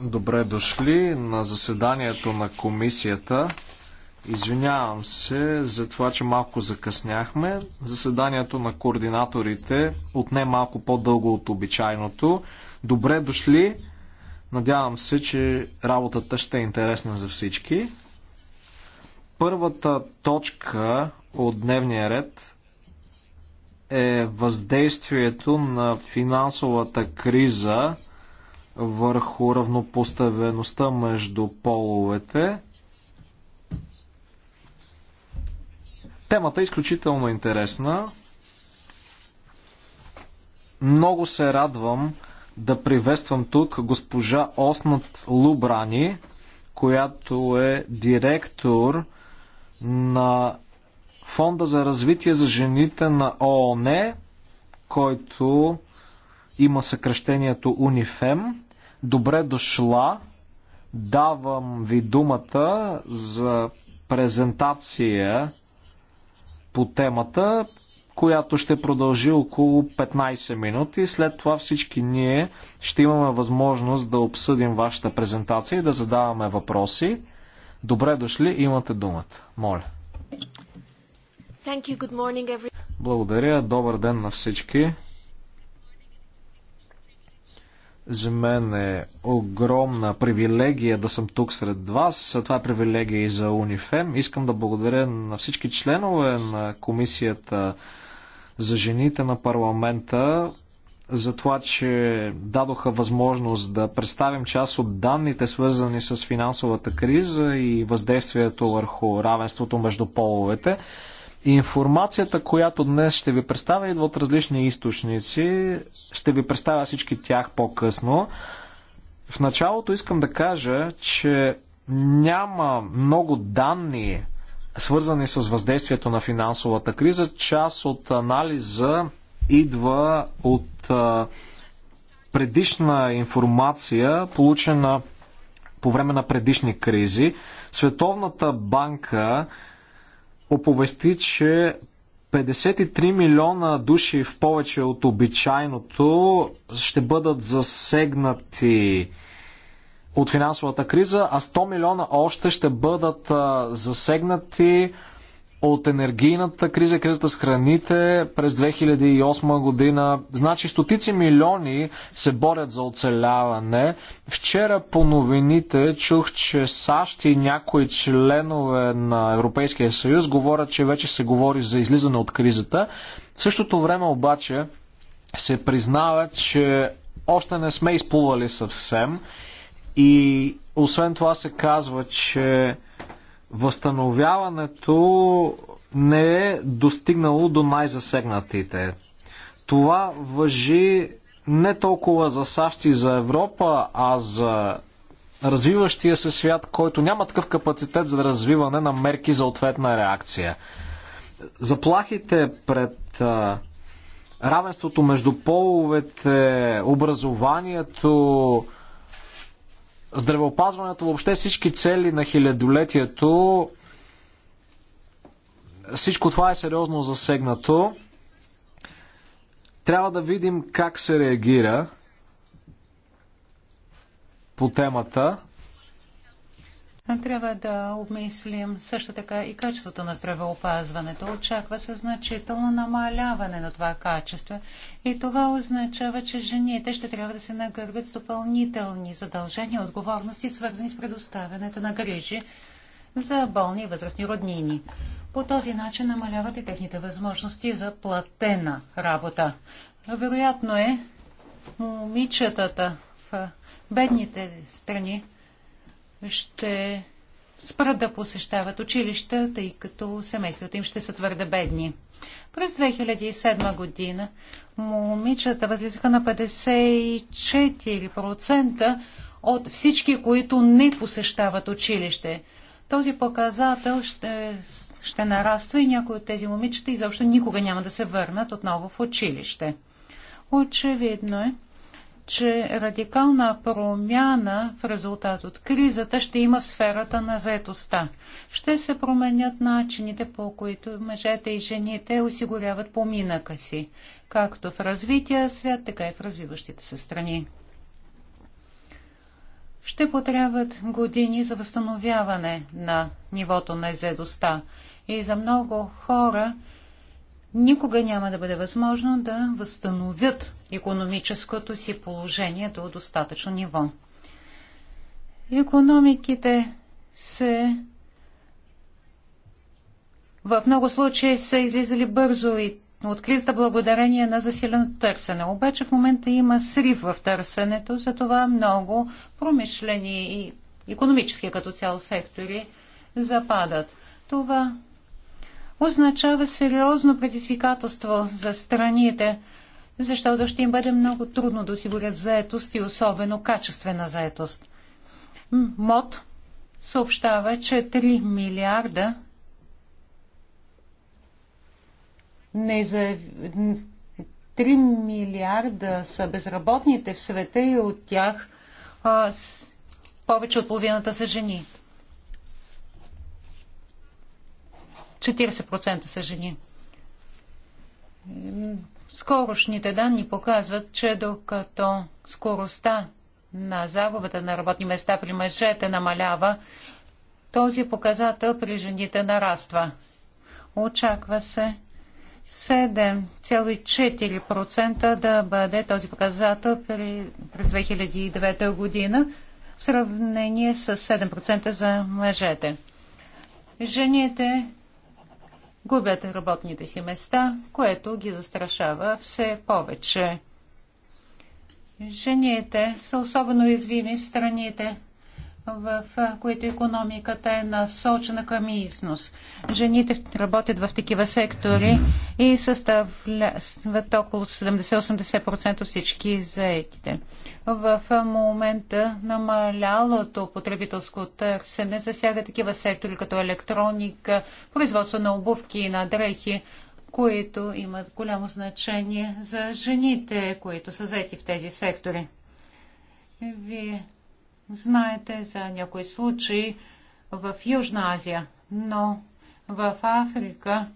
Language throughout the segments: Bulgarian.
Добре дошли на заседанието на комисията. Извинявам се за това, че малко закъсняхме. Заседанието на координаторите отне малко по-дълго от обичайното. Добре дошли. Надявам се, че работата ще е интересна за всички. Първата точка от дневния ред е въздействието на финансовата криза върху равнопоставеността между половете. Темата е изключително интересна. Много се радвам да приветствам тук госпожа Оснат Лубрани, която е директор на Фонда за развитие за жените на ООН, който има съкръщението УНИФЕМ. Добре дошла. Давам ви думата за презентация по темата, която ще продължи около 15 минути. След това всички ние ще имаме възможност да обсъдим вашата презентация и да задаваме въпроси. Добре дошли, имате думата. Моля. Morning, Благодаря. Добър ден на всички. За мен е огромна привилегия да съм тук сред вас. Това е привилегия и за Унифем. Искам да благодаря на всички членове на Комисията за жените на парламента за това, че дадоха възможност да представим част от данните, свързани с финансовата криза и въздействието върху равенството между половете. Информацията, която днес ще ви представя, идва от различни източници. Ще ви представя всички тях по-късно. В началото искам да кажа, че няма много данни, свързани с въздействието на финансовата криза. Част от анализа идва от предишна информация, получена по време на предишни кризи. Световната банка оповести, че 53 милиона души в повече от обичайното ще бъдат засегнати от финансовата криза, а 100 милиона още ще бъдат засегнати от енергийната криза, кризата с храните през 2008 година. Значи стотици милиони се борят за оцеляване. Вчера по новините чух, че САЩ и някои членове на Европейския съюз говорят, че вече се говори за излизане от кризата. В същото време обаче се признава, че още не сме изплували съвсем и освен това се казва, че възстановяването не е достигнало до най-засегнатите. Това въжи не толкова за САЩ и за Европа, а за развиващия се свят, който няма такъв капацитет за развиване на мерки за ответна реакция. Заплахите пред а, равенството между половете, образованието, здравеопазването, въобще всички цели на хилядолетието, всичко това е сериозно засегнато. Трябва да видим как се реагира по темата. Трябва да обмислим също така и качеството на здравеопазването. Очаква се значително намаляване на това качество и това означава, че жените ще трябва да се нагърбят с допълнителни задължения и отговорности, свързани с предоставянето на грижи за болни и възрастни роднини. По този начин намаляват и техните възможности за платена работа. Вероятно е момичетата в бедните страни ще спрат да посещават училища, тъй като семействата им ще са твърде бедни. През 2007 година момичета възлизаха на 54% от всички, които не посещават училище. Този показател ще, ще нараства и някои от тези момичета изобщо никога няма да се върнат отново в училище. Очевидно е, че радикална промяна в резултат от кризата ще има в сферата на заетостта. Ще се променят начините, по които мъжете и жените осигуряват поминъка си, както в развития свят, така и в развиващите се страни. Ще потребват години за възстановяване на нивото на заедостта и за много хора – никога няма да бъде възможно да възстановят економическото си положение до достатъчно ниво. Економиките се в много случаи са излизали бързо и от кризата благодарение на засиленото търсене. Обаче в момента има срив в търсенето, затова много промишлени и економически като цяло сектори западат. Това означава сериозно предизвикателство за страните, защото ще им бъде много трудно да осигурят заетост и особено качествена заетост. МОД съобщава, че 3 милиарда незав... 3 милиарда са безработните в света и от тях а, с... повече от половината са жени. 40% са жени. Скорошните данни показват, че докато скоростта на загубата на работни места при мъжете намалява, този показател при жените нараства. Очаква се 7,4% да бъде този показател при, през 2009 година в сравнение с 7% за мъжете. Жените губят работните си места, което ги застрашава все повече. Жените са особено уязвими в страните, в които економиката е насочена към износ. Жените работят в такива сектори и съставляват около 70-80% всички заетите. В момента намалялото потребителско търсене засяга такива сектори като електроника, производство на обувки и на дрехи, които имат голямо значение за жените, които са заети в тези сектори. Вие Знаете за някои случаи в Южна Азия, но в Африка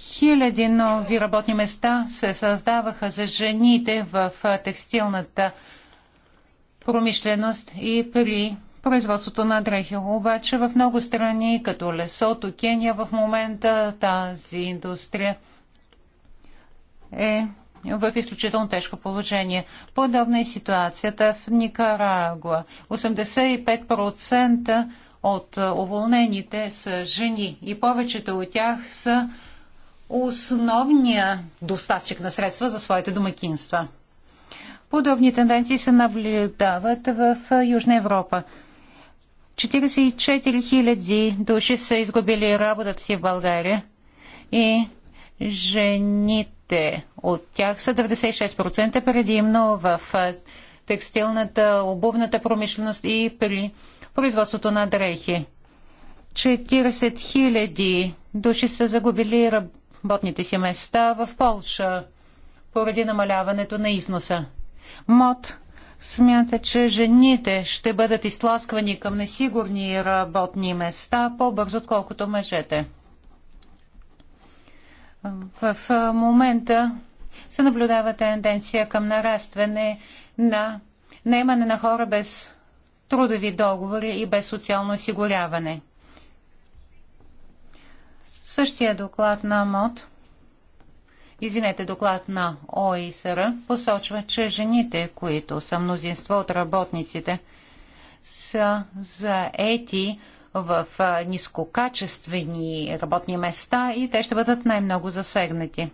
хиляди нови работни места се създаваха за жените в текстилната промишленост и при производството на дрехи. Обаче в много страни, като Лесото, Кения, в момента тази индустрия е в изключително тежко положение. Подобна е ситуацията в Никарагуа. 85% от уволнените са жени и повечето от тях са основния доставчик на средства за своите домакинства. Подобни тенденции се наблюдават в Южна Европа. 44 000 души са изгубили работата си в България и жените Доходите от тях са 96% предимно в текстилната, обувната промишленост и при производството на дрехи. 40 хиляди души са загубили работните си места в Полша поради намаляването на износа. МОД смята, че жените ще бъдат изтласквани към несигурни работни места по-бързо, отколкото мъжете. В момента се наблюдава тенденция към нарастване на наемане на хора без трудови договори и без социално осигуряване. Същия доклад на МОД, извинете, доклад на ОИСР, посочва, че жените, които са мнозинство от работниците, са заети в нискокачествени работни места и те ще бъдат най-много засегнати.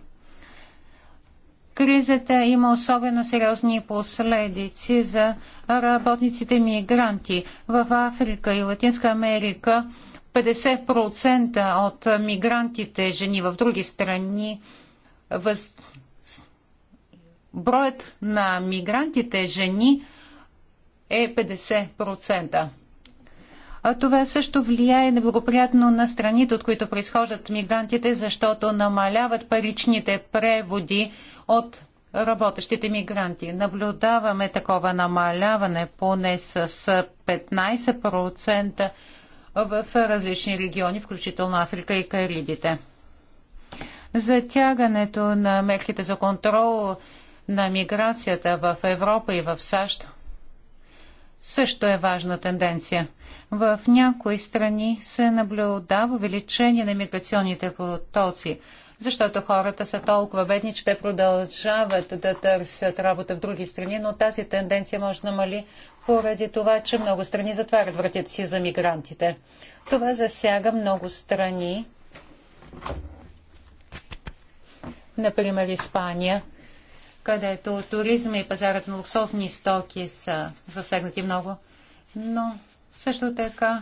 Кризата има особено сериозни последици за работниците мигранти. В Африка и Латинска Америка 50% от мигрантите жени в други страни въз... броят на мигрантите жени е 50%. А това също влияе неблагоприятно на страните, от които произхождат мигрантите, защото намаляват паричните преводи от работещите мигранти. Наблюдаваме такова намаляване поне с 15% в различни региони, включително Африка и Карибите. Затягането на мерките за контрол на миграцията в Европа и в САЩ също е важна тенденция – в някои страни се наблюдава увеличение на миграционните потоци, защото хората са толкова бедни, че те продължават да търсят работа в други страни, но тази тенденция може да намали поради това, че много страни затварят вратите си за мигрантите. Това засяга много страни, например Испания, където туризма и пазарът на луксозни стоки са засегнати много, но също така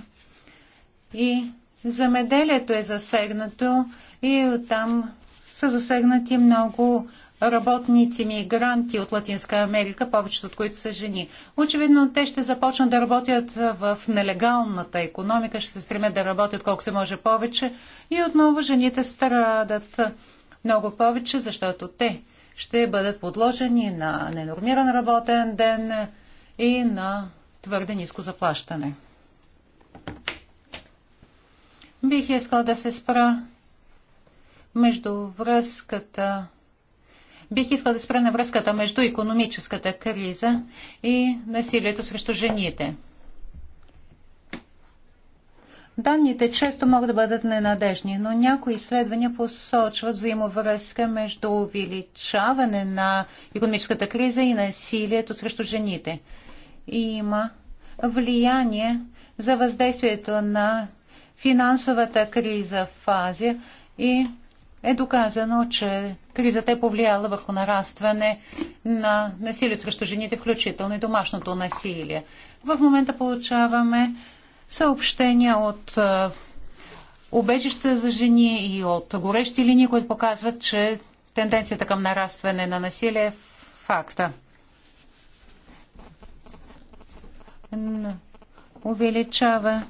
и земеделието е засегнато и оттам са засегнати много работници мигранти от Латинска Америка, повечето от които са жени. Очевидно, те ще започнат да работят в нелегалната економика, ще се стремят да работят колко се може повече и отново жените страдат много повече, защото те ще бъдат подложени на ненормиран работен ден и на твърде ниско заплащане. Бих искал да се спра между връзката Бих искал да спра на връзката между економическата криза и насилието срещу жените. Данните често могат да бъдат ненадежни, но някои изследвания посочват взаимовръзка между увеличаване на економическата криза и насилието срещу жените има влияние за въздействието на финансовата криза в Азия и е доказано, че кризата е повлияла върху нарастване на насилие срещу жените, включително и домашното насилие. В момента получаваме съобщения от убежища за жени и от горещи линии, които показват, че тенденцията към нарастване на насилие е факта. увеличава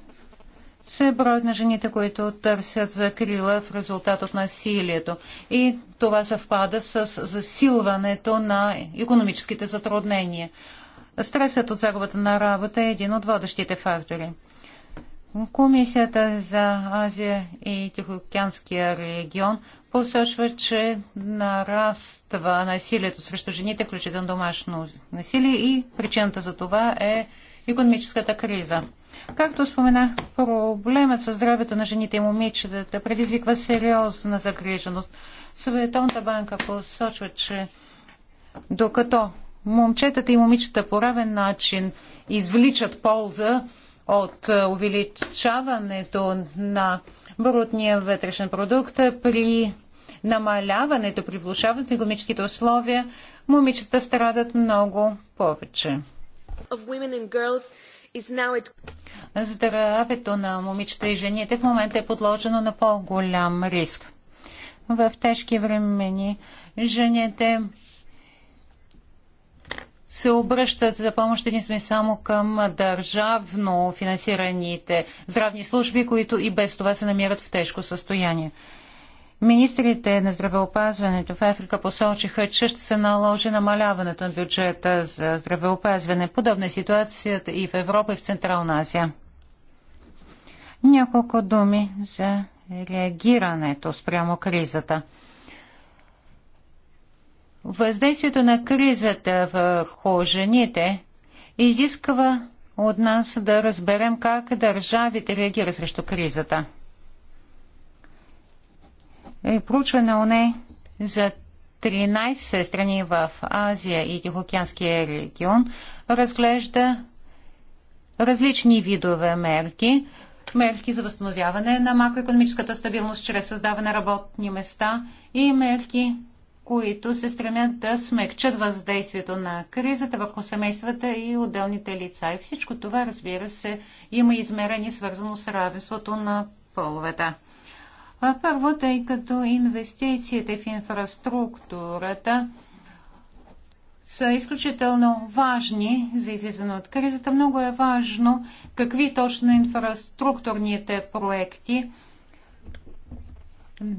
се броят на жените, които търсят закрила в резултат от насилието. И това съвпада с засилването на економическите затруднения. Стресът от загубата на работа е един от водещите фактори. Комисията за Азия и Тихоокеанския регион посочва, че нараства насилието срещу жените, включително домашно насилие и причината за това е економическата криза. Както споменах, проблемът със здравето на жените и момичетата предизвиква сериозна загриженост. Световната банка посочва, че докато момчетата и момичета по равен начин извличат полза от е, увеличаването на брутния вътрешен продукт при намаляването, при влушаването на економическите условия, момичета страдат много повече of women and girls is now at... Здравето на момичета и жените в момента е подложено на по-голям риск. В тежки времени жените се обръщат за помощ единствено само към държавно финансираните здравни служби, които и без това се намират в тежко състояние. Министрите на здравеопазването в Африка посочиха, че ще се наложи намаляването на бюджета за здравеопазване. Подобна е ситуацията и в Европа, и в Централна Азия. Няколко думи за реагирането спрямо кризата. Въздействието на кризата в жените изисква от нас да разберем как държавите реагират срещу кризата – е проучване на ОНЕ за 13 страни в Азия и Тихоокеанския регион разглежда различни видове мерки. Мерки за възстановяване на макроекономическата стабилност чрез създаване работни места и мерки, които се стремят да смекчат въздействието на кризата върху семействата и отделните лица. И всичко това, разбира се, има измерение свързано с равенството на половета. Първо, тъй като инвестициите в инфраструктурата са изключително важни за излизане от кризата. Много е важно какви точно инфраструктурните проекти.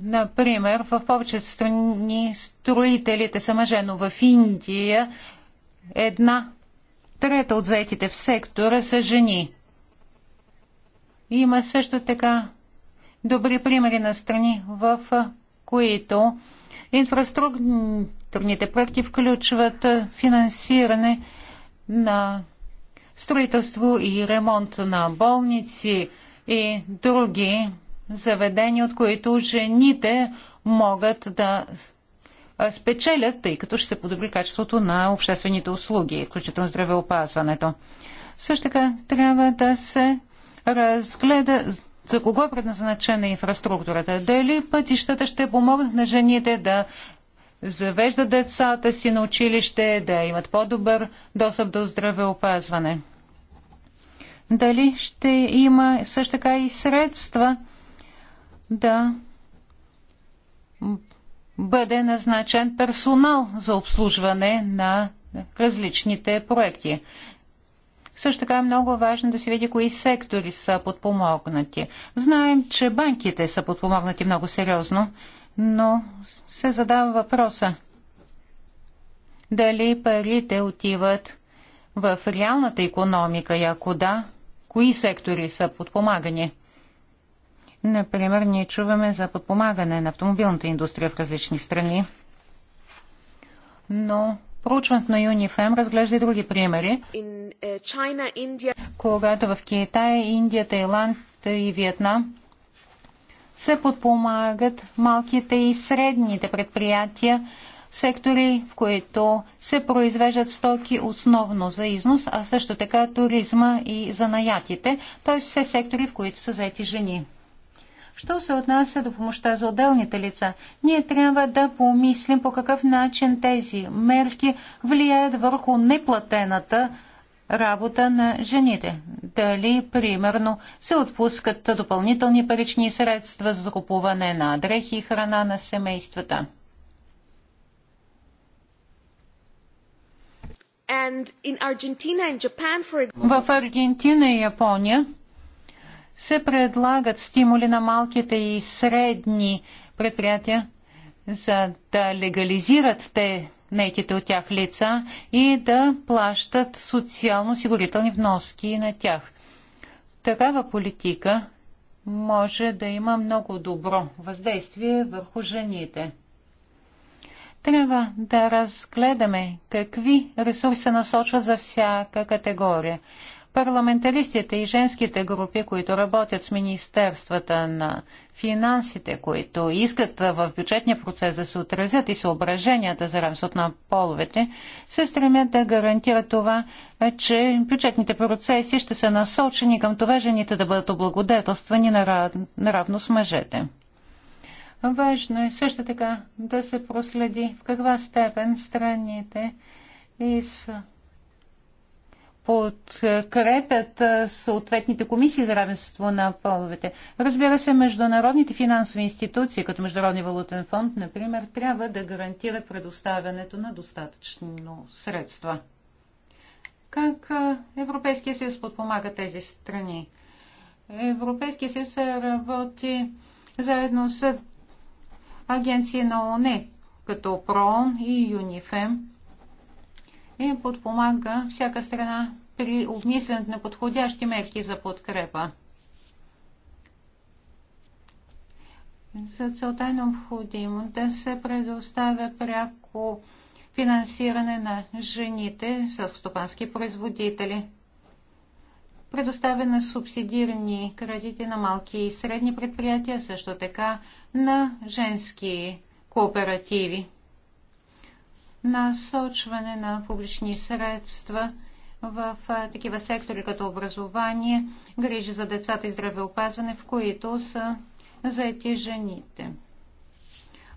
Например, в повечето страни строителите са мъже, но в Индия една трета от заетите в сектора са жени. Има също така добри примери на страни, в които инфраструктурните проекти включват финансиране на строителство и ремонт на болници и други заведения, от които жените могат да спечелят, тъй като ще се подобри качеството на обществените услуги, включително здравеопазването. Също така трябва да се разгледа за кого е предназначена инфраструктурата? Дали пътищата ще помогнат на жените да завеждат децата си на училище, да имат по-добър достъп до здравеопазване? Дали ще има също така и средства да бъде назначен персонал за обслужване на различните проекти. Също така е много важно да се види кои сектори са подпомогнати. Знаем, че банките са подпомогнати много сериозно, но се задава въпроса дали парите отиват в реалната економика и ако да, кои сектори са подпомагани. Например, ние чуваме за подпомагане на автомобилната индустрия в различни страни, но Проучването на ЮНИФМ разглежда и други примери. Е, Когато в Китай, Индия, Тайланд и Виетнам се подпомагат малките и средните предприятия, сектори, в които се произвеждат стоки основно за износ, а също така туризма и занаятите, т.е. все сектори, в които са заети жени. Що се отнася до помощта за отделните лица, ние трябва да помислим по какъв начин тези мерки влияят върху неплатената работа на жените. Дали, примерно, се отпускат допълнителни парични средства за закупуване на дрехи и храна на семействата. And in Argentina and Japan, for... В Аргентина и Япония се предлагат стимули на малките и средни предприятия, за да легализират те наетите от тях лица и да плащат социално сигурителни вноски на тях. Такава политика може да има много добро въздействие върху жените. Трябва да разгледаме какви ресурси насочват за всяка категория. Парламентаристите и женските групи, които работят с Министерствата на финансите, които искат в бюджетния процес да се отразят и съображенията за равенството на половете, се стремят да гарантират това, че бюджетните процеси ще са насочени към това жените да бъдат облагодетелствани наравно с мъжете. Важно е също така да се проследи в каква степен страните и с подкрепят съответните комисии за равенство на половете. Разбира се, международните финансови институции, като Международния валутен фонд, например, трябва да гарантират предоставянето на достатъчно средства. Как Европейския съюз подпомага тези страни? Европейския съюз работи заедно с агенции на ОНЕ, като ПРООН и ЮНИФЕМ – и подпомага всяка страна при обмислянето на подходящи мерки за подкрепа. За целта е необходимо да се предоставя пряко финансиране на жените с стопански производители. Предоставяне субсидирани кредити на малки и средни предприятия, също така на женски кооперативи насочване на публични средства в такива сектори като образование, грижи за децата и здравеопазване, в които са заети жените.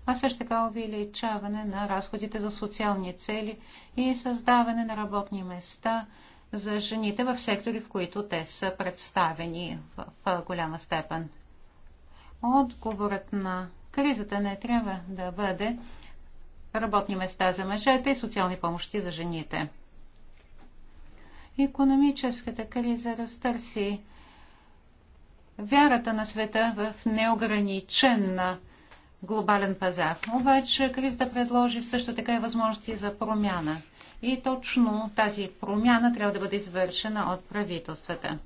А също така увеличаване на разходите за социални цели и създаване на работни места за жените в сектори, в които те са представени в голяма степен. Отговорът на кризата не трябва да бъде работни места за мъжете и социални помощи за жените. Економическата криза разтърси вярата на света в неограничен глобален пазар. Обаче кризата предложи също така и възможности за промяна. И точно тази промяна трябва да бъде извършена от правителствата.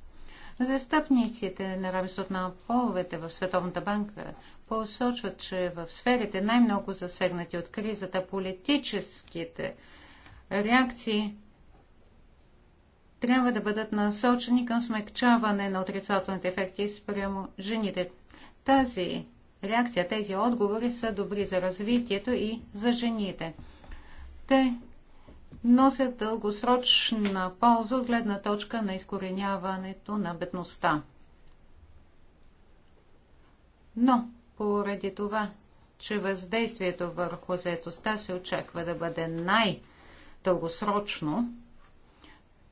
Застъпниците на равенството на половете в Световната банка посочват, че в сферите най-много засегнати от кризата политическите реакции трябва да бъдат насочени към смягчаване на отрицателните ефекти спрямо жените. Тази реакция, тези отговори са добри за развитието и за жените. Те носят дългосрочна полза от гледна точка на изкореняването на бедността. Но поради това, че въздействието върху заетостта се очаква да бъде най-дългосрочно,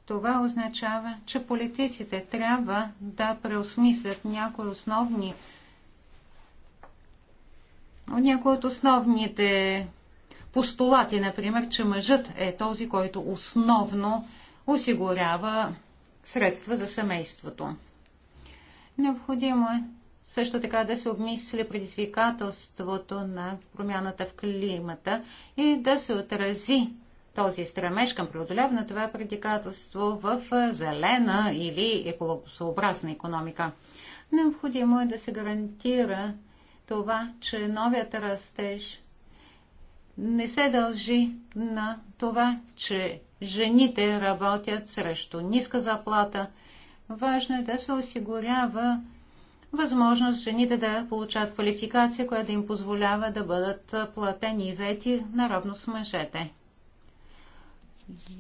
това означава, че политиците трябва да преосмислят някои основни някои от основните постулати, например, че мъжът е този, който основно осигурява средства за семейството. Необходимо е също така да се обмисли предизвикателството на промяната в климата и да се отрази този стремеж към преодоляване на това предизвикателство в зелена или екологосъобразна економика. Необходимо е да се гарантира това, че новият растеж не се дължи на това, че жените работят срещу ниска заплата. Важно е да се осигурява възможност жените да получат квалификация, която да им позволява да бъдат платени и заети наравно с мъжете.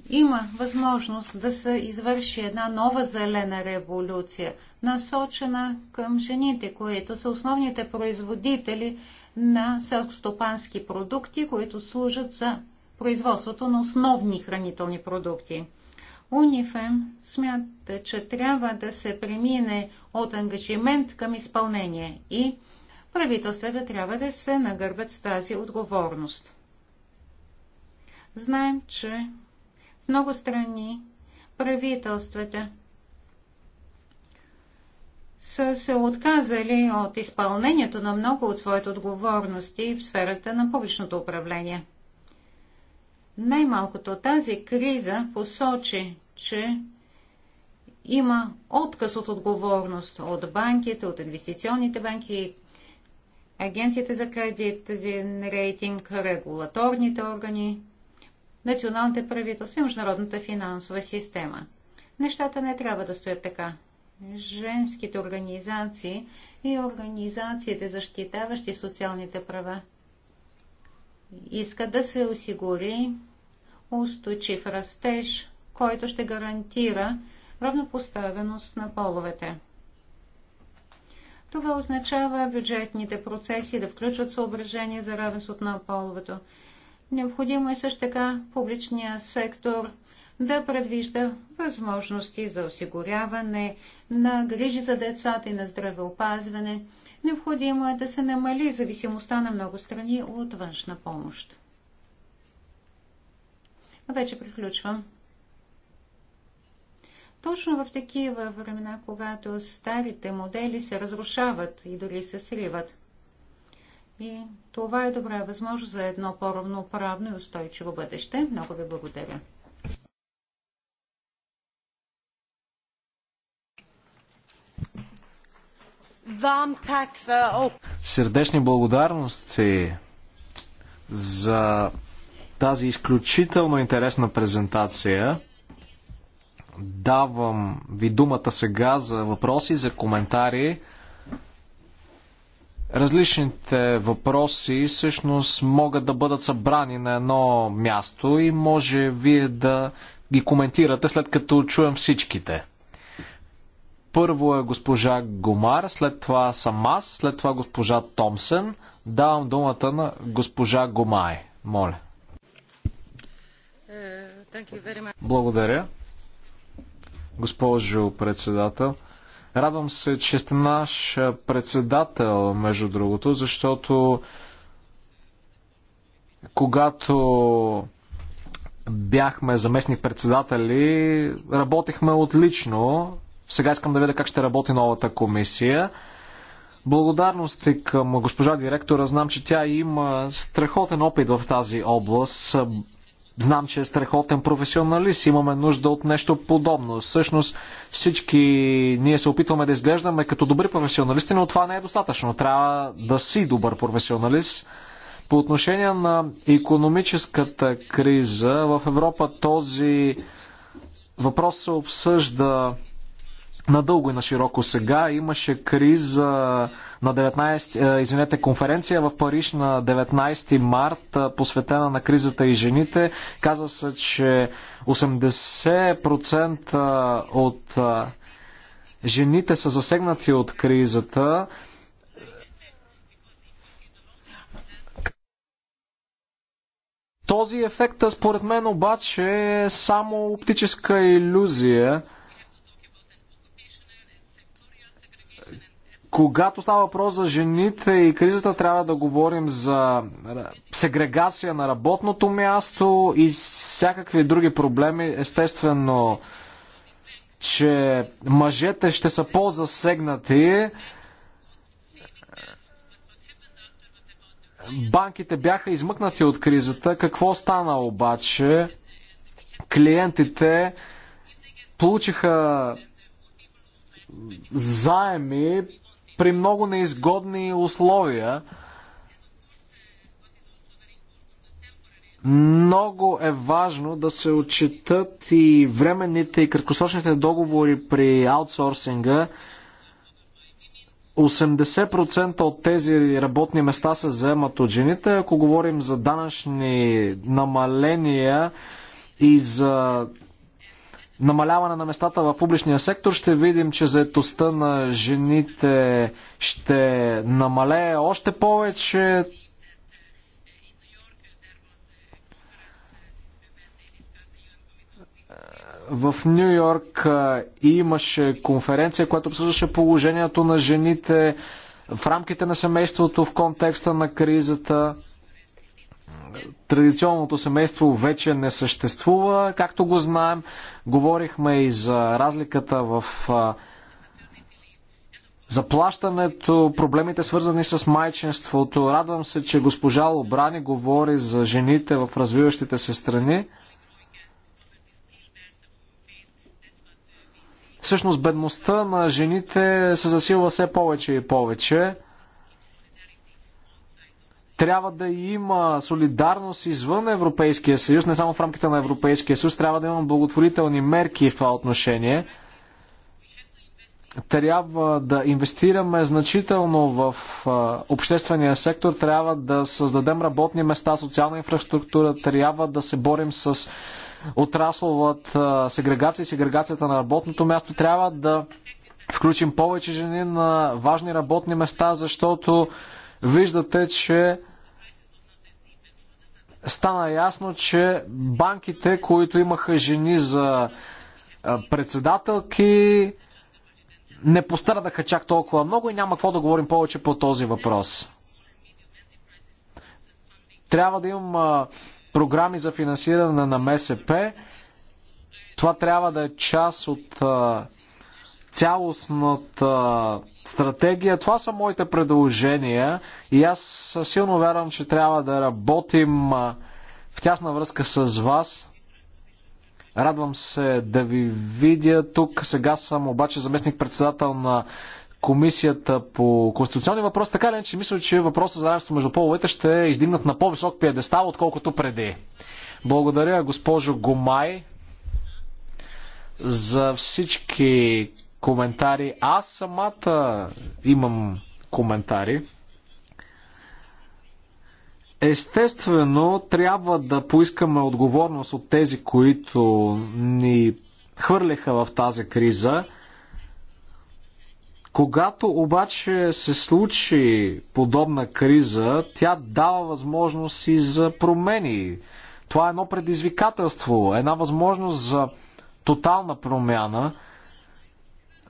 Има възможност да се извърши една нова зелена революция, насочена към жените, които са основните производители на селскостопански продукти, които служат за производството на основни хранителни продукти. УНИФЕМ смята, че трябва да се премине от ангажимент към изпълнение и правителствата трябва да се нагърбят с тази отговорност. Знаем, че в много страни правителствата са се отказали от изпълнението на много от своите отговорности в сферата на публичното управление – най-малкото тази криза посочи, че има отказ от отговорност от банките, от инвестиционните банки, агенциите за кредитен рейтинг, регулаторните органи, националните правителства и международната финансова система. Нещата не трябва да стоят така. Женските организации и организациите, защитаващи социалните права, иска да се осигури устойчив растеж, който ще гарантира равнопоставеност на половете. Това означава бюджетните процеси да включват съображения за равенството на половето. Необходимо е също така публичния сектор да предвижда възможности за осигуряване на грижи за децата и на здравеопазване – Необходимо е да се намали зависимостта на много страни от външна помощ. Вече приключвам. Точно в такива времена, когато старите модели се разрушават и дори се сриват. И това е добра възможност за едно по-равноправно и устойчиво бъдеще. Много ви благодаря. вам каква... Сърдечни благодарности за тази изключително интересна презентация. Давам ви думата сега за въпроси, за коментари. Различните въпроси всъщност могат да бъдат събрани на едно място и може вие да ги коментирате след като чуем всичките. Първо е госпожа Гомар, след това съм аз, след това госпожа Томсен. Давам думата на госпожа Гомай. Моля. Благодаря. Госпожо председател, радвам се, че сте наш председател, между другото, защото когато бяхме заместник председатели, работехме отлично. Сега искам да видя как ще работи новата комисия. Благодарности към госпожа директора. Знам, че тя има страхотен опит в тази област. Знам, че е страхотен професионалист. Имаме нужда от нещо подобно. Всъщност всички ние се опитваме да изглеждаме като добри професионалисти, но това не е достатъчно. Трябва да си добър професионалист. По отношение на економическата криза в Европа този въпрос се обсъжда надълго и на широко сега. Имаше криза на 19, извинете, конференция в Париж на 19 март, посветена на кризата и жените. Каза се, че 80% от жените са засегнати от кризата. Този ефект, според мен, обаче е само оптическа иллюзия – Когато става въпрос за жените и кризата, трябва да говорим за сегрегация на работното място и всякакви други проблеми. Естествено, че мъжете ще са по-засегнати. Банките бяха измъкнати от кризата. Какво стана обаче? Клиентите получиха заеми при много неизгодни условия. Много е важно да се отчитат и временните и краткосрочните договори при аутсорсинга. 80% от тези работни места се заемат от жените. Ако говорим за данъчни намаления и за намаляване на местата в публичния сектор, ще видим, че заетостта на жените ще намалее още повече. В Нью Йорк имаше конференция, която обсъждаше положението на жените в рамките на семейството в контекста на кризата традиционното семейство вече не съществува, както го знаем. Говорихме и за разликата в заплащането, проблемите свързани с майчинството. Радвам се, че госпожа Лобрани говори за жените в развиващите се страни. Всъщност бедността на жените се засилва все повече и повече. Трябва да има солидарност извън Европейския съюз, не само в рамките на Европейския съюз, трябва да има благотворителни мерки в това отношение. Трябва да инвестираме значително в обществения сектор, трябва да създадем работни места, социална инфраструктура, трябва да се борим с отрасловата сегрегация и сегрегацията на работното място. Трябва да включим повече жени на важни работни места, защото виждате, че стана ясно, че банките, които имаха жени за председателки, не пострадаха чак толкова много и няма какво да говорим повече по този въпрос. Трябва да има програми за финансиране на МСП. Това трябва да е част от цялостната стратегия. Това са моите предложения и аз силно вярвам, че трябва да работим в тясна връзка с вас. Радвам се да ви видя тук. Сега съм обаче заместник-председател на Комисията по конституционни въпроси. Така ли, че мисля, че въпросът за равенство между половете ще е издигнат на по-висок пиедестал, отколкото преди. Благодаря, госпожо Гомай, за всички коментари. Аз самата имам коментари. Естествено, трябва да поискаме отговорност от тези, които ни хвърляха в тази криза. Когато обаче се случи подобна криза, тя дава възможност и за промени. Това е едно предизвикателство, една възможност за тотална промяна –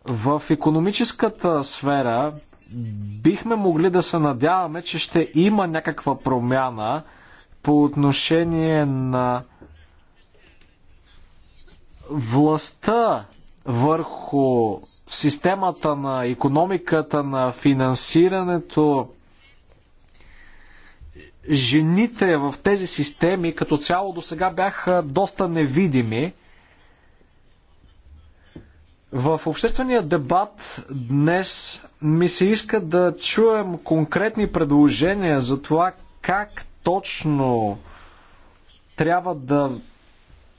в економическата сфера бихме могли да се надяваме, че ще има някаква промяна по отношение на властта върху системата на економиката, на финансирането, жените в тези системи като цяло до сега бяха доста невидими – в обществения дебат днес ми се иска да чуем конкретни предложения за това как точно трябва да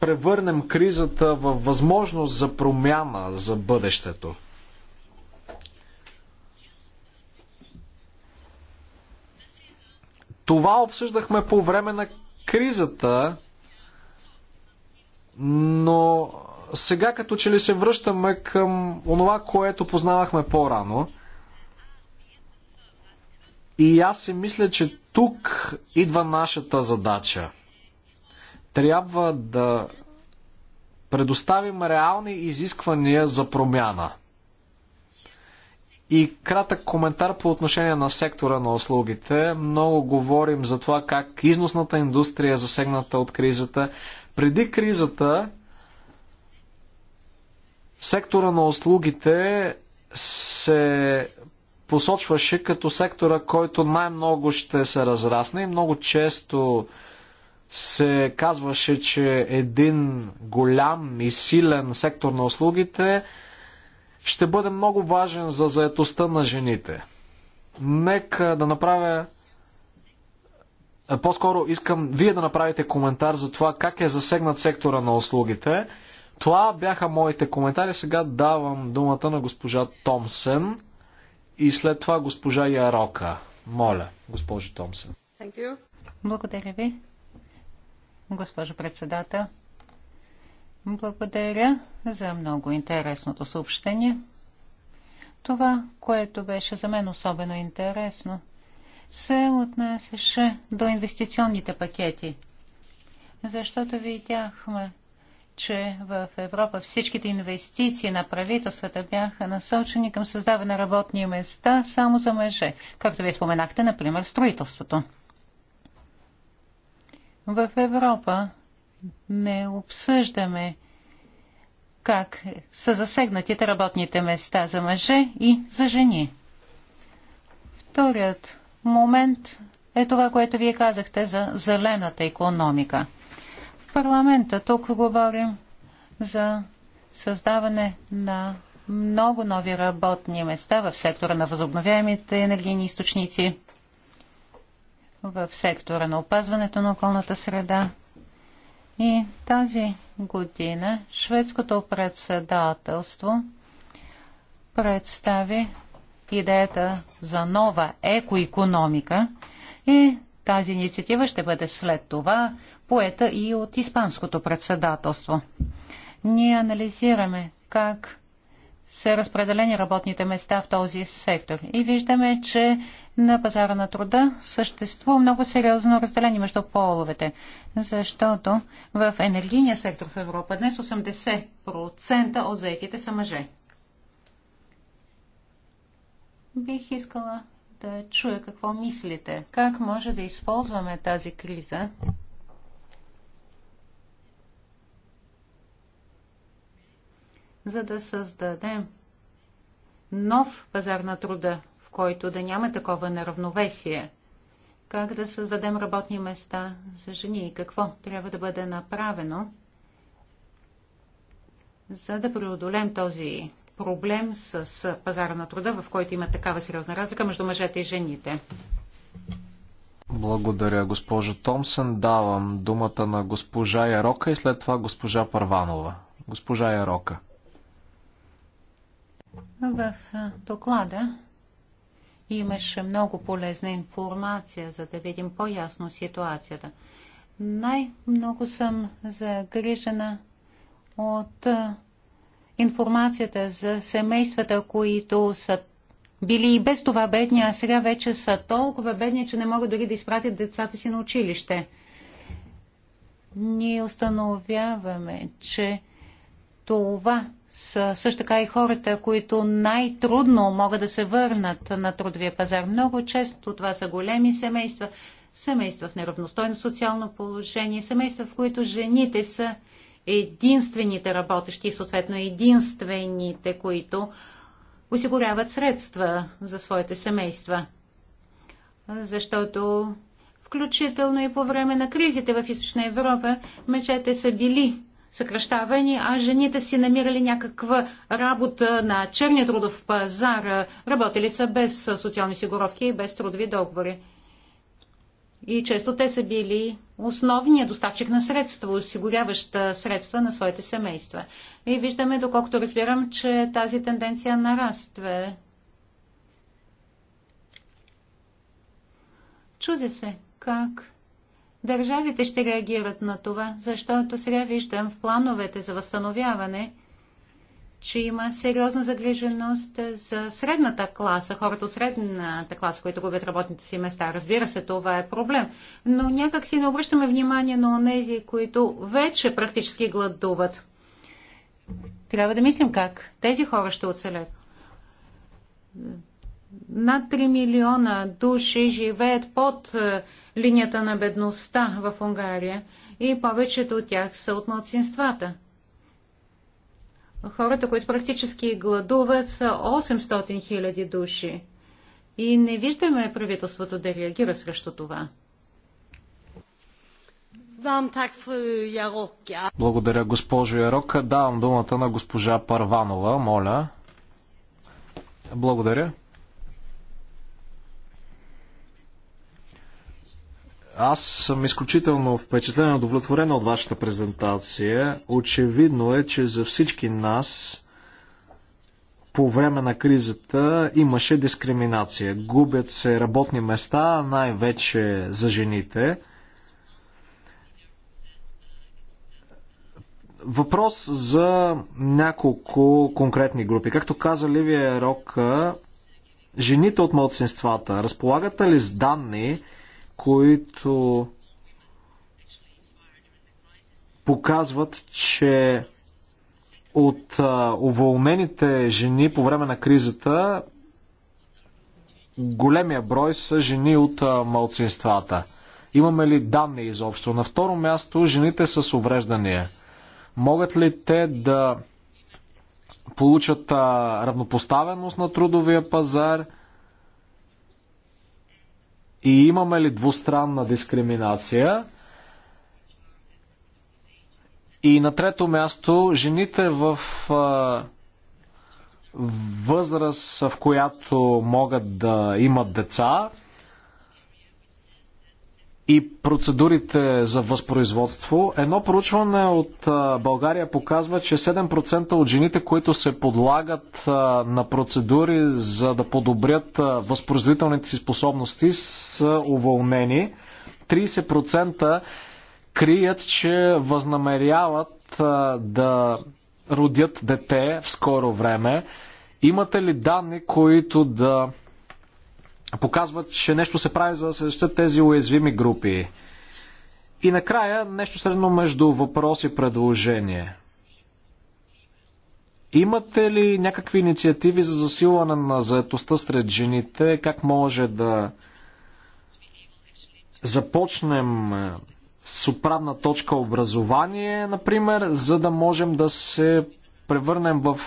превърнем кризата в възможност за промяна за бъдещето. Това обсъждахме по време на кризата, но сега като че ли се връщаме към онова, което познавахме по-рано. И аз си мисля, че тук идва нашата задача. Трябва да предоставим реални изисквания за промяна. И кратък коментар по отношение на сектора на услугите. Много говорим за това как износната индустрия е засегната от кризата. Преди кризата Сектора на услугите се посочваше като сектора, който най-много ще се разрасне и много често се казваше, че един голям и силен сектор на услугите ще бъде много важен за заетостта на жените. Нека да направя. По-скоро искам вие да направите коментар за това как е засегнат сектора на услугите. Това бяха моите коментари. Сега давам думата на госпожа Томсен и след това госпожа Ярока. Моля, госпожо Томсен. Благодаря ви, госпожо председател. Благодаря за много интересното съобщение. Това, което беше за мен особено интересно, се отнасяше до инвестиционните пакети, защото видяхме, че в Европа всичките инвестиции на правителствата бяха насочени към създаване на работни места само за мъже, както вие споменахте, например, строителството. В Европа не обсъждаме как са засегнатите работните места за мъже и за жени. Вторият момент е това, което вие казахте за зелената економика – парламента. Тук говорим за създаване на много нови работни места в сектора на възобновяемите енергийни източници, в сектора на опазването на околната среда. И тази година шведското председателство представи идеята за нова екоекономика и тази инициатива ще бъде след това поета и от Испанското председателство. Ние анализираме как са разпределени работните места в този сектор и виждаме, че на пазара на труда съществува много сериозно разделение между половете, защото в енергийния сектор в Европа днес 80% от заетите са мъже. Бих искала да чуя какво мислите. Как може да използваме тази криза за да създадем нов пазар на труда, в който да няма такова неравновесие. Как да създадем работни места за жени и какво трябва да бъде направено, за да преодолем този проблем с пазара на труда, в който има такава сериозна разлика между мъжете и жените. Благодаря, госпожо Томсън. Давам думата на госпожа Ярока и след това госпожа Парванова. Госпожа Ярока. В доклада имаше много полезна информация, за да видим по-ясно ситуацията. Най-много съм загрижена от информацията за семействата, които са били и без това бедни, а сега вече са толкова бедни, че не могат дори да изпратят децата си на училище. Ние установяваме, че това са също така и хората, които най-трудно могат да се върнат на трудовия пазар. Много често това са големи семейства, семейства в неравностойно социално положение, семейства, в които жените са единствените работещи, съответно единствените, които осигуряват средства за своите семейства. Защото включително и по време на кризите в Източна Европа мъжете са били съкръщавани, а жените си намирали някаква работа на черния трудов пазар, работили са без социални сигуровки и без трудови договори. И често те са били основният доставчик на средства, осигуряваща средства на своите семейства. И виждаме, доколкото разбирам, че тази тенденция нараства. Чуде се как държавите ще реагират на това, защото сега виждам в плановете за възстановяване, че има сериозна загриженост за средната класа, хората от средната класа, които губят работните си места. Разбира се, това е проблем. Но някак си не обръщаме внимание на онези, които вече практически гладуват. Трябва да мислим как тези хора ще оцелят. Над 3 милиона души живеят под е, линията на бедността в Унгария и повечето от тях са от младсинствата. Хората, които практически гладуват, са 800 хиляди души. И не виждаме правителството да реагира срещу това. Благодаря, госпожо Ярока. Давам думата на госпожа Парванова, моля. Благодаря. Аз съм изключително впечатлен и удовлетворен от вашата презентация. Очевидно е, че за всички нас по време на кризата имаше дискриминация. Губят се работни места, най-вече за жените. Въпрос за няколко конкретни групи. Както каза Ливия Рок, жените от младсинствата, разполагате ли с данни, които показват, че от а, уволнените жени по време на кризата големия брой са жени от а, малцинствата. Имаме ли данни изобщо? На второ място, жените с увреждания. Могат ли те да получат а, равнопоставеност на трудовия пазар? и имаме ли двустранна дискриминация. И на трето място, жените в а, възраст, в която могат да имат деца, и процедурите за възпроизводство. Едно проучване от България показва, че 7% от жените, които се подлагат на процедури за да подобрят възпроизводителните си способности, са уволнени. 30% крият, че възнамеряват да родят дете в скоро време. Имате ли данни, които да показват, че нещо се прави за да се защитят тези уязвими групи. И накрая нещо средно между въпрос и предложение. Имате ли някакви инициативи за засилване на заетостта сред жените? Как може да започнем е, с управна точка образование, например, за да можем да се превърнем в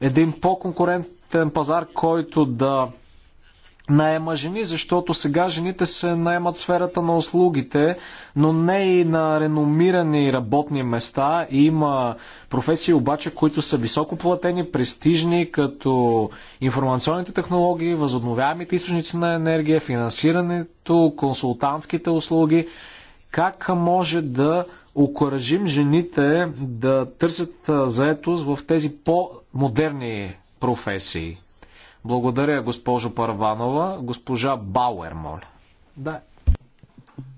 е, един по-конкурентен пазар, който да наема жени, защото сега жените се наемат сферата на услугите, но не и на реномирани работни места. Има професии обаче, които са високо платени, престижни, като информационните технологии, възобновяемите източници на енергия, финансирането, консултантските услуги. Как може да окоръжим жените да търсят заетост в тези по-модерни професии? Благодаря, госпожо Парванова. Госпожа Бауер, моля. Да.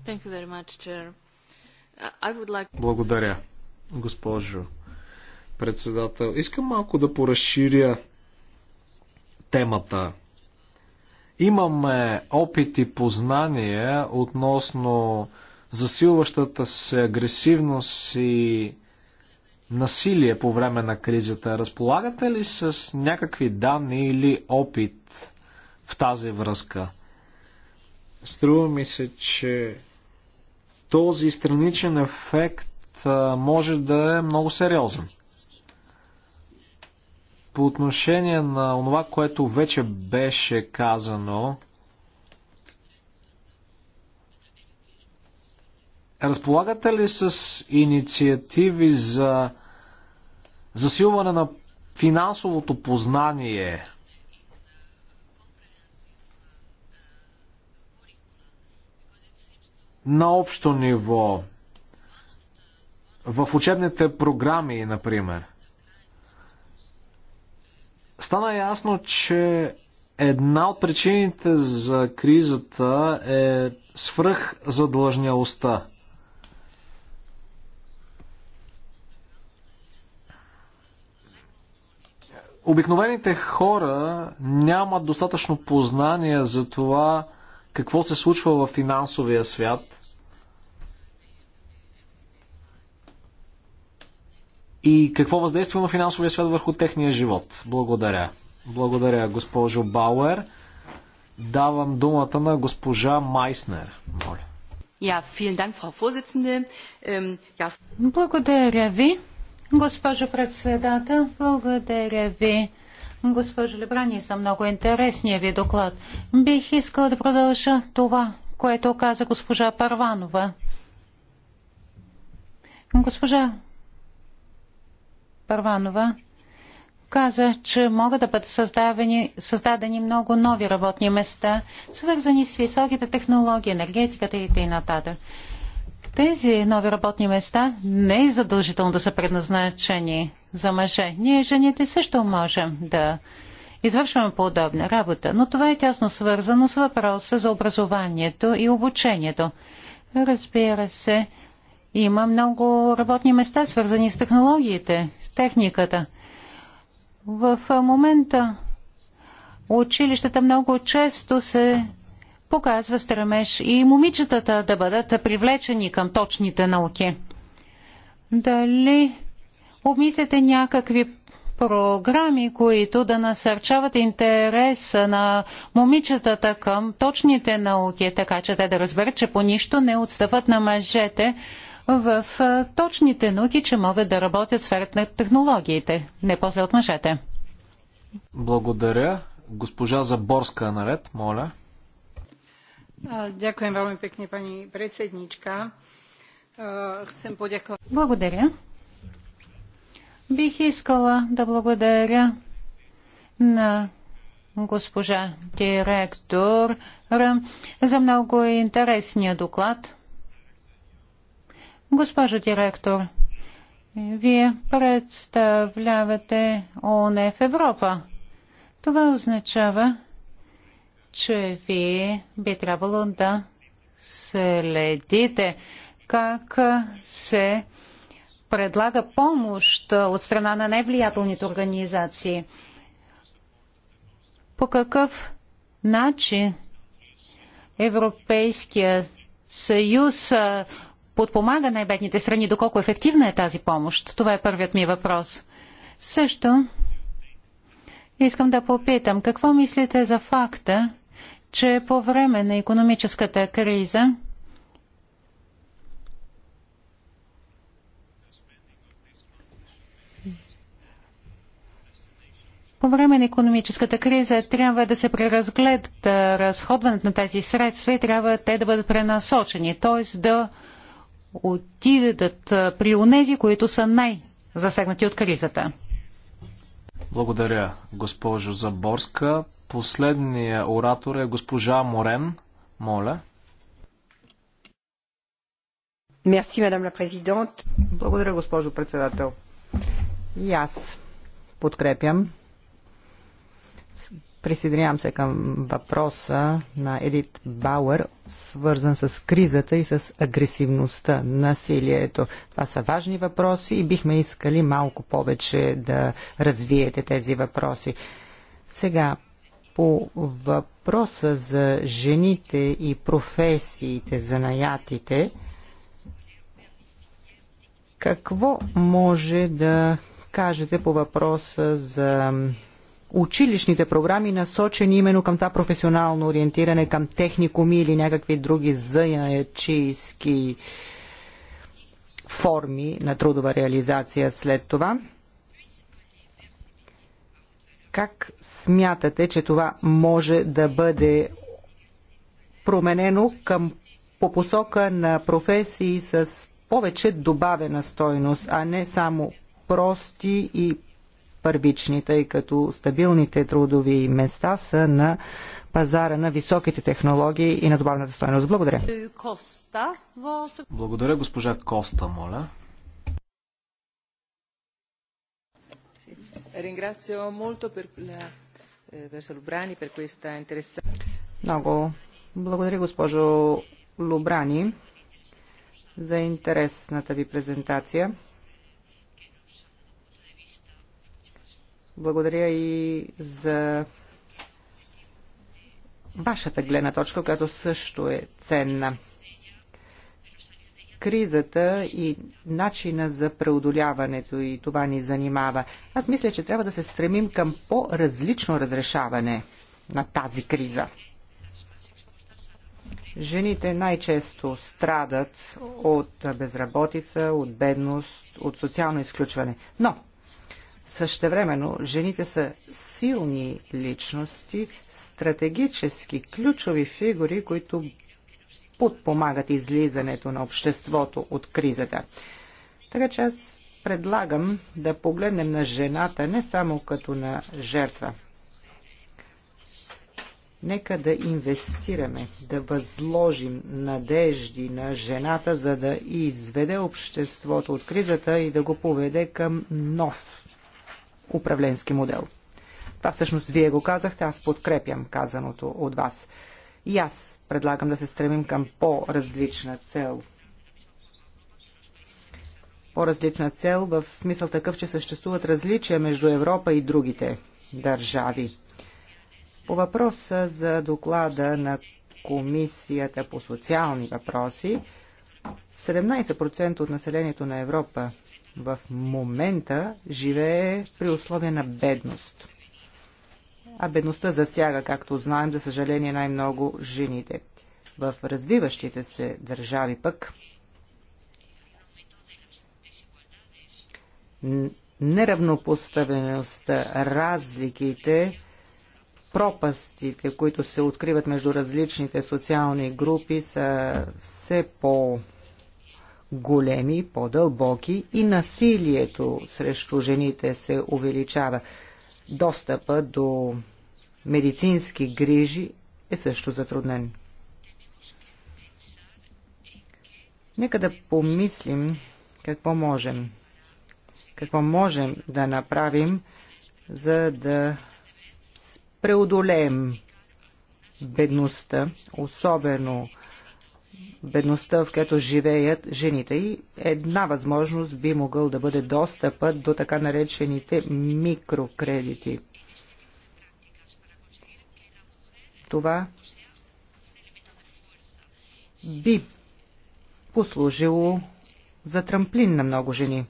Thank you very much, chair. I would like... Благодаря, госпожо председател. Искам малко да поразширя темата. Имаме опит и познание относно засилващата се агресивност и насилие по време на кризата. Разполагате ли с някакви данни или опит в тази връзка? Струва ми се, че този страничен ефект може да е много сериозен. По отношение на това, което вече беше казано, разполагате ли с инициативи за засилване на финансовото познание на общо ниво, в учебните програми, например, стана ясно, че една от причините за кризата е свръх задлъжнялостта. обикновените хора нямат достатъчно познание за това какво се случва в финансовия свят. И какво въздейства на финансовия свят върху техния живот? Благодаря. Благодаря, госпожо Бауер. Давам думата на госпожа Майснер. Моля. Ähm, Благодаря ви. Госпожо председател, благодаря ви. Госпожо Лебрани, за много интересния ви доклад. Бих искала да продължа това, което каза госпожа Парванова. Госпожа Парванова каза, че могат да бъдат създадени, създадени много нови работни места, свързани с високите технологии, енергетиката и т.н. Тези нови работни места не е задължително да са предназначени за мъже. Ние, жените, също можем да извършваме подобна работа, но това е тясно свързано с въпроса за образованието и обучението. Разбира се, има много работни места, свързани с технологиите, с техниката. В момента училищата много често се показва стремеж и момичетата да бъдат привлечени към точните науки. Дали обмисляте някакви програми, които да насърчават интереса на момичетата към точните науки, така че те да разберат, че по нищо не отстъпват на мъжете в точните науки, че могат да работят в сферата на технологиите, не после от мъжете. Благодаря. Госпожа Заборска е наред, моля. Благодаря. Бих искала да благодаря на госпожа директор за много интересния доклад. Госпожо директор, вие представлявате ОНФ Европа. Това означава, че вие би трябвало да следите как се предлага помощ от страна на невлиятелните организации. По какъв начин Европейския съюз подпомага най-бедните страни, доколко ефективна е тази помощ? Това е първият ми въпрос. Също искам да попитам, какво мислите за факта, че по време на економическата криза По време на економическата криза трябва да се преразгледат разходването на тези средства и трябва те да бъдат пренасочени, т.е. да отидат при онези, които са най-засегнати от кризата. Благодаря, госпожо Заборска. Последния оратор е госпожа Морен. Моля. Мерси, мадам ла президент. Благодаря, госпожо председател. И аз подкрепям. Присъединявам се към въпроса на Едит Бауер, свързан с кризата и с агресивността, насилието. Това са важни въпроси и бихме искали малко повече да развиете тези въпроси. Сега, по въпроса за жените и професиите, за наятите, какво може да кажете по въпроса за училищните програми, насочени именно към това професионално ориентиране, към техникуми или някакви други заячийски форми на трудова реализация след това? Как смятате, че това може да бъде променено към по посока на професии с повече добавена стойност, а не само прости и първични, тъй като стабилните трудови места са на пазара на високите технологии и на добавната стойност. Благодаря. Благодаря, госпожа Коста, моля. Ringrazio molto per la eh, per questa interessante. Много благодаря, госпожо Лубрани, за интересната ви презентация. Благодаря и за вашата гледна точка, която също е ценна кризата и начина за преодоляването и това ни занимава. Аз мисля, че трябва да се стремим към по-различно разрешаване на тази криза. Жените най-често страдат от безработица, от бедност, от социално изключване. Но същевременно жените са силни личности, стратегически ключови фигури, които подпомагат излизането на обществото от кризата. Така че аз предлагам да погледнем на жената не само като на жертва. Нека да инвестираме, да възложим надежди на жената, за да изведе обществото от кризата и да го поведе към нов управленски модел. Това всъщност вие го казахте, аз подкрепям казаното от вас. И аз предлагам да се стремим към по-различна цел. По-различна цел в смисъл такъв, че съществуват различия между Европа и другите държави. По въпроса за доклада на Комисията по социални въпроси, 17% от населението на Европа в момента живее при условия на бедност – а бедността засяга, както знаем, за съжаление най-много жените. В развиващите се държави пък неравнопоставеността, разликите, пропастите, които се откриват между различните социални групи, са все по- големи, по-дълбоки и насилието срещу жените се увеличава достъпа до медицински грижи е също затруднен. Нека да помислим какво можем. Какво можем да направим, за да преодолеем бедността, особено бедността, в която живеят жените. И една възможност би могъл да бъде достъпът до така наречените микрокредити. Това би послужило за трамплин на много жени.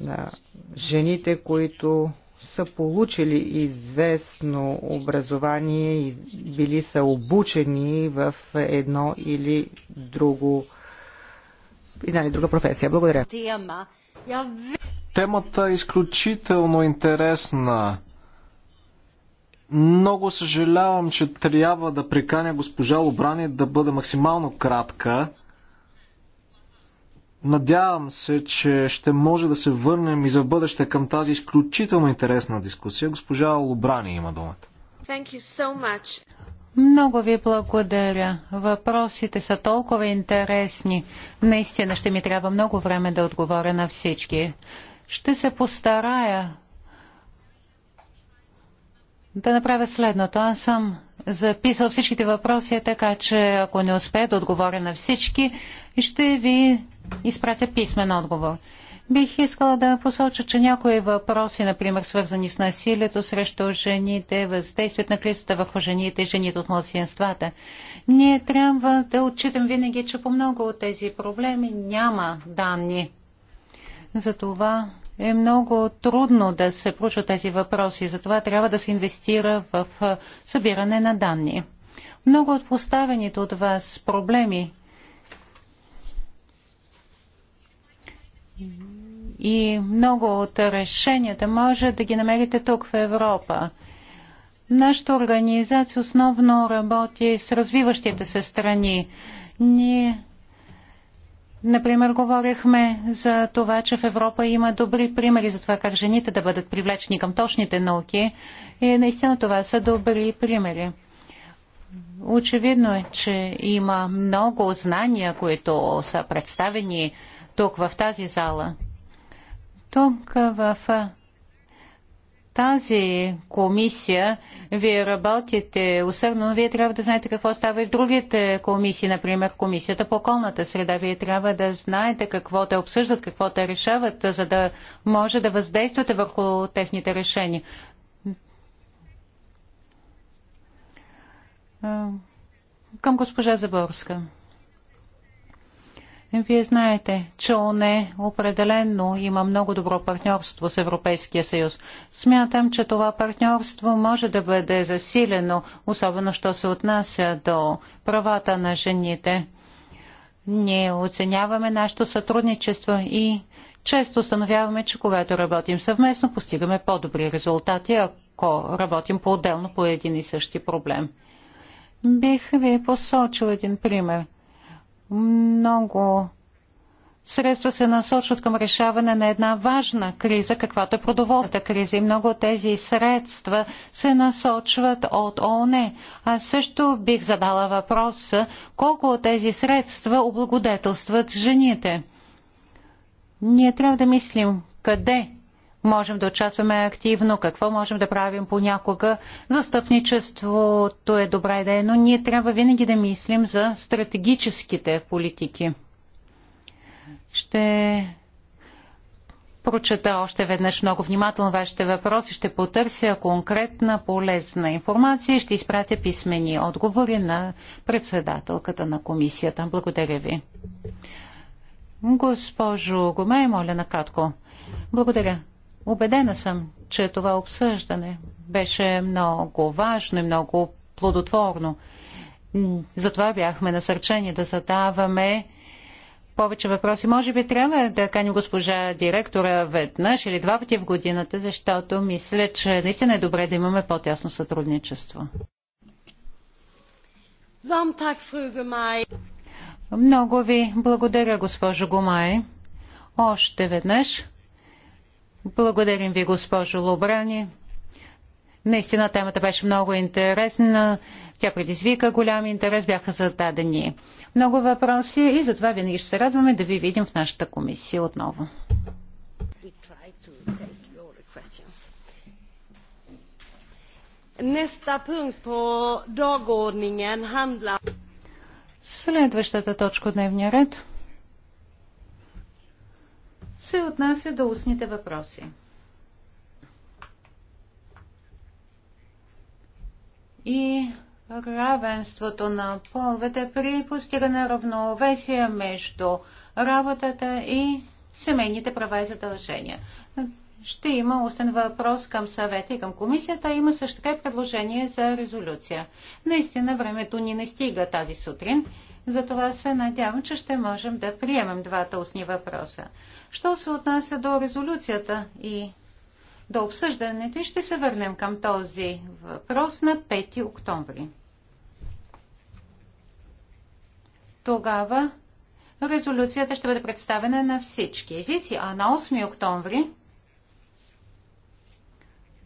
На жените, които са получили известно образование и били са обучени в едно или друго една или друга професия. Благодаря. Темата е изключително интересна. Много съжалявам, че трябва да приканя госпожа Лобрани да бъде максимално кратка. Надявам се, че ще може да се върнем и за бъдеще към тази изключително интересна дискусия. Госпожа Лобрани има думата. Thank you so much. Много ви благодаря. Въпросите са толкова интересни. Наистина ще ми трябва много време да отговоря на всички. Ще се постарая да направя следното. Аз съм записал всичките въпроси, така че ако не успея да отговоря на всички, ще ви изпратя писмен отговор. Бих искала да посоча, че някои въпроси, например свързани с насилието срещу жените, въздействието на кризата върху жените и жените от младсинствата, ние трябва да отчитам винаги, че по много от тези проблеми няма данни. Затова е много трудно да се проучат тези въпроси, затова трябва да се инвестира в събиране на данни. Много от поставените от вас проблеми и много от решенията може да ги намерите тук в Европа. Нашата организация основно работи с развиващите се страни. Ние, например, говорихме за това, че в Европа има добри примери за това как жените да бъдат привлечени към точните науки и наистина това са добри примери. Очевидно е, че има много знания, които са представени тук в тази зала. Тук в тази комисия вие работите усърдно, но вие трябва да знаете какво става и в другите комисии, например комисията по околната среда. Вие трябва да знаете какво те обсъждат, какво те решават, за да може да въздействате върху техните решения. Към госпожа Заборска. Вие знаете, че ОНЕ определенно има много добро партньорство с Европейския съюз. Смятам, че това партньорство може да бъде засилено, особено що се отнася до правата на жените. Ние оценяваме нашето сътрудничество и често установяваме, че когато работим съвместно, постигаме по-добри резултати, ако работим по-отделно по един и същи проблем. Бих ви посочил един пример – много средства се насочват към решаване на една важна криза, каквато е продоволната криза. И много от тези средства се насочват от ООН. Аз също бих задала въпроса колко от тези средства облагодетелстват жените. Ние трябва да мислим къде можем да участваме активно, какво можем да правим понякога. Застъпничеството е добра идея, но ние трябва винаги да мислим за стратегическите политики. Ще прочета още веднъж много внимателно вашите въпроси, ще потърся конкретна полезна информация и ще изпратя писмени отговори на председателката на комисията. Благодаря ви. Госпожо Гомей, моля накратко. Благодаря. Убедена съм, че това обсъждане беше много важно и много плодотворно. Затова бяхме насърчени да задаваме повече въпроси. Може би трябва да каним госпожа директора веднъж или два пъти в годината, защото мисля, че наистина е добре да имаме по-тясно сътрудничество. Много ви благодаря, госпожо Гомай. Още веднъж. Благодарим ви, госпожо Лобрани. Наистина темата беше много интересна. Тя предизвика голям интерес, бяха зададени много въпроси и затова винаги ще се радваме да ви видим в нашата комисия отново. Следващата точка от дневния ред се отнася до устните въпроси. И равенството на половете при постигане равновесие между работата и семейните права и задължения. Ще има устен въпрос към съвета и към комисията. Има също така предложение за резолюция. Наистина времето ни не стига тази сутрин. Затова се надявам, че ще можем да приемем двата устни въпроса. Що се отнася до резолюцията и до обсъждането и ще се върнем към този въпрос на 5 октомври. Тогава резолюцията ще бъде представена на всички езици, а на 8 октомври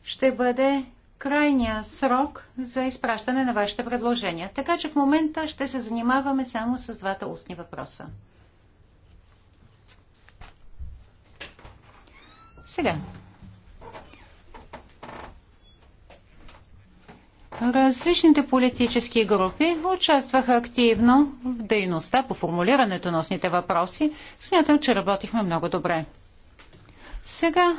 ще бъде крайния срок за изпращане на вашите предложения. Така че в момента ще се занимаваме само с двата устни въпроса. Сега. Различните политически групи участваха активно в дейността по формулирането на устните въпроси. Смятам, че работихме много добре. Сега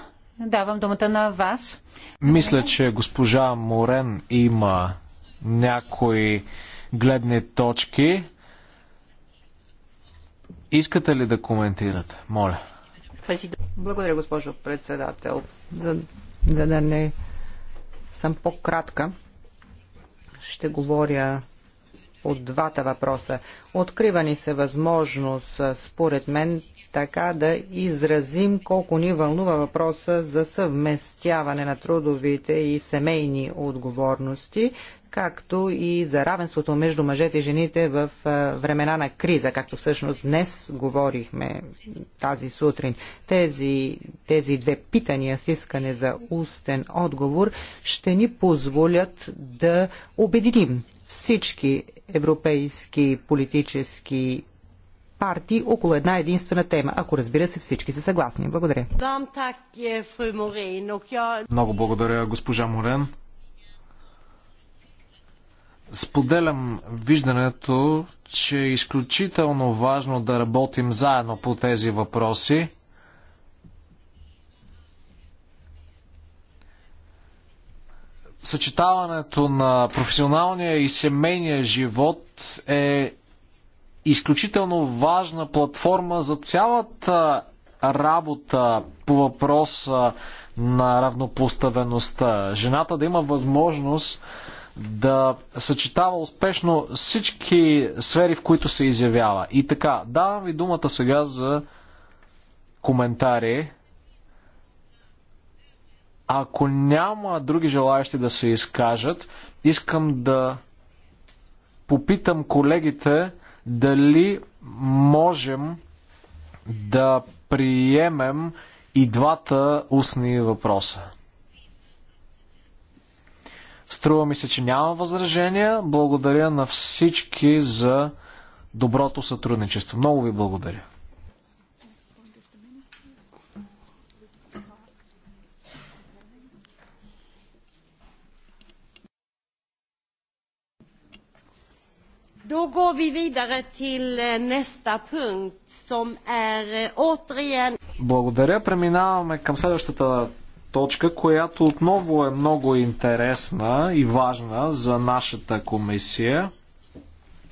Давам думата на вас. Мисля, че госпожа Морен има някои гледни точки. Искате ли да коментирате? Моля. Благодаря, госпожо председател. За, за да не съм по-кратка, ще говоря от двата въпроса. Открива ни се възможност, според мен, така да изразим колко ни вълнува въпроса за съвместяване на трудовите и семейни отговорности, както и за равенството между мъжете и жените в времена на криза, както всъщност днес говорихме тази сутрин. Тези, тези две питания с искане за устен отговор ще ни позволят да обединим всички европейски политически партии около една единствена тема, ако разбира се всички са съгласни. Благодаря. Е, Много благодаря, госпожа Морен. Споделям виждането, че е изключително важно да работим заедно по тези въпроси. съчетаването на професионалния и семейния живот е изключително важна платформа за цялата работа по въпроса на равнопоставеността. Жената да има възможност да съчетава успешно всички сфери, в които се изявява. И така, давам ви думата сега за коментари. Ако няма други желаящи да се изкажат, искам да попитам колегите дали можем да приемем и двата устни въпроса. Струва ми се, че няма възражения. Благодаря на всички за доброто сътрудничество. Много ви благодаря. Då går vi vidare till eh, nästa punkt som är eh, återigen... Благодаря. Преминаваме към следващата точка, която отново е много интересна и важна за нашата комисия.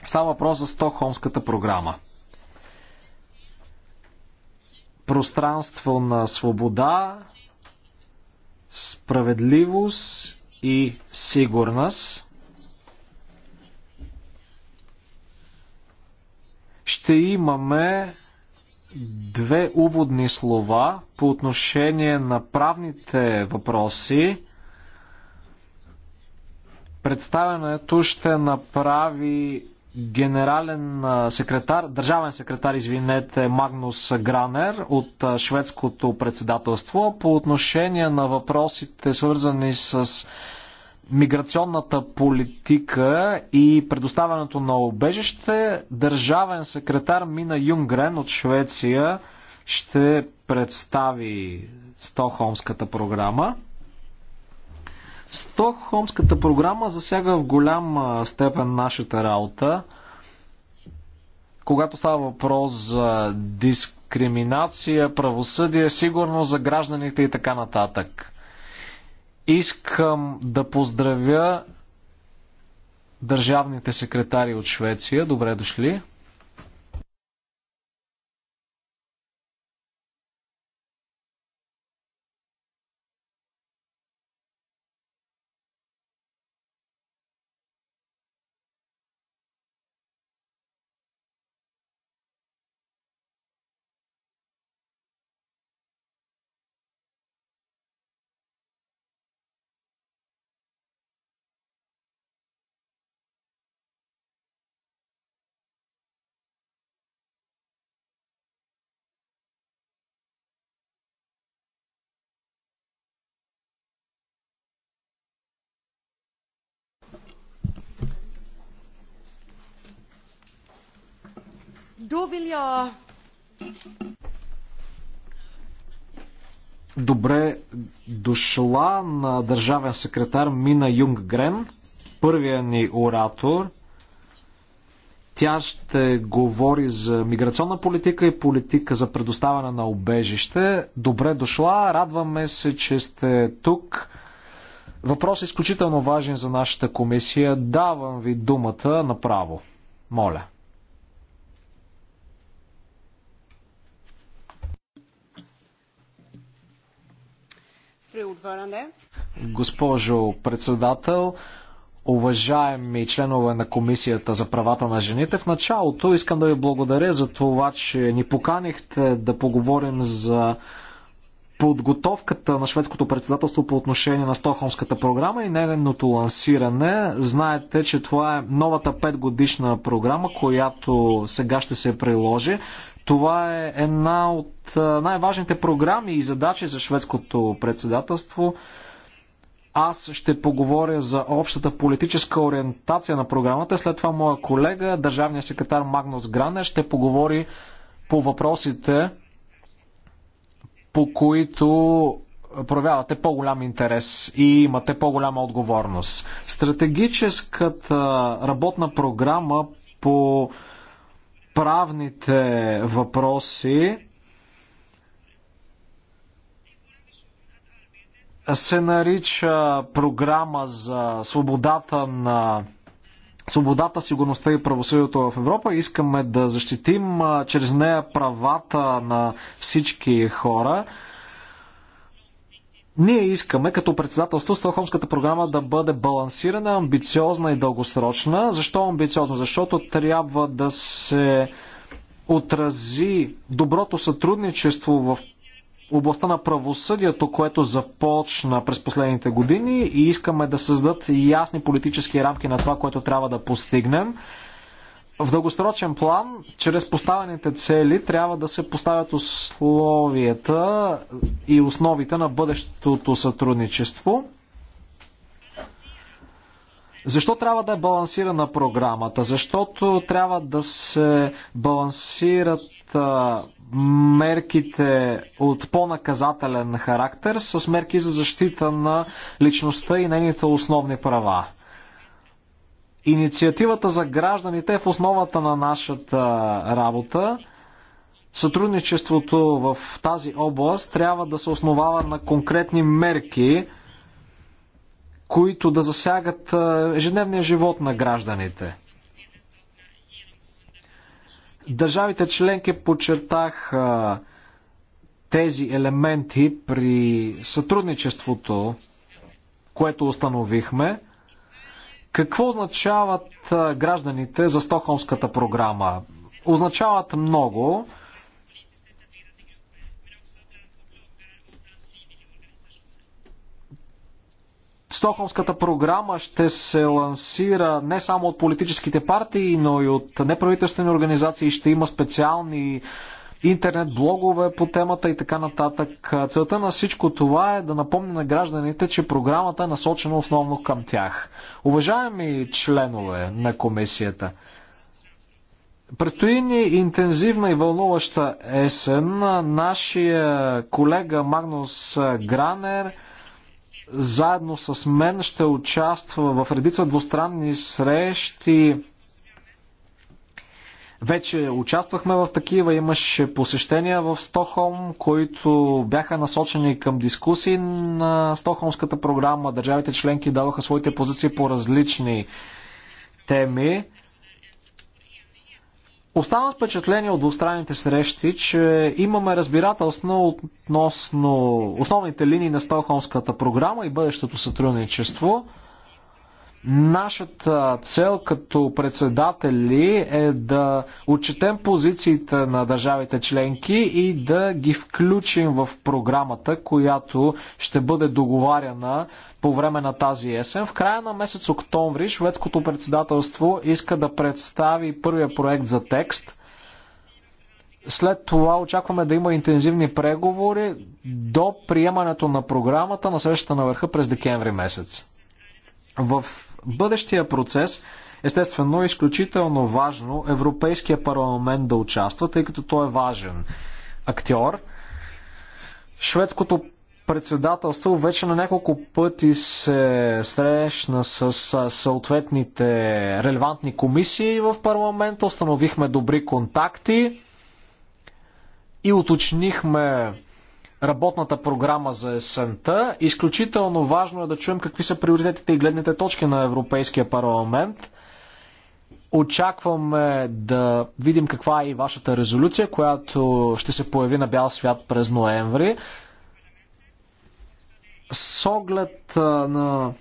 Става въпрос за Стокхолмската програма. Пространство на свобода, справедливост и сигурност ще имаме две уводни слова по отношение на правните въпроси. Представянето ще направи генерален секретар, държавен секретар, извинете, Магнус Гранер от шведското председателство по отношение на въпросите свързани с миграционната политика и предоставянето на обежище, държавен секретар Мина Юнгрен от Швеция ще представи стохомската програма. Стокхолмската програма засяга в голяма степен нашата работа. Когато става въпрос за дискриминация, правосъдие, сигурност за гражданите и така нататък. Искам да поздравя държавните секретари от Швеция. Добре дошли. Då vill jag... Добре дошла на държавен секретар Мина Юнггрен, първия ни оратор. Тя ще говори за миграционна политика и политика за предоставяне на обежище. Добре дошла, радваме се, че сте тук. Въпрос е изключително важен за нашата комисия. Давам ви думата направо. Моля. Госпожо председател, уважаеми членове на Комисията за правата на жените, в началото искам да ви благодаря за това, че ни поканихте да поговорим за подготовката на шведското председателство по отношение на Стохолмската програма и нейното лансиране. Знаете, че това е новата петгодишна програма, която сега ще се приложи. Това е една от най-важните програми и задачи за шведското председателство. Аз ще поговоря за общата политическа ориентация на програмата. След това моя колега, държавният секретар Магнус Гранер, ще поговори по въпросите, по които проявявате по-голям интерес и имате по-голяма отговорност. Стратегическата работна програма по правните въпроси се нарича програма за свободата на свободата, сигурността и правосъдието в Европа. Искаме да защитим чрез нея правата на всички хора. Ние искаме като председателство Стокхолмската програма да бъде балансирана, амбициозна и дългосрочна. Защо амбициозна? Защото трябва да се отрази доброто сътрудничество в областта на правосъдието, което започна през последните години и искаме да създадат ясни политически рамки на това, което трябва да постигнем в дългосрочен план, чрез поставените цели, трябва да се поставят условията и основите на бъдещото сътрудничество. Защо трябва да е балансирана програмата? Защото трябва да се балансират мерките от по-наказателен характер с мерки за защита на личността и нейните основни права. Инициативата за гражданите е в основата на нашата работа. Сътрудничеството в тази област трябва да се основава на конкретни мерки, които да засягат ежедневния живот на гражданите. Държавите членки подчертах тези елементи при сътрудничеството, което установихме – какво означават гражданите за Стокхолмската програма? Означават много. Стокхолмската програма ще се лансира не само от политическите партии, но и от неправителствени организации. Ще има специални интернет блогове по темата и така нататък. Целта на всичко това е да напомня на гражданите, че програмата е насочена основно към тях. Уважаеми членове на комисията, Предстои ни интензивна и вълнуваща есен. Нашия колега Магнус Гранер заедно с мен ще участва в редица двустранни срещи вече участвахме в такива, имаше посещения в Стохолм, които бяха насочени към дискусии на Стохолмската програма. Държавите членки дадоха своите позиции по различни теми. Оставам впечатление от двустранните срещи, че имаме разбирателство относно основните линии на Стохолмската програма и бъдещото сътрудничество – Нашата цел като председатели е да отчетем позициите на държавите членки и да ги включим в програмата, която ще бъде договаряна по време на тази есен. В края на месец октомври шведското председателство иска да представи първия проект за текст. След това очакваме да има интензивни преговори до приемането на програмата на срещата на върха през декември месец. В бъдещия процес, естествено, е изключително важно Европейския парламент да участва, тъй като той е важен актьор. Шведското председателство вече на няколко пъти се срещна с съответните релевантни комисии в парламента, установихме добри контакти и уточнихме работната програма за есента. Изключително важно е да чуем какви са приоритетите и гледните точки на Европейския парламент. Очакваме да видим каква е и вашата резолюция, която ще се появи на бял свят през ноември. С оглед на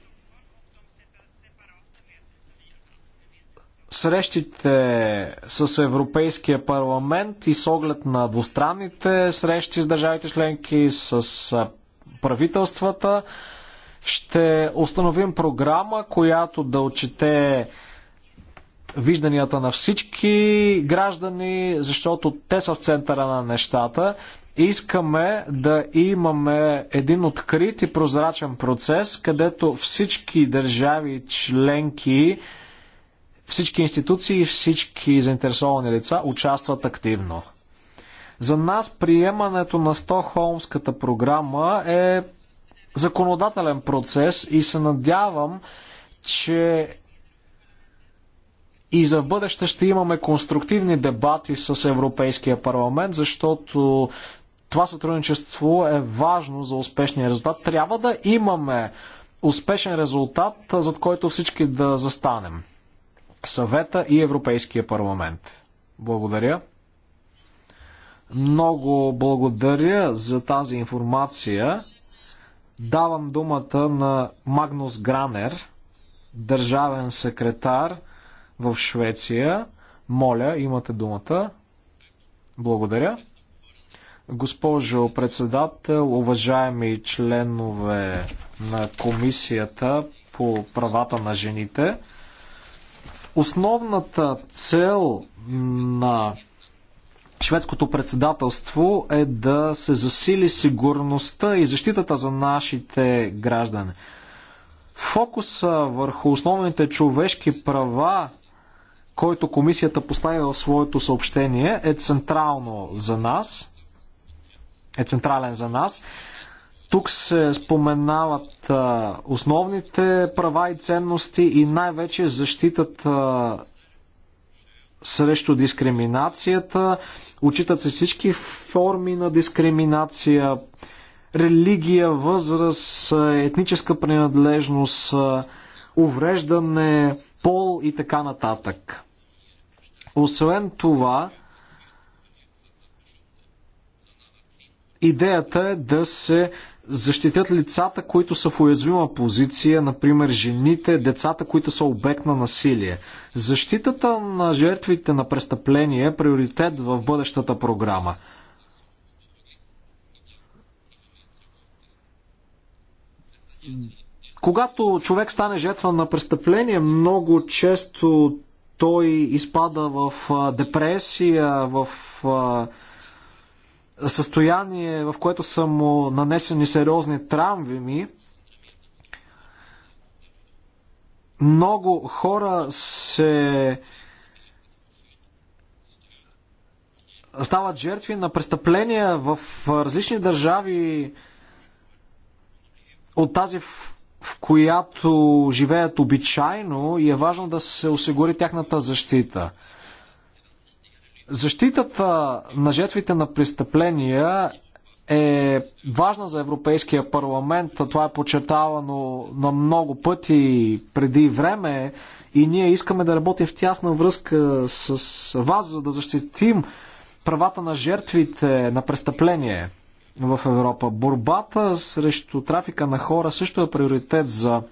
срещите с Европейския парламент и с оглед на двустранните срещи с държавите членки, с правителствата, ще установим програма, която да отчете вижданията на всички граждани, защото те са в центъра на нещата. Искаме да имаме един открит и прозрачен процес, където всички държави членки всички институции и всички заинтересовани лица участват активно. За нас приемането на Стохолмската програма е законодателен процес и се надявам, че и за бъдеще ще имаме конструктивни дебати с Европейския парламент, защото това сътрудничество е важно за успешния резултат. Трябва да имаме успешен резултат, зад който всички да застанем съвета и Европейския парламент. Благодаря. Много благодаря за тази информация. Давам думата на Магнус Гранер, държавен секретар в Швеция. Моля, имате думата. Благодаря. Госпожо председател, уважаеми членове на Комисията по правата на жените, Основната цел на шведското председателство е да се засили сигурността и защитата за нашите граждани. Фокуса върху основните човешки права, който комисията поставя в своето съобщение, е централно за нас. Е централен за нас. Тук се споменават основните права и ценности и най-вече защитата срещу дискриминацията. Учитат се всички форми на дискриминация, религия, възраст, етническа принадлежност, увреждане, пол и така нататък. Освен това, идеята е да се защитят лицата, които са в уязвима позиция, например жените, децата, които са обект на насилие. Защитата на жертвите на престъпление е приоритет в бъдещата програма. Когато човек стане жертва на престъпление, много често той изпада в депресия, в състояние, в което са му нанесени сериозни травми. Много хора се стават жертви на престъпления в различни държави от тази, в която живеят обичайно и е важно да се осигури тяхната защита. Защитата на жертвите на престъпления е важна за Европейския парламент. Това е подчертавано на много пъти преди време и ние искаме да работим в тясна връзка с вас, за да защитим правата на жертвите на престъпление в Европа. Борбата срещу трафика на хора също е приоритет за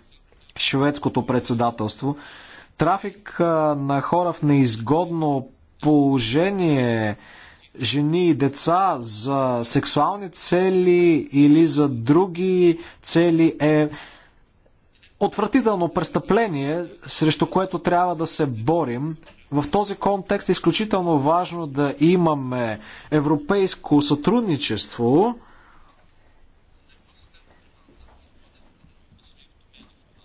шведското председателство. Трафик на хора в неизгодно положение жени и деца за сексуални цели или за други цели е отвратително престъпление, срещу което трябва да се борим. В този контекст е изключително важно да имаме европейско сътрудничество,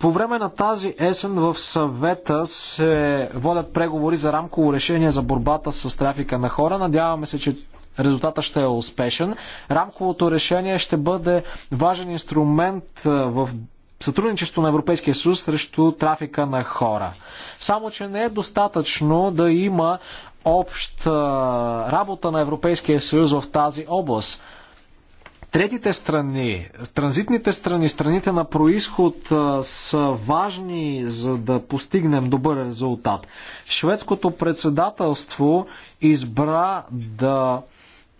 По време на тази есен в съвета се водят преговори за рамково решение за борбата с трафика на хора. Надяваме се, че резултата ще е успешен. Рамковото решение ще бъде важен инструмент в сътрудничество на Европейския съюз срещу трафика на хора. Само, че не е достатъчно да има обща работа на Европейския съюз в тази област. Третите страни, транзитните страни, страните на происход са важни за да постигнем добър резултат. Шведското председателство избра да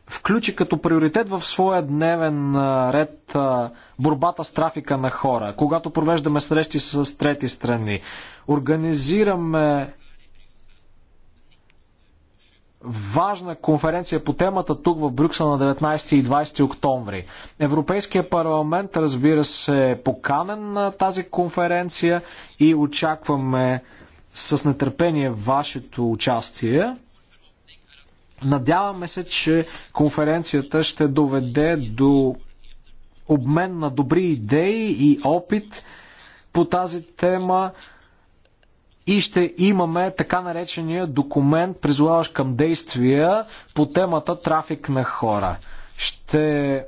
включи като приоритет в своя дневен ред борбата с трафика на хора, когато провеждаме срещи с трети страни. Организираме важна конференция по темата тук в Брюксел на 19 и 20 октомври. Европейския парламент, разбира се, е поканен на тази конференция и очакваме с нетърпение вашето участие. Надяваме се, че конференцията ще доведе до обмен на добри идеи и опит по тази тема и ще имаме така наречения документ, призоваваш към действия по темата трафик на хора. Ще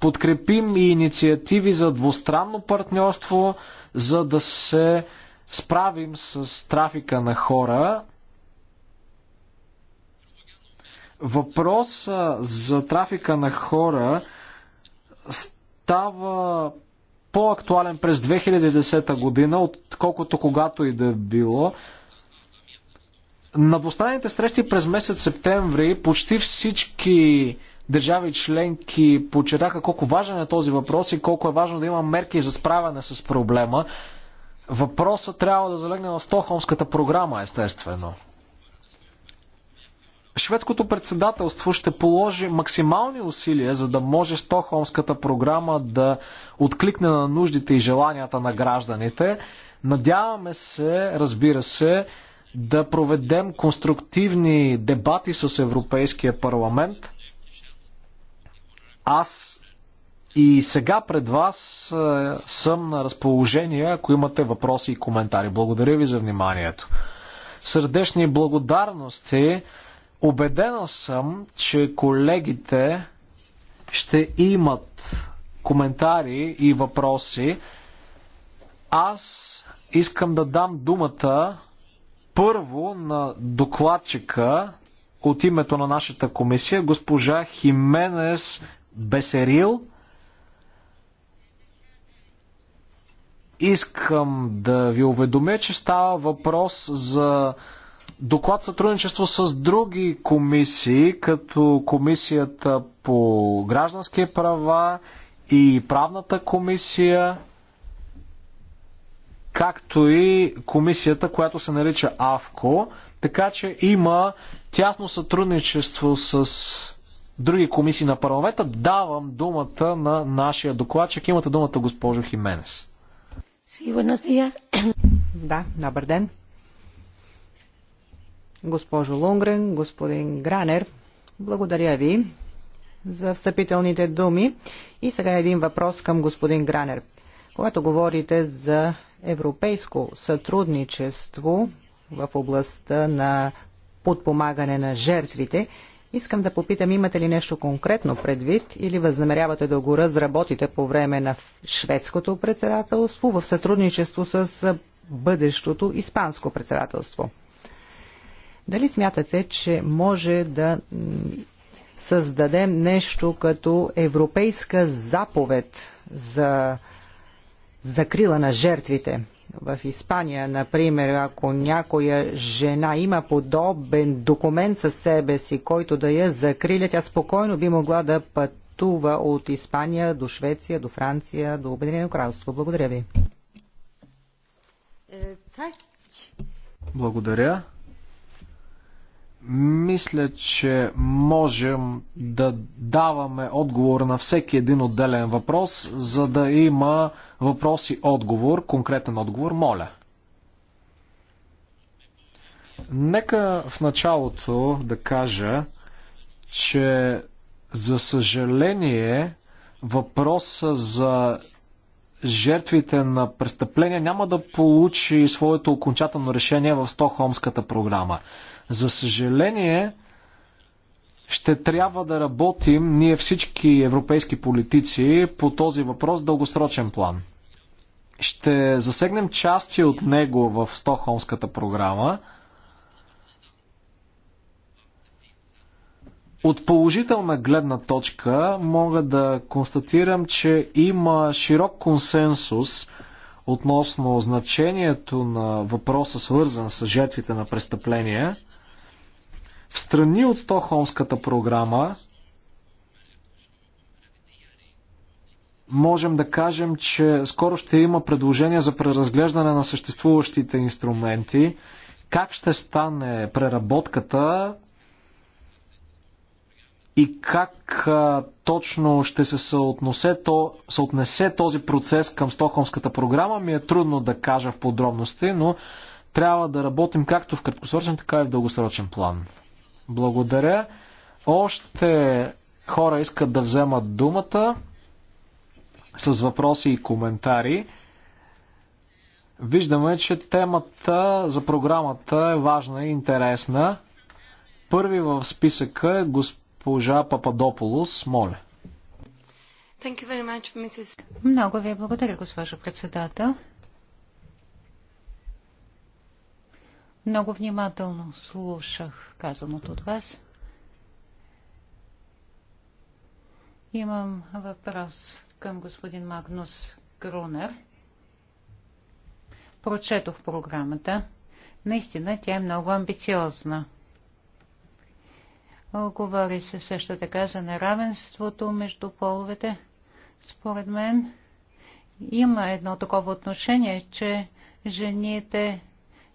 подкрепим и инициативи за двустранно партньорство, за да се справим с трафика на хора. Въпроса за трафика на хора става по-актуален през 2010 година, отколкото когато и да е било. На двустранните срещи през месец септември почти всички държави членки почетаха колко важен е този въпрос и колко е важно да има мерки за справяне с проблема. Въпросът трябва да залегне в Стохолмската програма, естествено. Шведското председателство ще положи максимални усилия, за да може Стохолмската програма да откликне на нуждите и желанията на гражданите. Надяваме се, разбира се, да проведем конструктивни дебати с Европейския парламент. Аз и сега пред вас е, съм на разположение, ако имате въпроси и коментари. Благодаря ви за вниманието. Сърдечни благодарности Обедена съм, че колегите ще имат коментари и въпроси. Аз искам да дам думата първо на докладчика от името на нашата комисия, госпожа Хименес Бесерил. Искам да ви уведомя, че става въпрос за доклад сътрудничество с други комисии, като комисията по граждански права и правната комисия, както и комисията, която се нарича АВКО. Така че има тясно сътрудничество с други комисии на парламента. Давам думата на нашия докладчик. Имате думата, госпожо Хименес. Да, добър ден госпожо Лунгрен, господин Гранер. Благодаря ви за встъпителните думи. И сега един въпрос към господин Гранер. Когато говорите за европейско сътрудничество в областта на подпомагане на жертвите, искам да попитам, имате ли нещо конкретно предвид или възнамерявате да го разработите по време на шведското председателство в сътрудничество с бъдещото испанско председателство? Дали смятате, че може да създадем нещо като европейска заповед за закрила на жертвите? В Испания, например, ако някоя жена има подобен документ със себе си, който да я закриля, тя спокойно би могла да пътува от Испания до Швеция, до Франция, до Обединено кралство. Благодаря ви. Е, Благодаря. Мисля, че можем да даваме отговор на всеки един отделен въпрос, за да има въпрос и отговор, конкретен отговор, моля. Нека в началото да кажа, че за съжаление въпроса за жертвите на престъпления няма да получи своето окончателно решение в Стохолмската програма. За съжаление, ще трябва да работим ние всички европейски политици по този въпрос в дългосрочен план. Ще засегнем части от него в Стохолмската програма. От положителна гледна точка мога да констатирам, че има широк консенсус относно значението на въпроса свързан с жертвите на престъпления – в страни от Стохолмската програма можем да кажем, че скоро ще има предложение за преразглеждане на съществуващите инструменти. Как ще стане преработката и как а, точно ще се съотнесе, то, съотнесе този процес към Стокхолмската програма, ми е трудно да кажа в подробности, но трябва да работим както в краткосрочен, така и в дългосрочен план. Благодаря. Още хора искат да вземат думата с въпроси и коментари. Виждаме, че темата за програмата е важна и интересна. Първи в списъка е госпожа Пападополос. Моля. Много ви благодаря, госпожо председател. Много внимателно слушах казаното от вас. Имам въпрос към господин Магнус Грунер. Прочетох програмата. Наистина тя е много амбициозна. Говори се също така за неравенството между половете. Според мен има едно такова отношение, че жените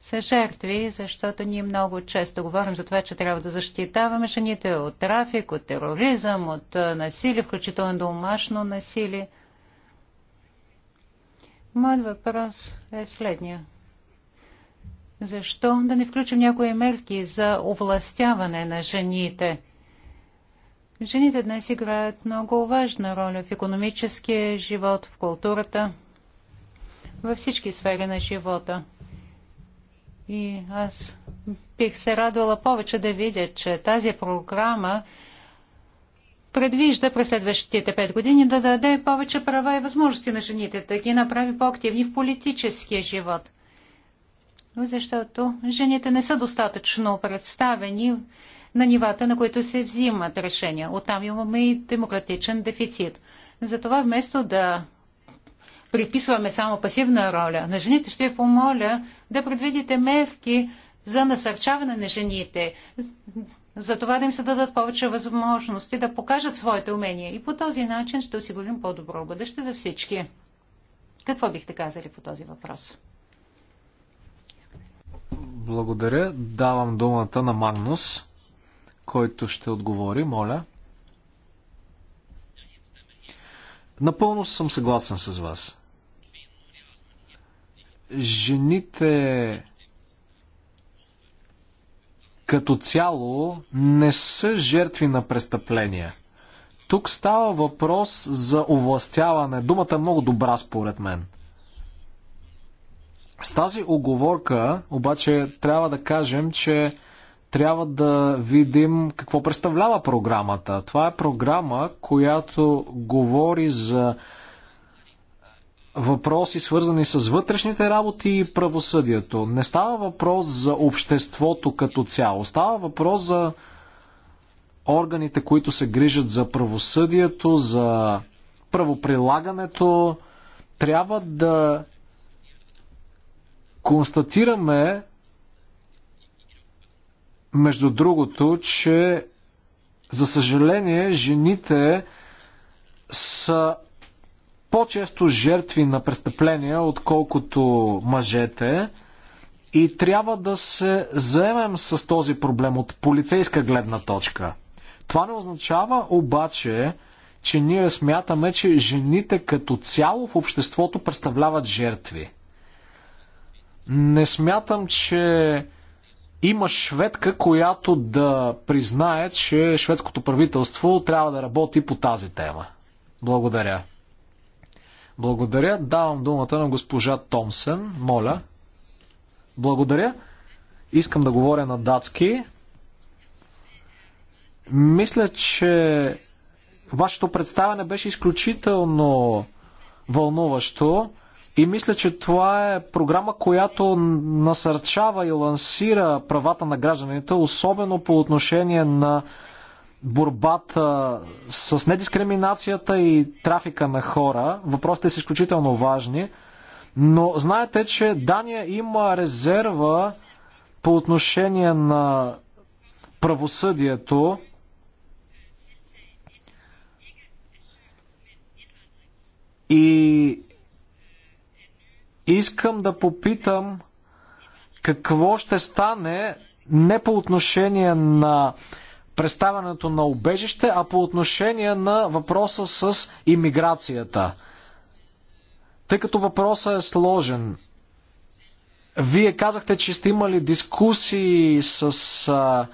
са жертви, защото ние много често говорим за това, че трябва да защитаваме жените от трафик, от тероризъм, от насилие, включително домашно насилие. Моят въпрос е следния. Защо да не включим някои мерки за овластяване на жените? Жените днес играят много важна роля в економическия живот, в културата, във всички сфери на живота – и аз бих се радвала повече да видя, че тази програма предвижда през следващите пет години да даде повече права и възможности на жените, да ги направи по-активни в политическия живот. Защото жените не са достатъчно представени на нивата, на които се взимат решения. Оттам имаме и демократичен дефицит. Затова вместо да приписваме само пасивна роля на жените, ще ви помоля да предвидите мерки за насърчаване на жените, за това да им се дадат повече възможности да покажат своите умения. И по този начин ще осигурим по-добро бъдеще за всички. Какво бихте казали по този въпрос? Благодаря. Давам думата на Магнус, който ще отговори, моля. Напълно съм съгласен с вас жените като цяло не са жертви на престъпления. Тук става въпрос за овластяване. Думата е много добра, според мен. С тази оговорка, обаче, трябва да кажем, че трябва да видим какво представлява програмата. Това е програма, която говори за въпроси, свързани с вътрешните работи и правосъдието. Не става въпрос за обществото като цяло. Става въпрос за органите, които се грижат за правосъдието, за правоприлагането. Трябва да констатираме, между другото, че за съжаление жените са по-често жертви на престъпления, отколкото мъжете. И трябва да се заемем с този проблем от полицейска гледна точка. Това не означава обаче, че ние смятаме, че жените като цяло в обществото представляват жертви. Не смятам, че има шведка, която да признае, че шведското правителство трябва да работи по тази тема. Благодаря. Благодаря. Давам думата на госпожа Томсен. Моля. Благодаря. Искам да говоря на датски. Мисля, че вашето представяне беше изключително вълнуващо и мисля, че това е програма, която насърчава и лансира правата на гражданите, особено по отношение на борбата с недискриминацията и трафика на хора. Въпросите са изключително важни. Но знаете, че Дания има резерва по отношение на правосъдието. И искам да попитам какво ще стане не по отношение на представянето на убежище, а по отношение на въпроса с иммиграцията. Тъй като въпросът е сложен, вие казахте, че сте имали дискусии с а,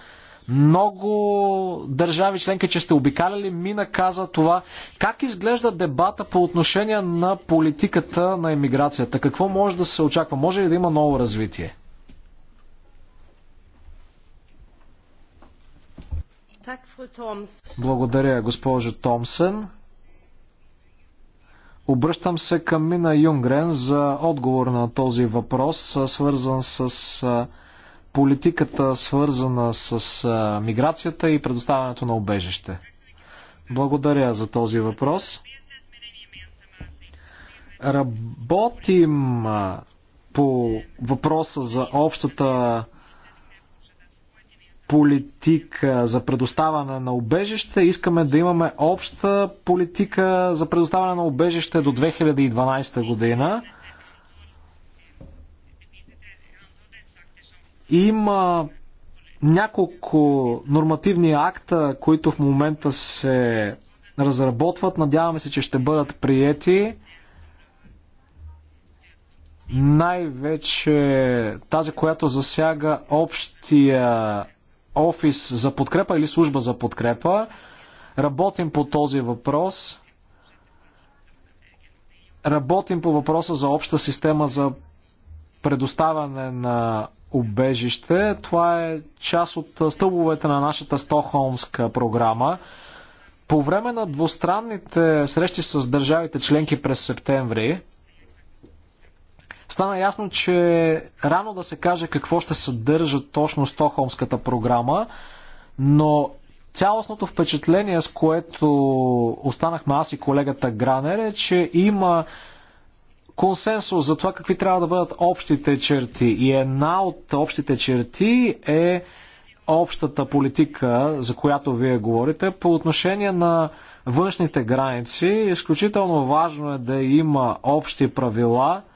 много държави членки, че сте обикаляли. Мина каза това. Как изглежда дебата по отношение на политиката на иммиграцията? Какво може да се очаква? Може ли да има ново развитие? Благодаря, госпожо Томсън. Обръщам се към Мина Юнгрен за отговор на този въпрос, свързан с политиката, свързана с миграцията и предоставянето на обежище. Благодаря за този въпрос. Работим по въпроса за общата политика за предоставане на обежище, искаме да имаме обща политика за предоставане на обежище до 2012 година. Има няколко нормативни акта, които в момента се разработват. Надяваме се, че ще бъдат приети. Най-вече тази, която засяга общия офис за подкрепа или служба за подкрепа. Работим по този въпрос. Работим по въпроса за обща система за предоставяне на убежище. Това е част от стълбовете на нашата Стохолмска програма. По време на двустранните срещи с държавите членки през септември, Стана ясно, че рано да се каже какво ще съдържа точно Стохолмската програма, но цялостното впечатление, с което останахме аз и колегата Гранер е, че има консенсус за това какви трябва да бъдат общите черти. И една от общите черти е общата политика, за която вие говорите, по отношение на външните граници. Изключително важно е да има общи правила –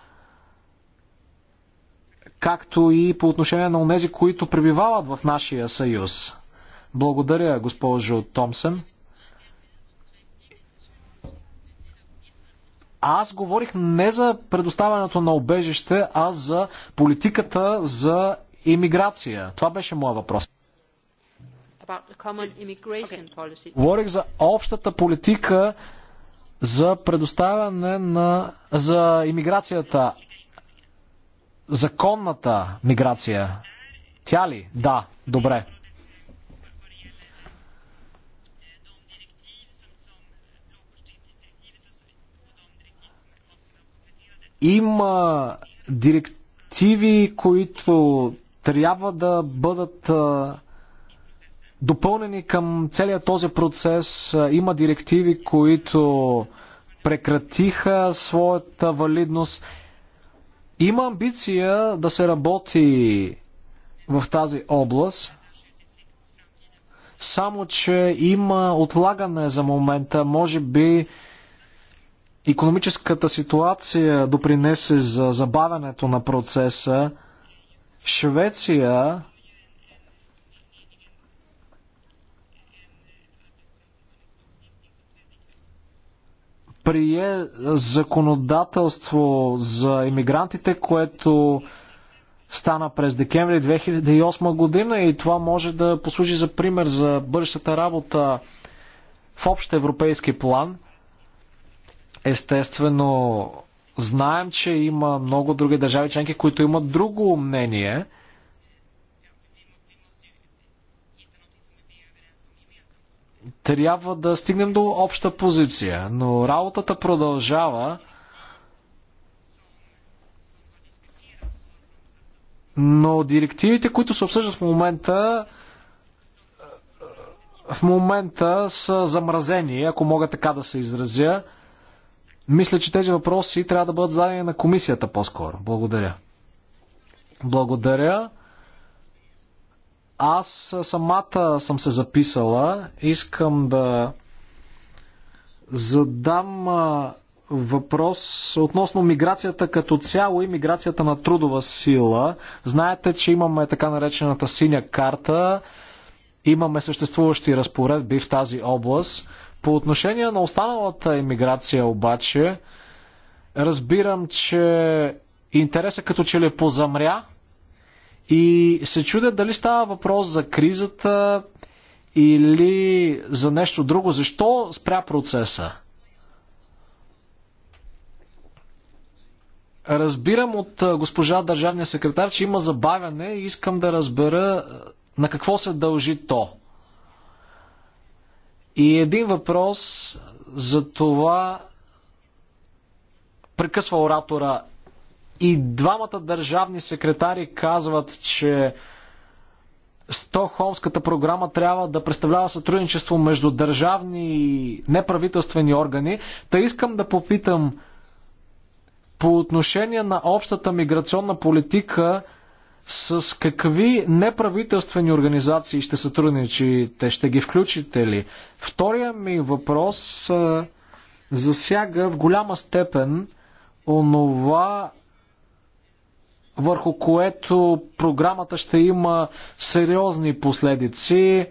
както и по отношение на онези, които пребивават в нашия съюз. Благодаря, госпожо Томсън. Аз говорих не за предоставянето на обежище, а за политиката за иммиграция. Това беше моя въпрос. Okay. Говорих за общата политика за предоставяне на за иммиграцията, законната миграция. Тя ли? Да, добре. Има директиви, които трябва да бъдат допълнени към целият този процес. Има директиви, които прекратиха своята валидност. Има амбиция да се работи в тази област, само че има отлагане за момента. Може би економическата ситуация допринесе за забавянето на процеса. Швеция прие законодателство за иммигрантите, което стана през декември 2008 година и това може да послужи за пример за бъдещата работа в общ европейски план. Естествено, знаем, че има много други държави членки, които имат друго мнение – трябва да стигнем до обща позиция, но работата продължава. Но директивите, които се обсъждат в момента, в момента са замразени, ако мога така да се изразя. Мисля, че тези въпроси трябва да бъдат зададени на комисията по-скоро. Благодаря. Благодаря. Аз самата съм се записала. Искам да задам въпрос относно миграцията като цяло и миграцията на трудова сила. Знаете, че имаме така наречената синя карта. Имаме съществуващи разпоредби в тази област. По отношение на останалата иммиграция обаче, разбирам, че интересът като че ли позамря – и се чудя дали става въпрос за кризата или за нещо друго. Защо спря процеса? Разбирам от госпожа държавния секретар, че има забавяне и искам да разбера на какво се дължи то. И един въпрос за това прекъсва оратора и двамата държавни секретари казват, че Стокхолмската програма трябва да представлява сътрудничество между държавни и неправителствени органи. Та искам да попитам по отношение на общата миграционна политика с какви неправителствени организации ще сътрудничите? Ще ги включите ли? Втория ми въпрос засяга в голяма степен онова, върху което програмата ще има сериозни последици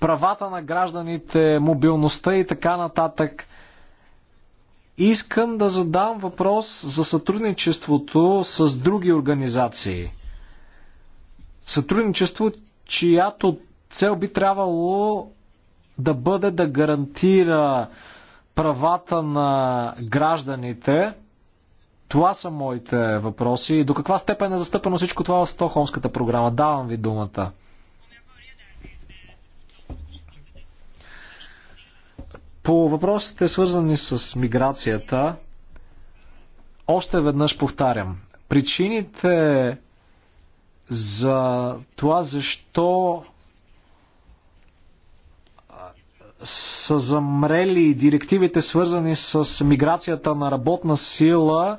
правата на гражданите, мобилността и така нататък. Искам да задам въпрос за сътрудничеството с други организации. Сътрудничество, чиято цел би трябвало да бъде да гарантира правата на гражданите – това са моите въпроси. До каква степен е застъпено всичко това в Стохолмската програма? Давам ви думата. По въпросите, свързани с миграцията, още веднъж повтарям. Причините за това, защо са замрели директивите, свързани с миграцията на работна сила,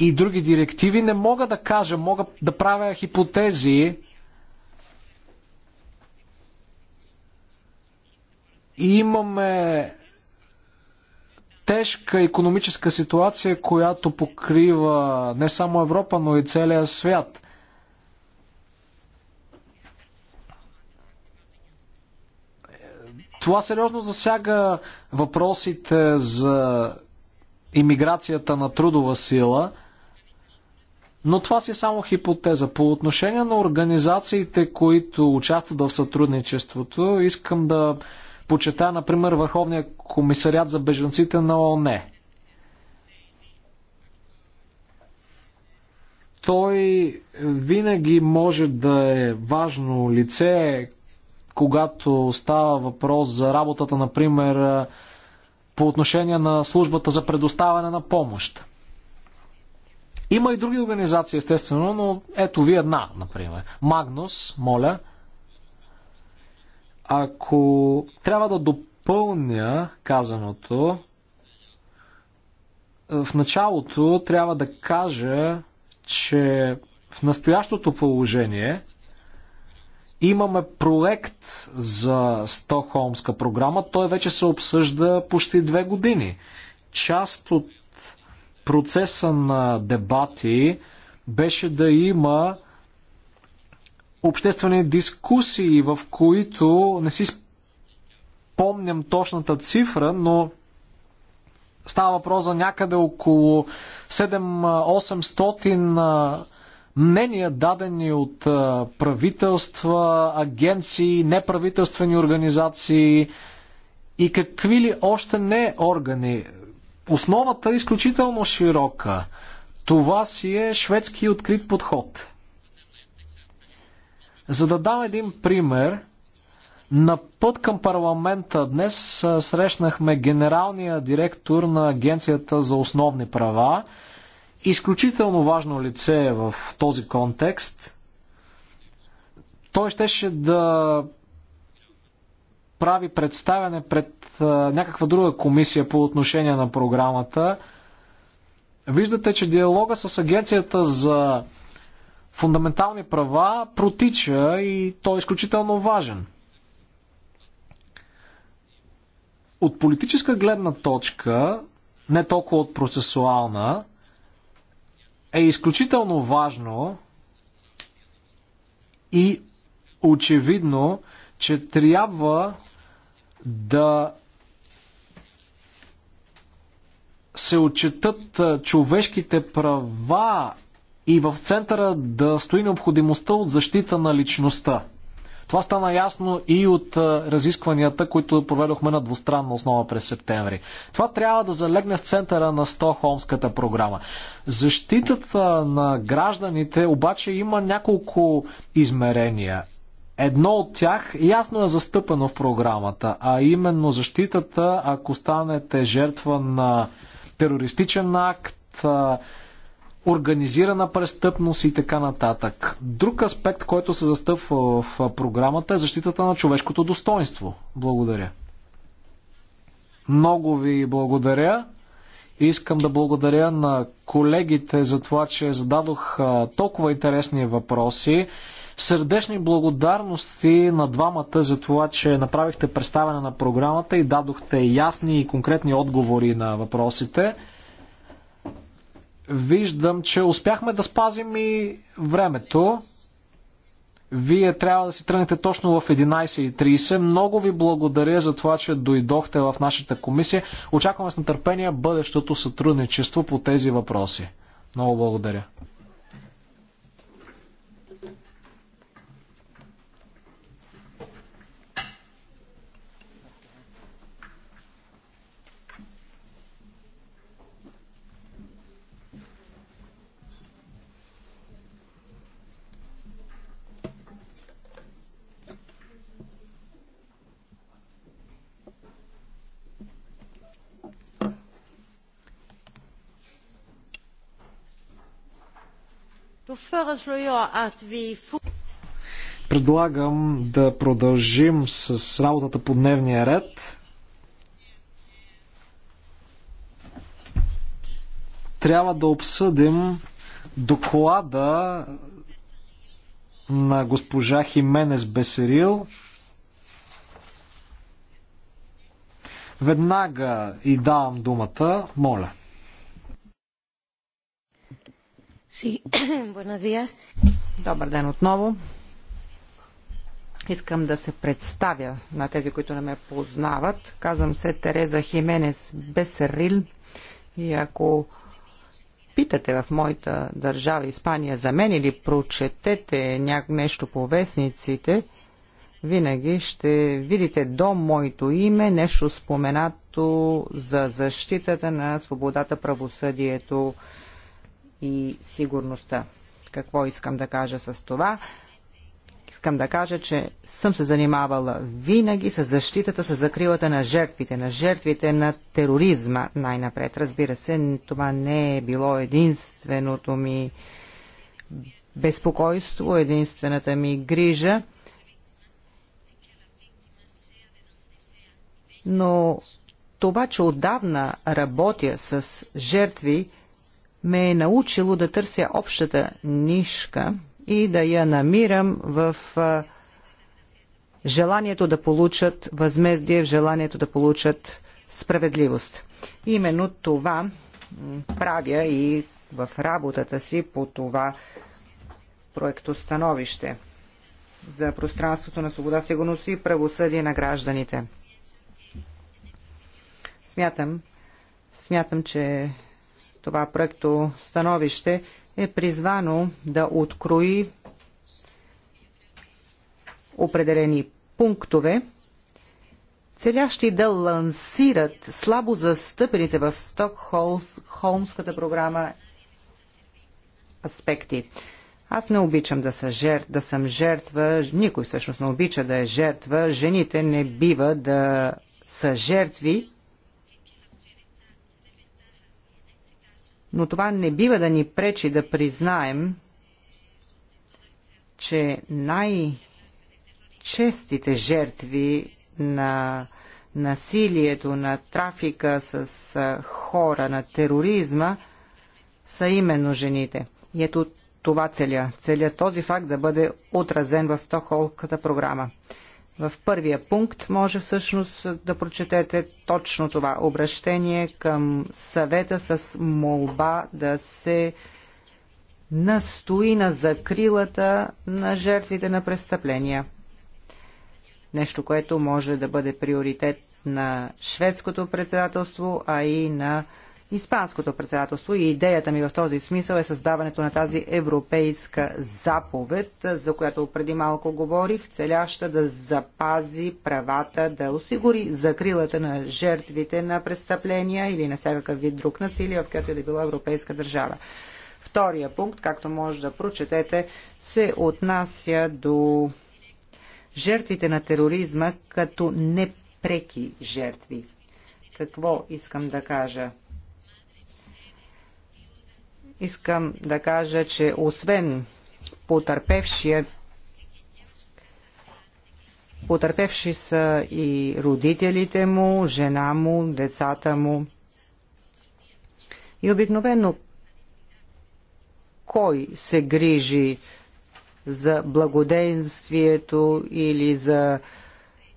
и други директиви, не мога да кажа, мога да правя хипотези. И имаме тежка економическа ситуация, която покрива не само Европа, но и целия свят. Това сериозно засяга въпросите за имиграцията на трудова сила. Но това си е само хипотеза. По отношение на организациите, които участват в сътрудничеството, искам да почета, например, Върховния комисарят за беженците на ООН. Той винаги може да е важно лице, когато става въпрос за работата, например, по отношение на службата за предоставяне на помощ. Има и други организации, естествено, но ето ви една, например. Магнус, моля. Ако трябва да допълня казаното, в началото трябва да кажа, че в настоящото положение имаме проект за Стокхолмска програма. Той вече се обсъжда почти две години. Част от процеса на дебати беше да има обществени дискусии, в които не си спомням точната цифра, но става въпрос за някъде около 7-800 мнения, дадени от правителства, агенции, неправителствени организации и какви ли още не органи. Основата е изключително широка. Това си е шведски открит подход. За да дам един пример, на път към парламента днес срещнахме генералния директор на Агенцията за основни права. Изключително важно лице е в този контекст. Той щеше да прави представяне пред някаква друга комисия по отношение на програмата. Виждате, че диалога с Агенцията за фундаментални права протича и той е изключително важен. От политическа гледна точка, не толкова от процесуална, е изключително важно и очевидно, че трябва да се отчитат човешките права и в центъра да стои необходимостта от защита на личността. Това стана ясно и от разискванията, които проведохме на двустранна основа през септември. Това трябва да залегне в центъра на Стохолмската програма. Защитата на гражданите обаче има няколко измерения. Едно от тях ясно е застъпено в програмата, а именно защитата, ако станете жертва на терористичен акт, организирана престъпност и така нататък. Друг аспект, който се застъпва в програмата е защитата на човешкото достоинство. Благодаря. Много ви благодаря. Искам да благодаря на колегите за това, че зададох толкова интересни въпроси. Сърдечни благодарности на двамата за това, че направихте представяне на програмата и дадохте ясни и конкретни отговори на въпросите. Виждам, че успяхме да спазим и времето. Вие трябва да си тръгнете точно в 11.30. Много ви благодаря за това, че дойдохте в нашата комисия. Очакваме с нетърпение бъдещото сътрудничество по тези въпроси. Много благодаря. Предлагам да продължим с работата по дневния ред. Трябва да обсъдим доклада на госпожа Хименес Бесерил. Веднага и давам думата, моля. Добър ден отново. Искам да се представя на тези, които не ме познават. Казвам се Тереза Хименес Бесерил и ако питате в моята държава Испания за мен или прочетете нещо по вестниците, винаги ще видите до моето име нещо споменато за защитата на свободата, правосъдието и сигурността. Какво искам да кажа с това? Искам да кажа, че съм се занимавала винаги с защитата, с закрилата на жертвите, на жертвите на тероризма най-напред. Разбира се, това не е било единственото ми безпокойство, единствената ми грижа. Но това, че отдавна работя с жертви, ме е научило да търся общата нишка и да я намирам в желанието да получат възмездие, в желанието да получат справедливост. Именно това правя и в работата си по това проектостановище за пространството на свобода, сигурност и правосъдие на гражданите. Смятам, смятам, че това проекто становище е призвано да открои определени пунктове, целящи да лансират слабо застъпените в Стокхолмската програма аспекти. Аз не обичам да, са жертв, да съм жертва, никой всъщност не обича да е жертва, жените не бива да са жертви но това не бива да ни пречи да признаем, че най-честите жертви на насилието, на трафика с хора, на тероризма са именно жените. И ето това целя. Целя този факт да бъде отразен в Стокхолмската програма. В първия пункт може всъщност да прочетете точно това обращение към съвета с молба да се настои на закрилата на жертвите на престъпления. Нещо, което може да бъде приоритет на шведското председателство, а и на Испанското председателство и идеята ми в този смисъл е създаването на тази европейска заповед, за която преди малко говорих, целяща да запази правата, да осигури закрилата на жертвите на престъпления или на всякакъв вид друг насилие, в която е да била европейска държава. Втория пункт, както може да прочетете, се отнася до жертвите на тероризма като непреки жертви. Какво искам да кажа? Искам да кажа, че освен потърпевшия Потърпевши са и родителите му, жена му, децата му. И обикновено кой се грижи за благоденствието или за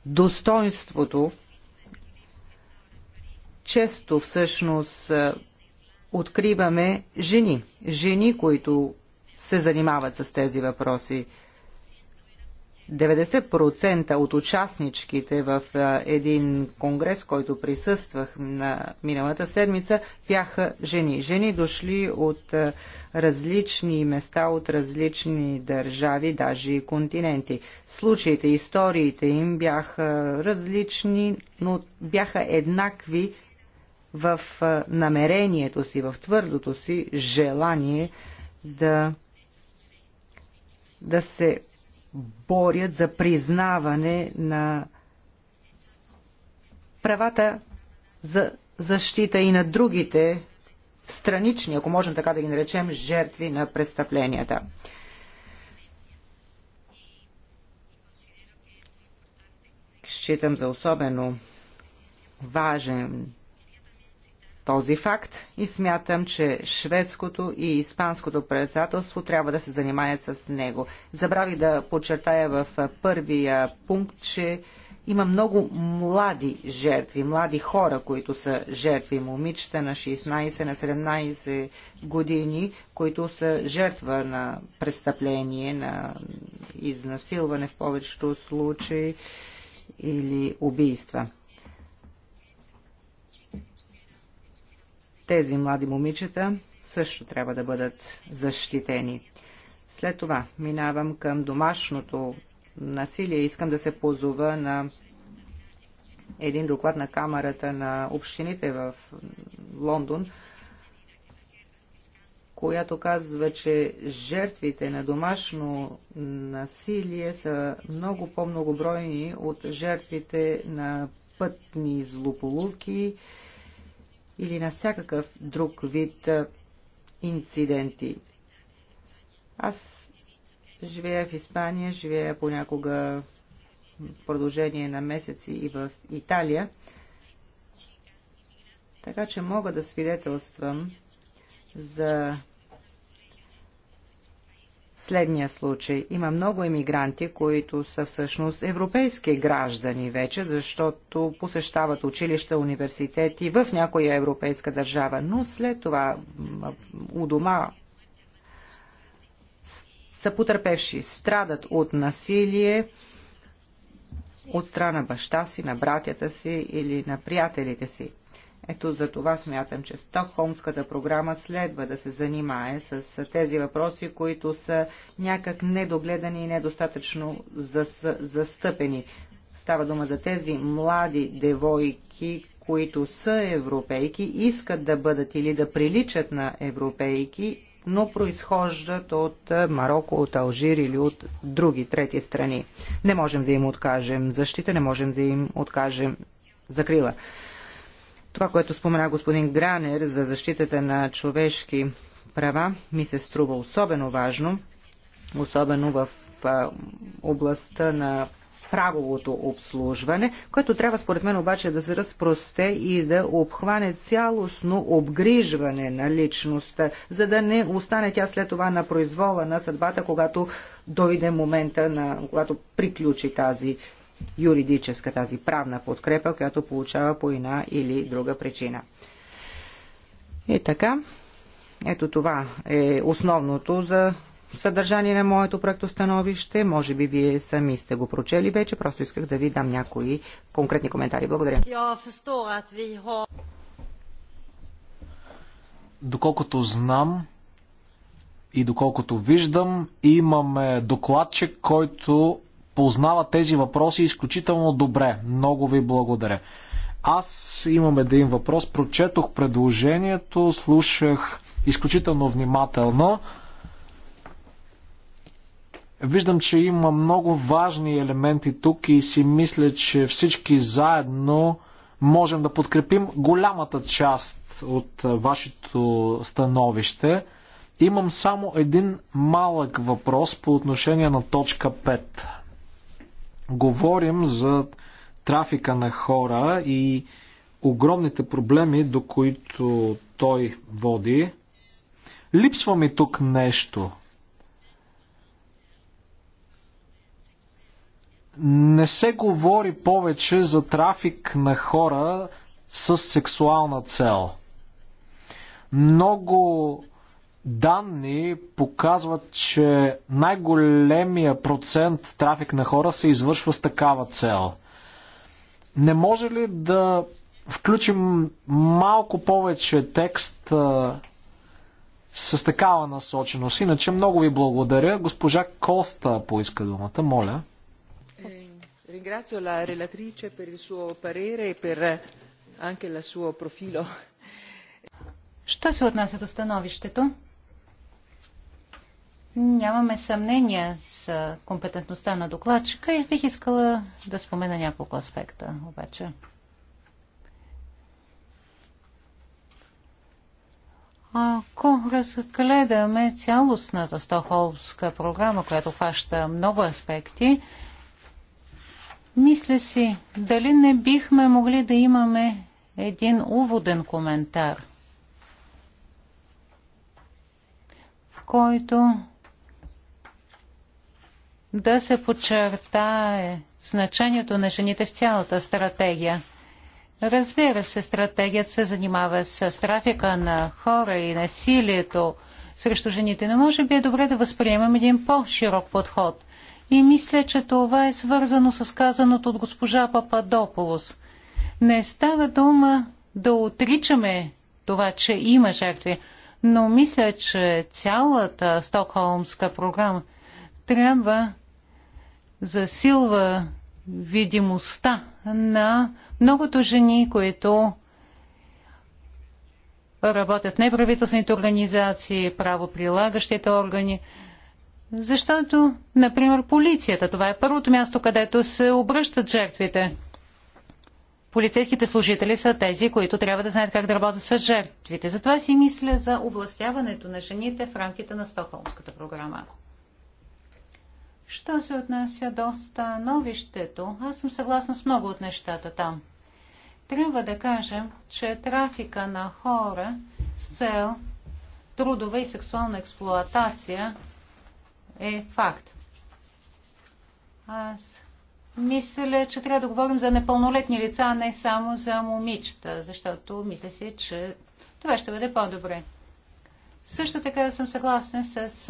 достоинството, често всъщност откриваме жени. Жени, които се занимават с тези въпроси. 90% от участничките в един конгрес, който присъствах на миналата седмица, бяха жени. Жени дошли от различни места, от различни държави, даже и континенти. Случаите, историите им бяха различни, но бяха еднакви в намерението си, в твърдото си желание да, да се борят за признаване на правата за защита и на другите странични, ако можем така да ги наречем, жертви на престъпленията. Считам за особено важен този факт и смятам, че шведското и испанското председателство трябва да се занимаят с него. Забравих да подчертая в първия пункт, че има много млади жертви, млади хора, които са жертви, момичета на 16, на 17 години, които са жертва на престъпление, на изнасилване в повечето случаи или убийства. Тези млади момичета също трябва да бъдат защитени. След това минавам към домашното насилие. Искам да се позова на един доклад на Камерата на общините в Лондон, която казва, че жертвите на домашно насилие са много по-многобройни от жертвите на пътни злополуки, или на всякакъв друг вид инциденти. Аз живея в Испания, живея понякога в продължение на месеци и в Италия, така че мога да свидетелствам за следния случай. Има много емигранти, които са всъщност европейски граждани вече, защото посещават училища, университети в някоя европейска държава, но след това у дома са потърпевши, страдат от насилие от страна баща си, на братята си или на приятелите си. Ето за това смятам, че Стокхолмската програма следва да се занимае с тези въпроси, които са някак недогледани и недостатъчно застъпени. Става дума за тези млади девойки, които са европейки, искат да бъдат или да приличат на европейки, но произхождат от Марокко, от Алжир или от други трети страни. Не можем да им откажем защита, не можем да им откажем закрила. Това, което спомена господин Гранер за защитата на човешки права, ми се струва особено важно, особено в областта на правовото обслужване, което трябва според мен обаче да се разпросте и да обхване цялостно обгрижване на личността, за да не остане тя след това на произвола на съдбата, когато дойде момента, на, когато приключи тази юридическа, тази правна подкрепа, която получава по една или друга причина. И така, ето това е основното за съдържание на моето становище. Може би вие сами сте го прочели вече, просто исках да ви дам някои конкретни коментари. Благодаря. Доколкото знам и доколкото виждам, имаме докладчик, който познава тези въпроси изключително добре. Много ви благодаря. Аз имам един въпрос. Прочетох предложението, слушах изключително внимателно. Виждам, че има много важни елементи тук и си мисля, че всички заедно можем да подкрепим голямата част от вашето становище. Имам само един малък въпрос по отношение на точка 5 говорим за трафика на хора и огромните проблеми, до които той води. Липсва ми тук нещо. Не се говори повече за трафик на хора с сексуална цел. Много данни показват, че най-големия процент трафик на хора се извършва с такава цел. Не може ли да включим малко повече текст а, с такава насоченост? Иначе много ви благодаря. Госпожа Коста поиска думата, моля. Е, ringrazio la relatrice per il suo parere e per anche il suo profilo. Що се отнася до становището? Нямаме съмнение за компетентността на докладчика и бих искала да спомена няколко аспекта обаче. Ако разгледаме цялостната Стохолмска програма, която хваща много аспекти, мисля си, дали не бихме могли да имаме един уводен коментар, в който да се подчертае значението на жените в цялата стратегия. Разбира се, стратегията се занимава с трафика на хора и насилието срещу жените, но може би е добре да възприемем един по-широк подход. И мисля, че това е свързано с казаното от госпожа Пападополос. Не става дума да отричаме това, че има жертви, но мисля, че цялата Стокхолмска програма трябва засилва видимостта на многото жени, които работят в неправителствените организации, правоприлагащите органи. Защото, например, полицията, това е първото място, където се обръщат жертвите. Полицейските служители са тези, които трябва да знаят как да работят с жертвите. Затова си мисля за областяването на жените в рамките на Стокхолмската програма. Що се отнася до становището, аз съм съгласна с много от нещата там. Трябва да кажем, че трафика на хора с цел трудова и сексуална експлоатация е факт. Аз мисля, че трябва да говорим за непълнолетни лица, а не само за момичета, защото мисля си, че това ще бъде по-добре. Също така съм съгласен с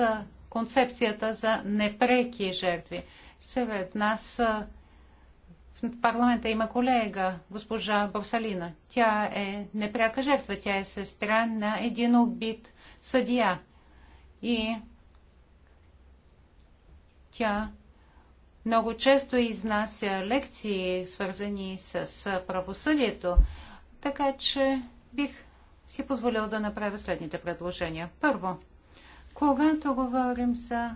концепцията за непреки жертви. Сред нас в парламента има колега, госпожа Борсалина. Тя е непряка жертва, тя е сестра на един убит съдия. И тя много често изнася лекции, свързани с правосъдието, така че бих си позволил да направя следните предложения. Първо, когато говорим за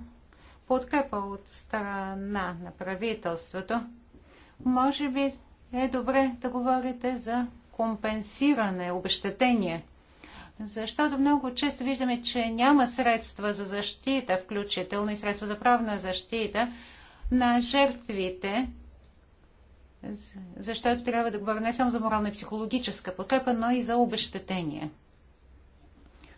подкрепа от страна на правителството, може би е добре да говорите за компенсиране, обещетение. Защото много често виждаме, че няма средства за защита, включително и средства за правна защита на жертвите, защото трябва да говорим не само за морална и психологическа подкрепа, но и за обещетение.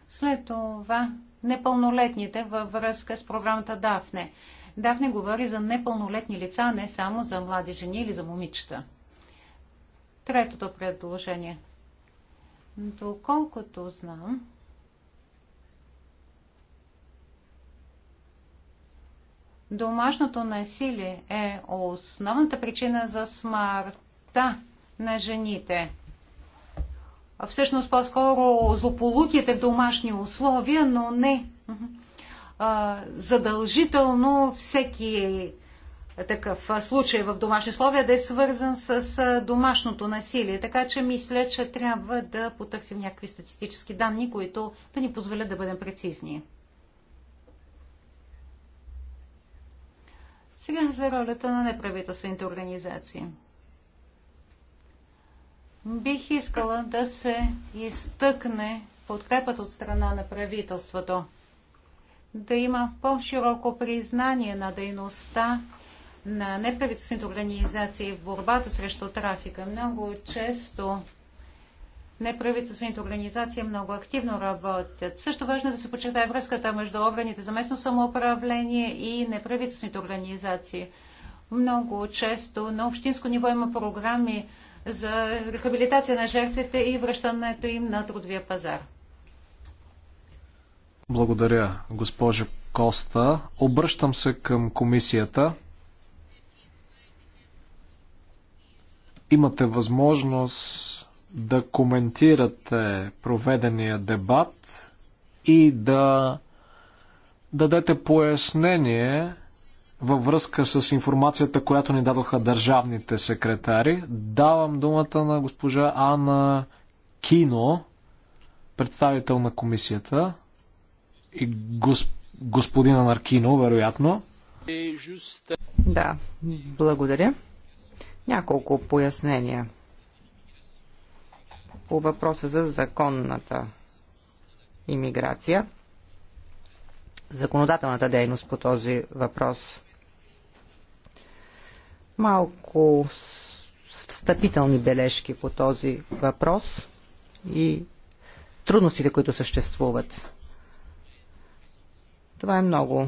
След това непълнолетните във връзка с програмата Дафне. Дафне говори за непълнолетни лица, не само за млади жени или за момичета. Третото предложение. Доколкото знам, домашното насилие е основната причина за смъртта на жените всъщност по-скоро злополуките в домашни условия, но не задължително всеки такъв случай в домашни условия да е свързан с домашното насилие. Така че мисля, че трябва да потърсим някакви статистически данни, които да ни позволят да бъдем прецизни. Сега за ролята на неправителствените организации. Бих искала да се изтъкне подкрепът от страна на правителството, да има по-широко признание на дейността на неправителствените организации в борбата срещу трафика. Много често неправителствените организации много активно работят. Също важно е да се подчертае връзката между органите за местно самоуправление и неправителствените организации. Много често на общинско ниво има програми за рехабилитация на жертвите и връщането им на трудовия пазар. Благодаря, госпожо Коста. Обръщам се към комисията. Имате възможност да коментирате проведения дебат и да дадете пояснение във връзка с информацията, която ни дадоха държавните секретари. Давам думата на госпожа Ана Кино, представител на комисията и госп... господина Наркино, вероятно. Да, благодаря. Няколко пояснения по въпроса за законната имиграция, законодателната дейност по този въпрос. Малко встъпителни бележки по този въпрос и трудностите, които съществуват. Това е много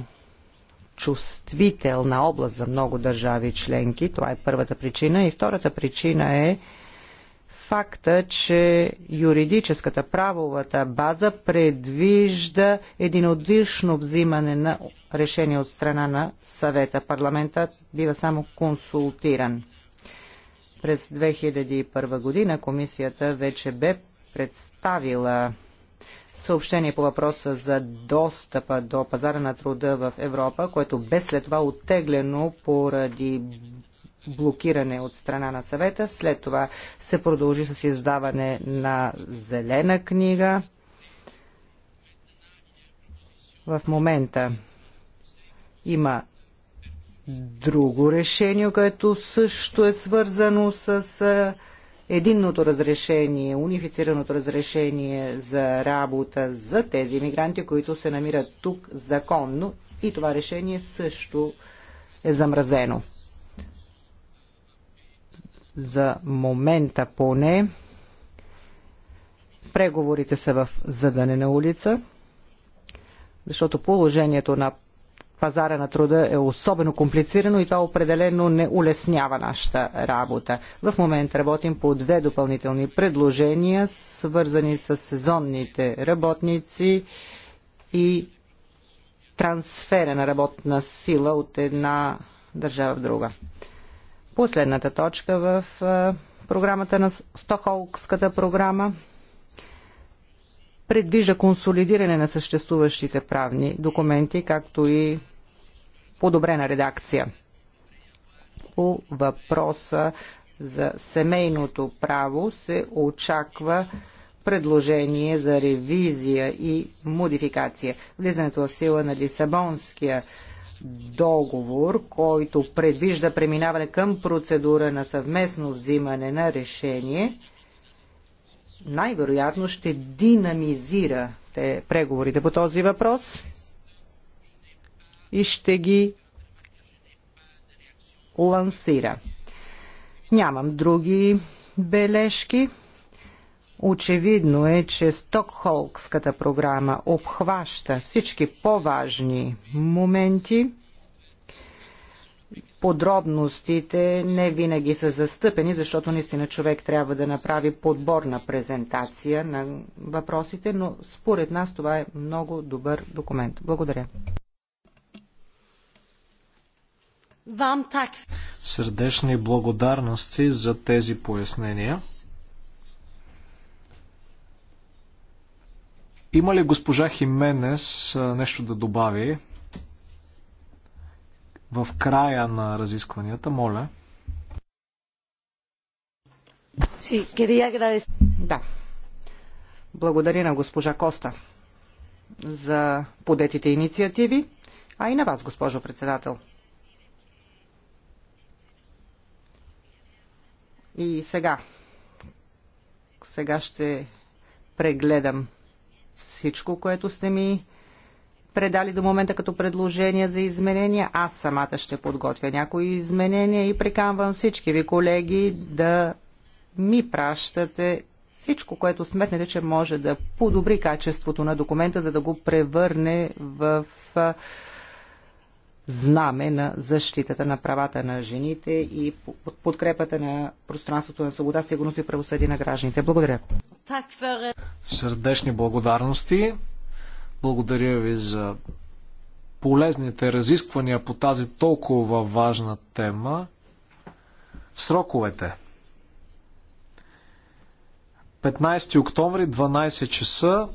чувствителна област за много държави членки. Това е първата причина. И втората причина е, факта, че юридическата правовата база предвижда единодишно взимане на решение от страна на съвета. Парламентът бива само консултиран. През 2001 година комисията вече бе представила съобщение по въпроса за достъпа до пазара на труда в Европа, което бе след това оттеглено поради блокиране от страна на съвета. След това се продължи с издаване на зелена книга. В момента има друго решение, което също е свързано с единното разрешение, унифицираното разрешение за работа за тези мигранти, които се намират тук законно и това решение също е замразено за момента поне. Преговорите са в задане на улица, защото положението на пазара на труда е особено комплицирано и това определено не улеснява нашата работа. В момента работим по две допълнителни предложения, свързани с сезонните работници и трансфера на работна сила от една държава в друга последната точка в програмата на Стохолмската програма предвижда консолидиране на съществуващите правни документи, както и подобрена редакция по въпроса за семейното право се очаква предложение за ревизия и модификация. Влизането в сила на Лисабонския договор, който предвижда преминаване към процедура на съвместно взимане на решение, най-вероятно ще динамизира те, преговорите по този въпрос и ще ги лансира. Нямам други бележки. Очевидно е, че Стокхолмската програма обхваща всички по-важни моменти. Подробностите не винаги са застъпени, защото наистина човек трябва да направи подборна презентация на въпросите, но според нас това е много добър документ. Благодаря. Вам так. Сърдечни благодарности за тези пояснения. Има ли госпожа Хименес нещо да добави в края на разискванията? Моля. Да. Благодаря на госпожа Коста за подетите инициативи, а и на вас, госпожо председател. И сега. Сега ще прегледам всичко, което сте ми предали до момента като предложения за изменения. Аз самата ще подготвя някои изменения и приканвам всички ви колеги да ми пращате всичко, което сметнете, че може да подобри качеството на документа, за да го превърне в знаме на защитата на правата на жените и подкрепата на пространството на свобода, сигурност и правосъдие на гражданите. Благодаря. Сърдечни благодарности. Благодаря ви за полезните разисквания по тази толкова важна тема. Сроковете. 15 октомври, 12 часа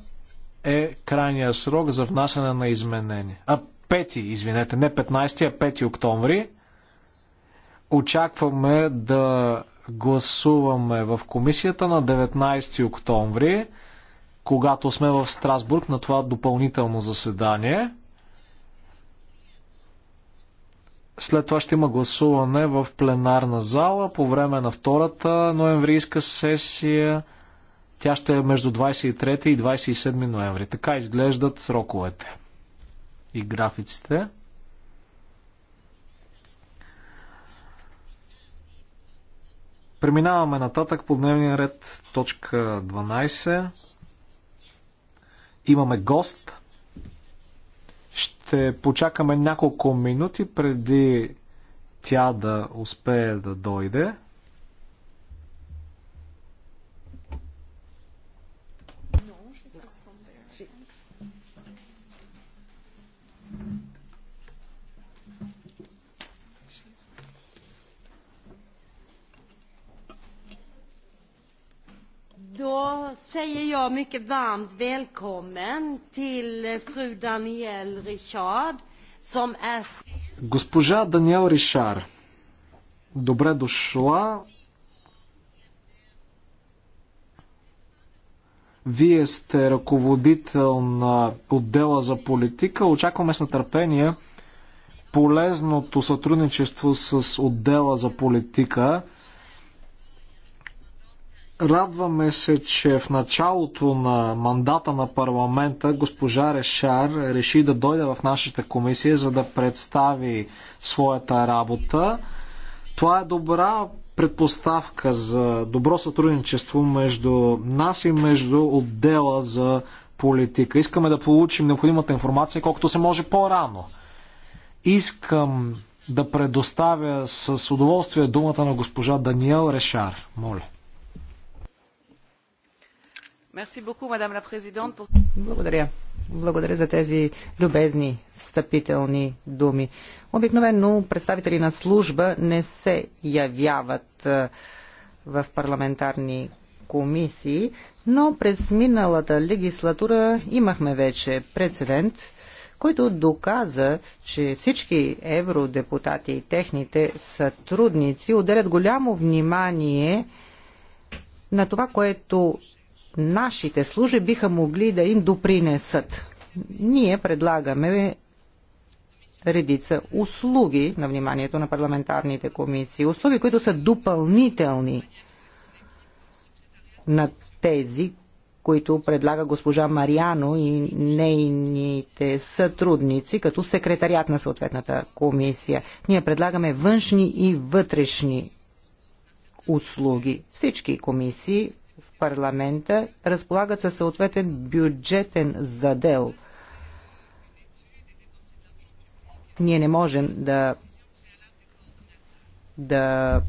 е крайния срок за внасяне на изменения. А, 5, извинете, не 15, а 5 октомври. Очакваме да гласуваме в комисията на 19 октомври, когато сме в Страсбург на това допълнително заседание. След това ще има гласуване в пленарна зала по време на втората ноемврийска сесия. Тя ще е между 23 и 27 ноември. Така изглеждат сроковете и графиците. Преминаваме нататък по дневния ред, точка 12. Имаме гост. Ще почакаме няколко минути преди тя да успее да дойде. Då säger jag mycket varmt välkommen till eh, fru Daniel Richard som är... Госпожа Даниел Ришар, добре дошла. Вие сте ръководител на отдела за политика. Очакваме с нетърпение полезното сътрудничество с отдела за политика. Радваме се, че в началото на мандата на парламента госпожа Решар реши да дойде в нашата комисия, за да представи своята работа. Това е добра предпоставка за добро сътрудничество между нас и между отдела за политика. Искаме да получим необходимата информация колкото се може по-рано. Искам да предоставя с удоволствие думата на госпожа Даниел Решар. Моля. Благодаря. Благодаря за тези любезни встъпителни думи. Обикновено представители на служба не се явяват е, в парламентарни комисии, но през миналата легислатура имахме вече прецедент, който доказа, че всички евродепутати и техните сътрудници отделят голямо внимание на това, което нашите служби биха могли да им допринесат. Ние предлагаме редица услуги на вниманието на парламентарните комисии. Услуги, които са допълнителни на тези, които предлага госпожа Мариано и нейните сътрудници като секретарят на съответната комисия. Ние предлагаме външни и вътрешни услуги. Всички комисии парламента разполагат със съответен бюджетен задел. Ние не можем да, да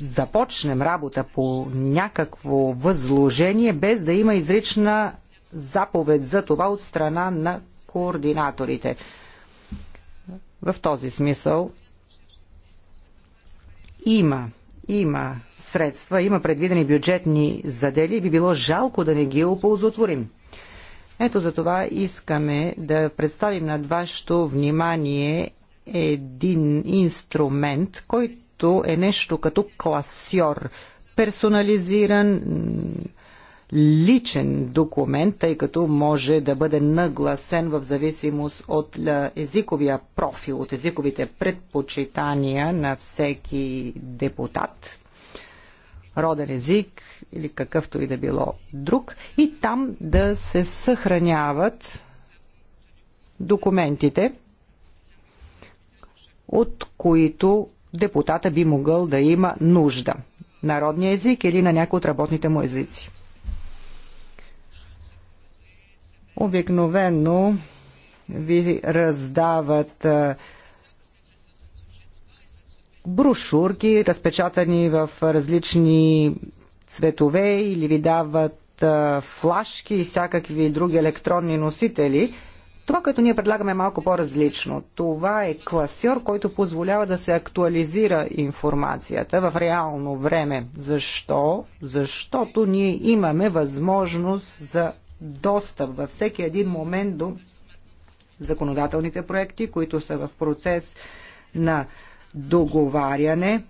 започнем работа по някакво възложение, без да има изрична заповед за това от страна на координаторите. В този смисъл има, има средства, има предвидени бюджетни задели и би било жалко да не ги оползотворим. Ето за това искаме да представим над вашето внимание един инструмент, който е нещо като класьор, персонализиран, личен документ, тъй като може да бъде нагласен в зависимост от езиковия профил, от езиковите предпочитания на всеки депутат роден език или какъвто и да било друг и там да се съхраняват документите, от които депутата би могъл да има нужда. Народния език или на някои от работните му езици. Обикновено ви раздават брошурки, разпечатани в различни цветове или ви дават а, флашки и всякакви други електронни носители. Това, което ние предлагаме е малко по-различно. Това е класьор, който позволява да се актуализира информацията в реално време. Защо? Защото ние имаме възможност за достъп във всеки един момент до законодателните проекти, които са в процес на договаряне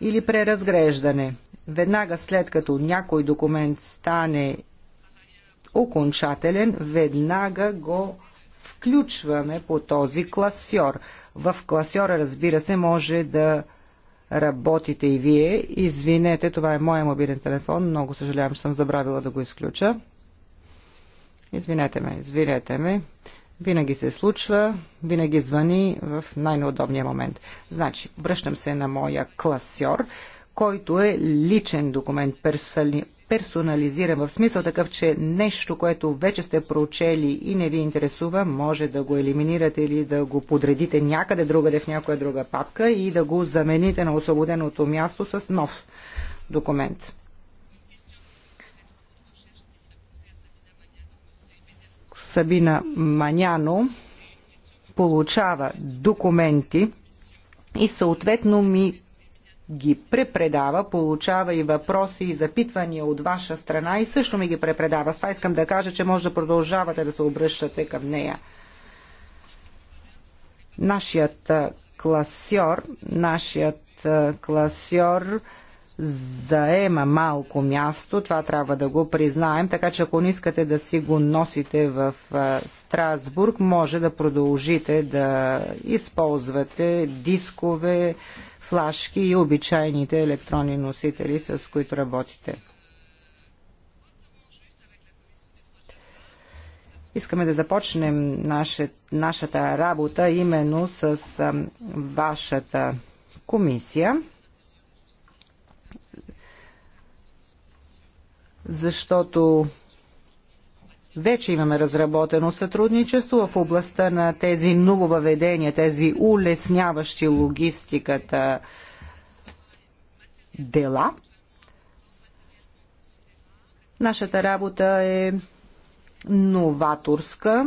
или преразгреждане. Веднага след като някой документ стане окончателен, веднага го включваме по този класьор. В класьора, разбира се, може да работите и вие. Извинете, това е моя мобилен телефон. Много съжалявам, че съм забравила да го изключа. Извинете ме, извинете ме. Винаги се случва, винаги звъни в най-неудобния момент. Значи, връщам се на моя класьор, който е личен документ, персони, персонализиран, в смисъл такъв, че нещо, което вече сте проучели и не ви интересува, може да го елиминирате или да го подредите някъде другаде в някоя друга папка и да го замените на освободеното място с нов документ. Сабина Маняно получава документи и съответно ми ги препредава, получава и въпроси и запитвания от ваша страна и също ми ги препредава. С това искам да кажа, че може да продължавате да се обръщате към нея. Нашият класьор, нашият класьор заема малко място, това трябва да го признаем, така че ако не искате да си го носите в Страсбург, може да продължите да използвате дискове, флашки и обичайните електронни носители, с които работите. Искаме да започнем наше, нашата работа именно с вашата комисия. защото вече имаме разработено сътрудничество в областта на тези нововъведения, тези улесняващи логистиката дела. Нашата работа е новаторска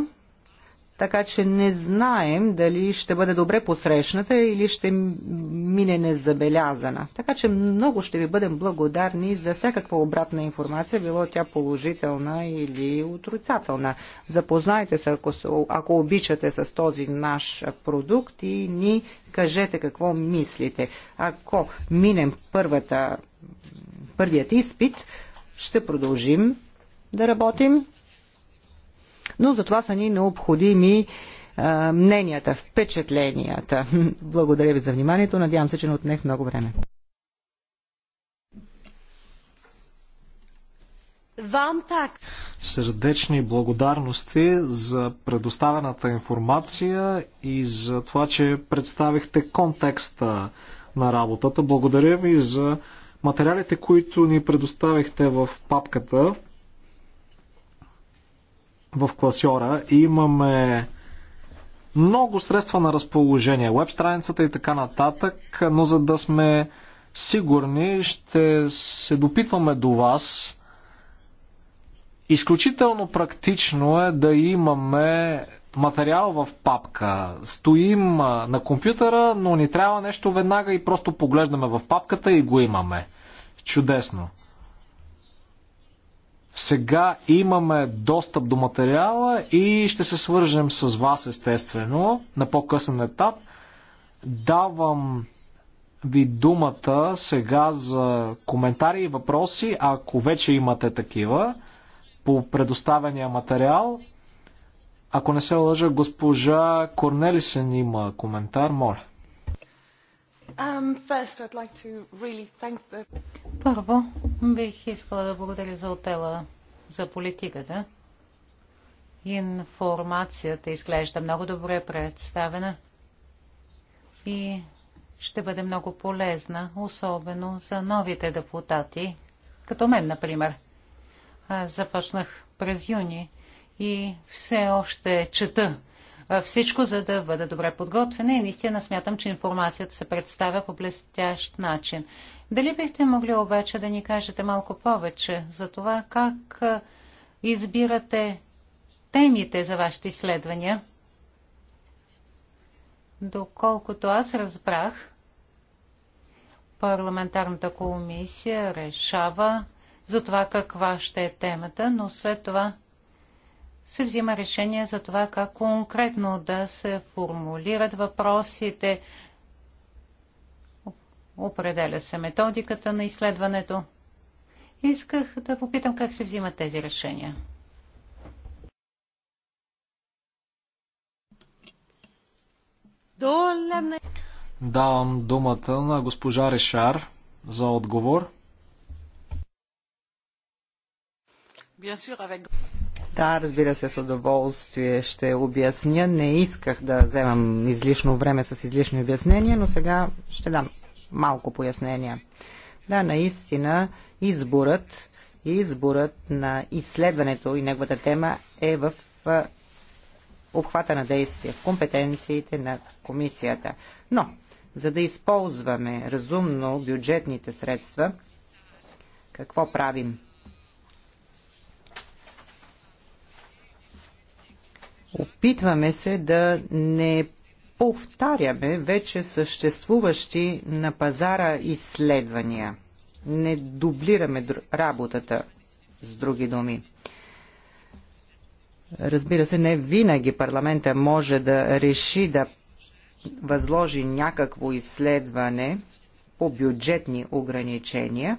така че не знаем дали ще бъде добре посрещната или ще мине незабелязана. Така че много ще ви бъдем благодарни за всякаква обратна информация, било тя положителна или отрицателна. Запознайте се, ако, ако обичате с този наш продукт и ни кажете какво мислите. Ако минем първата, първият изпит, ще продължим да работим но за това са ни необходими а, мненията, впечатленията. Благодаря ви за вниманието. Надявам се, че не отнех много време. Вам так. Сърдечни благодарности за предоставената информация и за това, че представихте контекста на работата. Благодаря ви за материалите, които ни предоставихте в папката в класьора и имаме много средства на разположение, веб страницата и така нататък, но за да сме сигурни, ще се допитваме до вас. Изключително практично е да имаме материал в папка. Стоим на компютъра, но ни трябва нещо веднага и просто поглеждаме в папката и го имаме. Чудесно. Сега имаме достъп до материала и ще се свържем с вас, естествено, на по-късен етап. Давам ви думата сега за коментари и въпроси, ако вече имате такива по предоставения материал. Ако не се лъжа, госпожа Корнелисен има коментар, моля. Um, Първо, бих искала да благодаря за отела за политиката. Информацията изглежда много добре представена и ще бъде много полезна, особено за новите депутати, като мен, например. Аз започнах през юни и все още чета всичко, за да бъда добре подготвена и наистина смятам, че информацията се представя по блестящ начин. Дали бихте могли обаче да ни кажете малко повече за това как избирате темите за вашите изследвания? Доколкото аз разбрах, парламентарната комисия решава за това каква ще е темата, но след това се взима решение за това как конкретно да се формулират въпросите, определя се методиката на изследването. Исках да попитам как се взимат тези решения. Давам думата на госпожа Решар за отговор. Да, разбира се, с удоволствие ще обясня. Не исках да вземам излишно време с излишни обяснения, но сега ще дам малко пояснения. Да, наистина изборът, изборът на изследването и неговата тема е в обхвата на действие, в компетенциите на комисията. Но, за да използваме разумно бюджетните средства, какво правим? Опитваме се да не повтаряме вече съществуващи на пазара изследвания. Не дублираме работата, с други думи. Разбира се, не винаги парламента може да реши да възложи някакво изследване по бюджетни ограничения,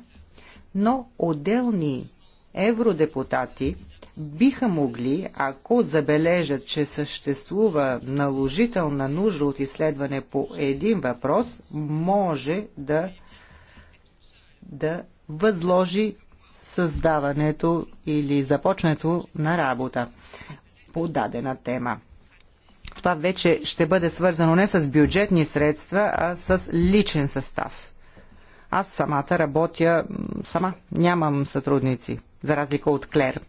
но отделни евродепутати биха могли, ако забележат, че съществува наложителна нужда от изследване по един въпрос, може да, да възложи създаването или започнето на работа по дадена тема. Това вече ще бъде свързано не с бюджетни средства, а с личен състав. Аз самата работя сама, нямам сътрудници за разлика от Клер.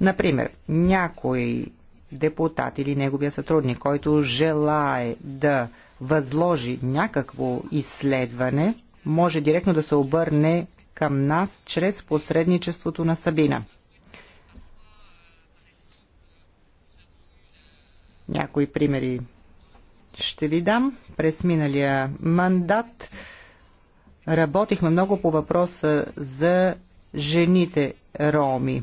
Например, някой депутат или неговия сътрудник, който желае да възложи някакво изследване, може директно да се обърне към нас чрез посредничеството на Сабина. Някои примери ще ви дам. През миналия мандат работихме много по въпроса за жените роми.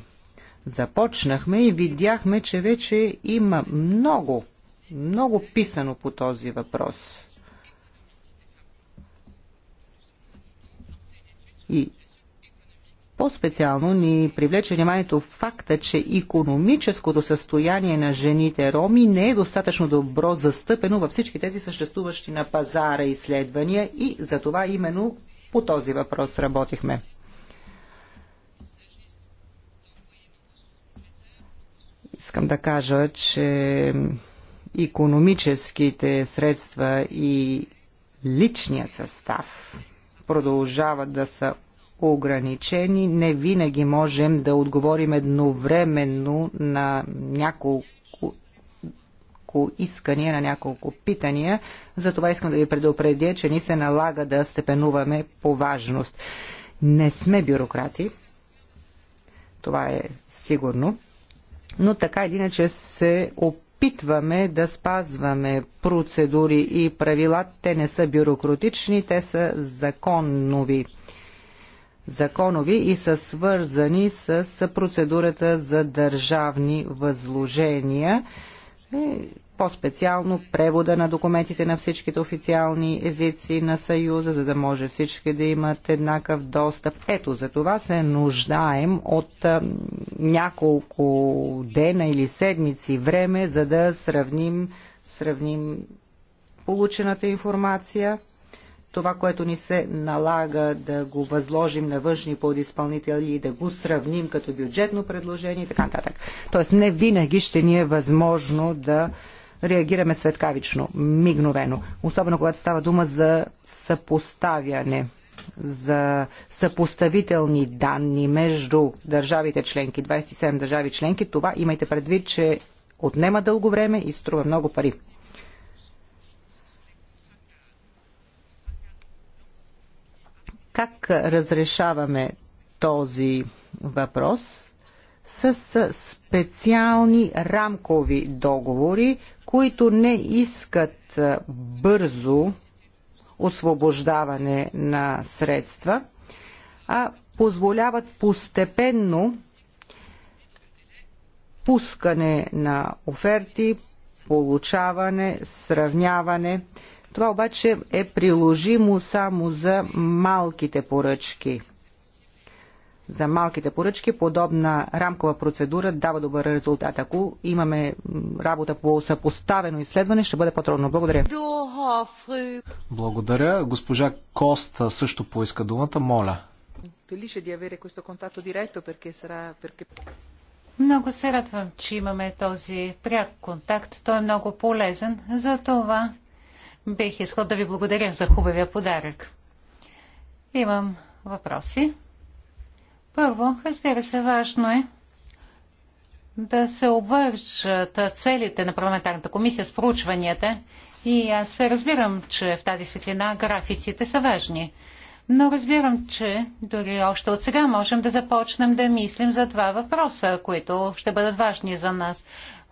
Започнахме и видяхме, че вече има много, много писано по този въпрос. И по-специално ни привлече вниманието факта, че економическото състояние на жените роми не е достатъчно добро застъпено във всички тези съществуващи на пазара изследвания и за това именно по този въпрос работихме. Искам да кажа, че економическите средства и личния състав продължават да са ограничени. Не винаги можем да отговорим едновременно на няколко няколко искания, на няколко питания. Затова искам да ви предупредя, че ни се налага да степенуваме по важност. Не сме бюрократи, това е сигурно, но така или иначе се опитваме да спазваме процедури и правила. Те не са бюрократични, те са законови законови и са свързани с процедурата за държавни възложения. Е, по-специално превода на документите на всичките официални езици на Съюза, за да може всички да имат еднакъв достъп. Ето, за това се нуждаем от а, е, няколко дена или седмици време, за да сравним, сравним получената информация това, което ни се налага да го възложим на външни подиспълнители и да го сравним като бюджетно предложение и така нататък. Тоест не винаги ще ни е възможно да реагираме светкавично, мигновено. Особено когато става дума за съпоставяне за съпоставителни данни между държавите членки, 27 държави членки, това имайте предвид, че отнема дълго време и струва много пари. Как разрешаваме този въпрос? С специални рамкови договори, които не искат бързо освобождаване на средства, а позволяват постепенно пускане на оферти, получаване, сравняване. Това обаче е приложимо само за малките поръчки. За малките поръчки подобна рамкова процедура дава добър резултат. Ако имаме работа по съпоставено изследване, ще бъде по-трудно. Благодаря. Благодаря. Госпожа Коста също поиска думата. Моля. Много се радвам, че имаме този пряк контакт. Той е много полезен. За това Бих искал да ви благодаря за хубавия подарък. Имам въпроси. Първо, разбира се, важно е да се обвържат целите на парламентарната комисия с проучванията и аз разбирам, че в тази светлина графиците са важни. Но разбирам, че дори още от сега можем да започнем да мислим за два въпроса, които ще бъдат важни за нас.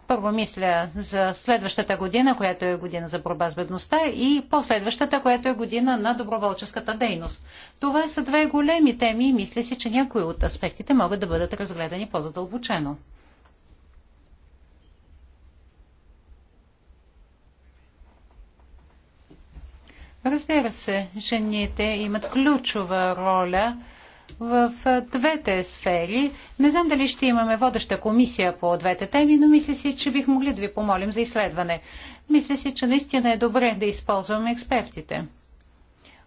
Първо мисля за следващата година, която е година за борба с бедността и последващата, която е година на доброволческата дейност. Това са две големи теми и мисля си, че някои от аспектите могат да бъдат разгледани по-задълбочено. Разбира се, жените имат ключова роля – в двете сфери. Не знам дали ще имаме водеща комисия по двете теми, но мисля си, че бих могли да ви помолим за изследване. Мисля си, че наистина е добре да използваме експертите.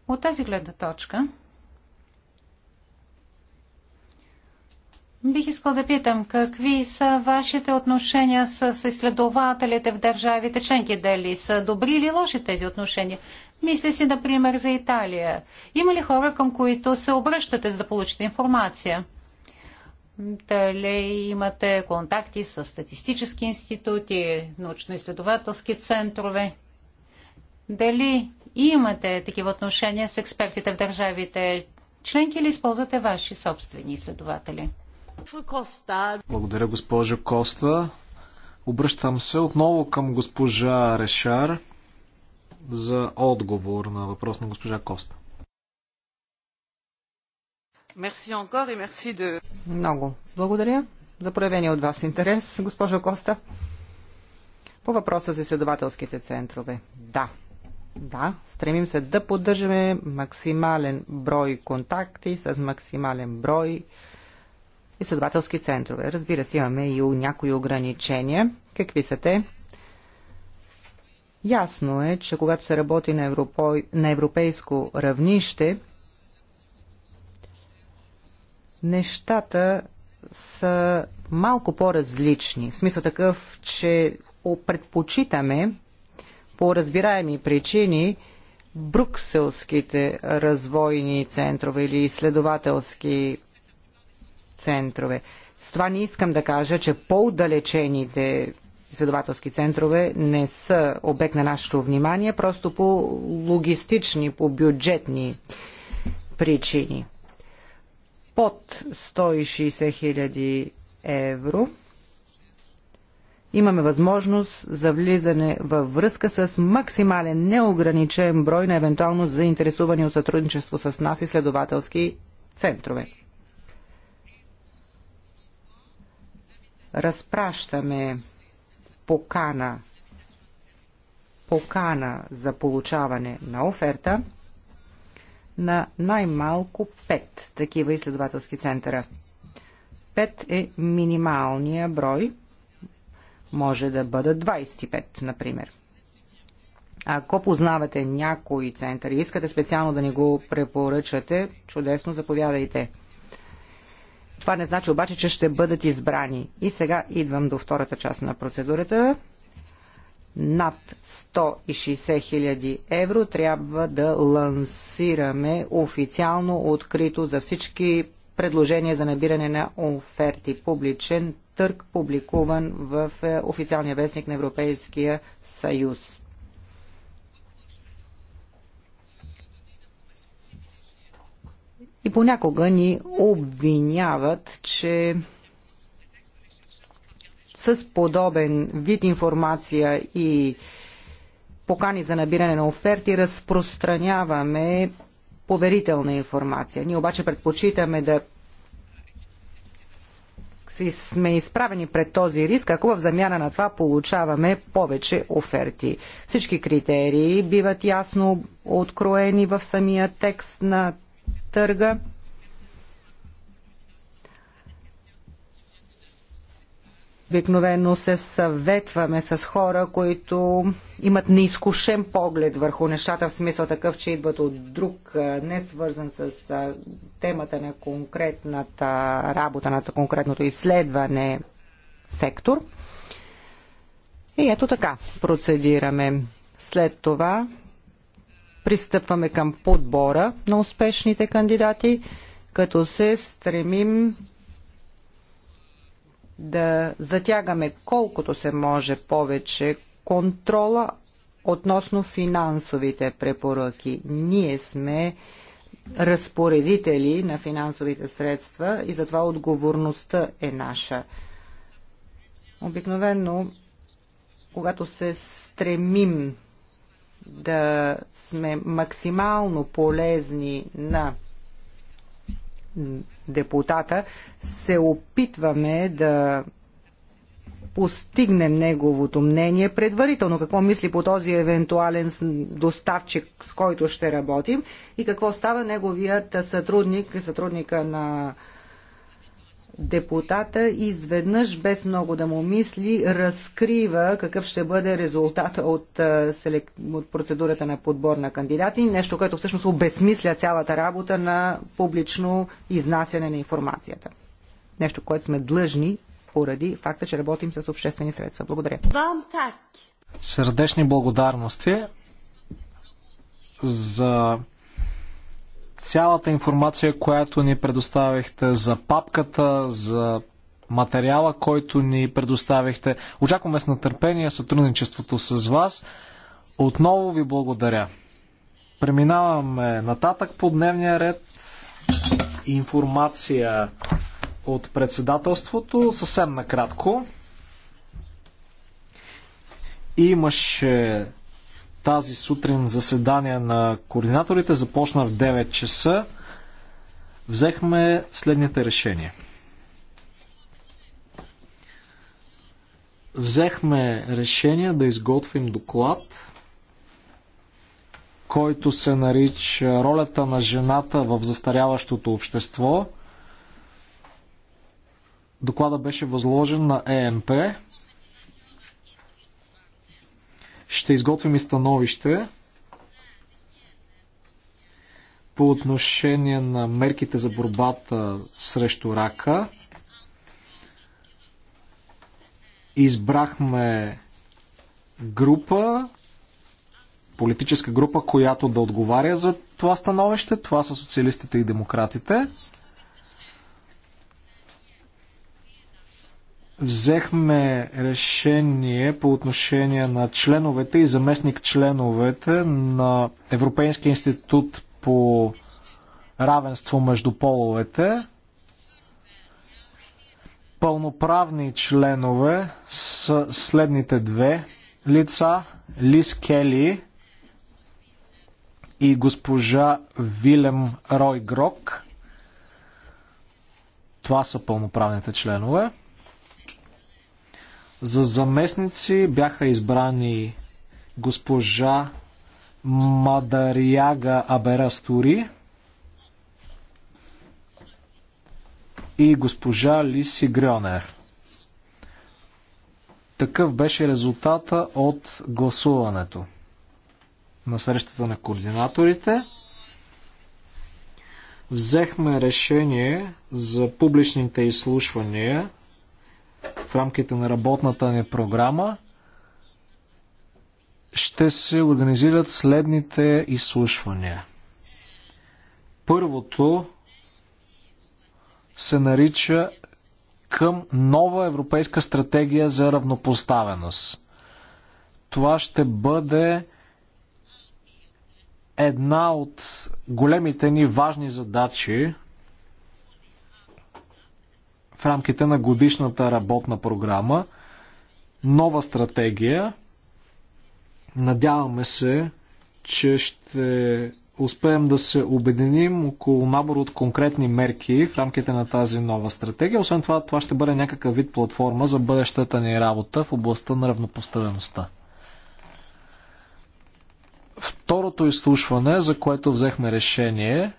От тази гледна точка бих искал да питам какви са вашите отношения с изследователите в държавите членки. Дали са добри или лоши тези отношения? Мисля си, например, за Италия. Има ли хора, към които се обръщате, за да получите информация? Дали имате контакти с статистически институти, научно-изследователски центрове? Дали имате такива отношения с експертите в държавите членки или използвате ваши собствени изследователи? Благодаря, госпожо Коста. Обръщам се отново към госпожа Решар за отговор на въпрос на госпожа Коста. Много. Благодаря за проявения от вас интерес, госпожо Коста. По въпроса за изследователските центрове. Да. Да, стремим се да поддържаме максимален брой контакти с максимален брой изследователски центрове. Разбира се, имаме и някои ограничения. Какви са те? Ясно е, че когато се работи на, европо... на европейско равнище, нещата са малко по-различни. В смисъл такъв, че предпочитаме по разбираеми причини брукселските развойни центрове или изследователски центрове. С това не искам да кажа, че по-удалечените изследователски центрове не са обект на нашето внимание, просто по логистични, по бюджетни причини. Под 160 хиляди евро имаме възможност за влизане във връзка с максимален неограничен брой на евентуално заинтересувани от сътрудничество с нас изследователски центрове. Разпращаме покана, покана за получаване на оферта на най-малко 5 такива изследователски центъра. 5 е минималния брой. Може да бъдат 25, например. Ако познавате някой център и искате специално да ни го препоръчате, чудесно заповядайте. Това не значи обаче, че ще бъдат избрани. И сега идвам до втората част на процедурата. Над 160 000 евро трябва да лансираме официално, открито за всички предложения за набиране на оферти. Публичен търг, публикуван в е, официалния вестник на Европейския съюз. и понякога ни обвиняват, че с подобен вид информация и покани за набиране на оферти разпространяваме поверителна информация. Ние обаче предпочитаме да си сме изправени пред този риск, ако в замяна на това получаваме повече оферти. Всички критерии биват ясно откроени в самия текст на търга. Обикновено се съветваме с хора, които имат неизкушен поглед върху нещата, в смисъл такъв, че идват от друг, не свързан с темата на конкретната работа, на конкретното изследване сектор. И ето така процедираме. След това пристъпваме към подбора на успешните кандидати, като се стремим да затягаме колкото се може повече контрола относно финансовите препоръки. Ние сме разпоредители на финансовите средства и затова отговорността е наша. Обикновено, когато се стремим да сме максимално полезни на депутата, се опитваме да постигнем неговото мнение предварително, какво мисли по този евентуален доставчик, с който ще работим и какво става неговият сътрудник, сътрудника на депутата изведнъж, без много да му мисли, разкрива какъв ще бъде резултат от, от процедурата на подбор на кандидати, нещо, което всъщност обезмисля цялата работа на публично изнасяне на информацията. Нещо, което сме длъжни поради факта, че работим с обществени средства. Благодаря. Сърдечни благодарности за цялата информация, която ни предоставихте, за папката, за материала, който ни предоставихте. Очакваме с натърпение сътрудничеството с вас. Отново ви благодаря. Преминаваме нататък по дневния ред. Информация от председателството съвсем накратко. Имаше тази сутрин заседание на координаторите започна в 9 часа. Взехме следните решения. Взехме решение да изготвим доклад, който се нарича Ролята на жената в застаряващото общество. Доклада беше възложен на ЕМП. Ще изготвим и становище по отношение на мерките за борбата срещу рака. Избрахме група, политическа група, която да отговаря за това становище. Това са социалистите и демократите. взехме решение по отношение на членовете и заместник членовете на Европейския институт по равенство между половете. Пълноправни членове с следните две лица Лис Кели и госпожа Вилем Рой Грок. Това са пълноправните членове. За заместници бяха избрани госпожа Мадаряга Аберастури и госпожа Лиси Грионер. Такъв беше резултата от гласуването на срещата на координаторите. Взехме решение за публичните изслушвания – в рамките на работната ни програма ще се организират следните изслушвания. Първото се нарича към нова европейска стратегия за равнопоставеност. Това ще бъде една от големите ни важни задачи в рамките на годишната работна програма, нова стратегия. Надяваме се, че ще успеем да се обединим около набор от конкретни мерки в рамките на тази нова стратегия. Освен това, това ще бъде някакъв вид платформа за бъдещата ни работа в областта на равнопоставеността. Второто изслушване, за което взехме решение,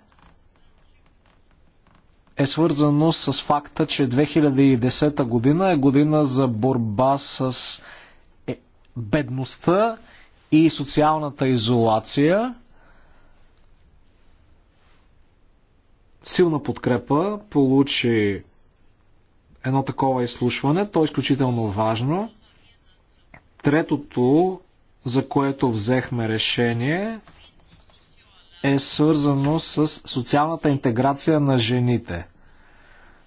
е свързано с факта, че 2010 година е година за борба с е, бедността и социалната изолация. Силна подкрепа получи едно такова изслушване. То е изключително важно. Третото, за което взехме решение, е свързано с социалната интеграция на жените.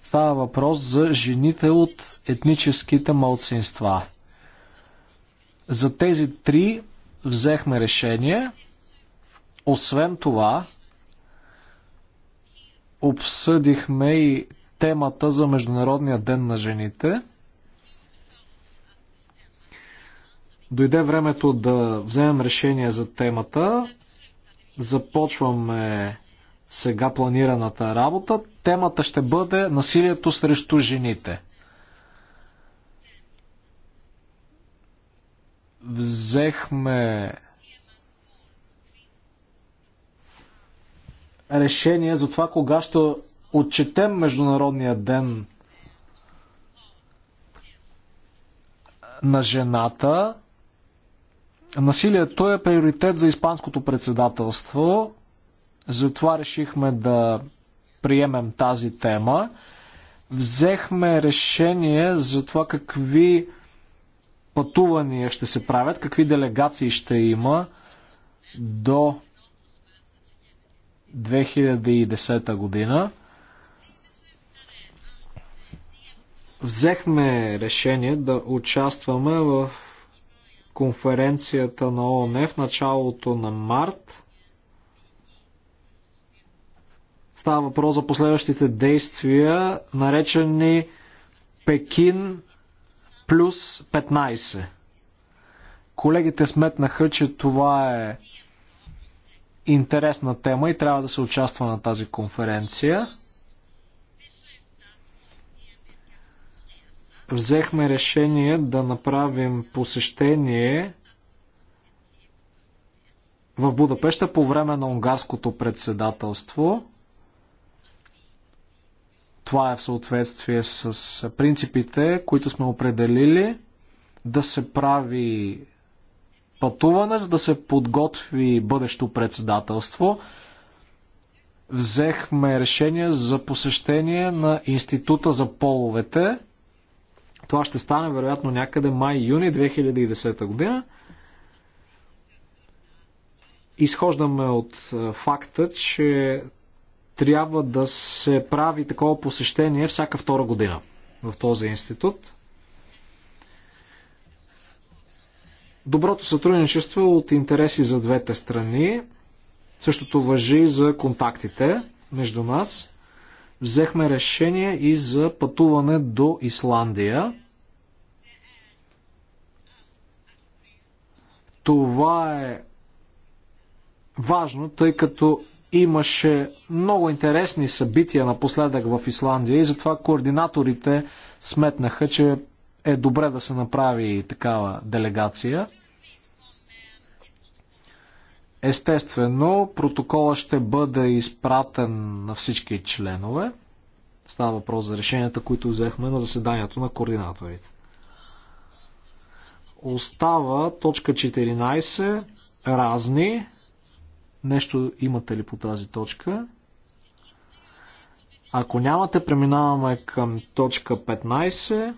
Става въпрос за жените от етническите малцинства. За тези три взехме решение. Освен това, обсъдихме и темата за Международния ден на жените. Дойде времето да вземем решение за темата. Започваме сега планираната работа. Темата ще бъде насилието срещу жените. Взехме решение за това кога ще отчетем Международния ден на жената. Насилието е приоритет за Испанското председателство, затова решихме да приемем тази тема. Взехме решение за това какви пътувания ще се правят, какви делегации ще има до 2010 година. Взехме решение да участваме в конференцията на ООН в началото на март. Става въпрос за последващите действия, наречени Пекин плюс 15. Колегите сметнаха, че това е интересна тема и трябва да се участва на тази конференция. взехме решение да направим посещение в Будапеща по време на унгарското председателство. Това е в съответствие с принципите, които сме определили да се прави пътуване, за да се подготви бъдещо председателство. Взехме решение за посещение на Института за половете това ще стане вероятно някъде май-юни 2010 година. Изхождаме от е, факта, че трябва да се прави такова посещение всяка втора година в този институт. Доброто сътрудничество е от интереси за двете страни. Същото въжи за контактите между нас взехме решение и за пътуване до Исландия. Това е важно, тъй като имаше много интересни събития напоследък в Исландия и затова координаторите сметнаха, че е добре да се направи такава делегация. Естествено, протокола ще бъде изпратен на всички членове. Става въпрос за решенията, които взехме на заседанието на координаторите. Остава точка 14. Разни. Нещо имате ли по тази точка? Ако нямате, преминаваме към точка 15.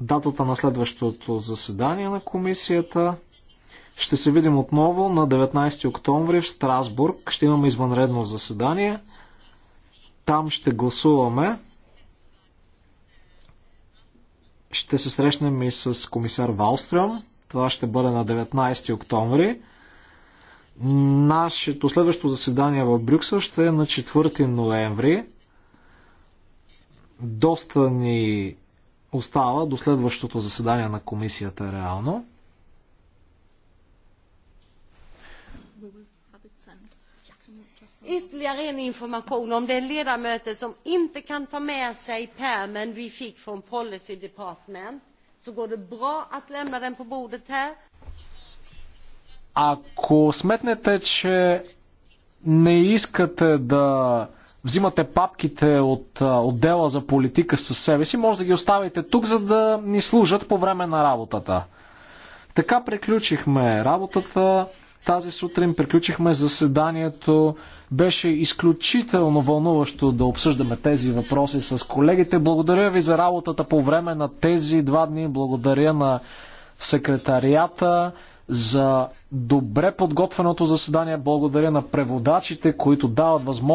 датата на следващото заседание на комисията. Ще се видим отново на 19 октомври в Страсбург. Ще имаме извънредно заседание. Там ще гласуваме. Ще се срещнем и с комисар Валстрем. Това ще бъде на 19 октомври. Нашето следващо заседание в Брюксел ще е на 4 ноември. Доста ни остава до следващото заседание на комисията реално. Ytterligare en information om det ledamöte som inte kan ta med sig pärmen vi fick från Policy Department så går det bra att lämna den på bordet här. Ако сметнете, че не искате да взимате папките от отдела за политика със себе си, може да ги оставите тук, за да ни служат по време на работата. Така приключихме работата тази сутрин, приключихме заседанието. Беше изключително вълнуващо да обсъждаме тези въпроси с колегите. Благодаря ви за работата по време на тези два дни. Благодаря на секретарията за добре подготвеното заседание. Благодаря на преводачите, които дават възможност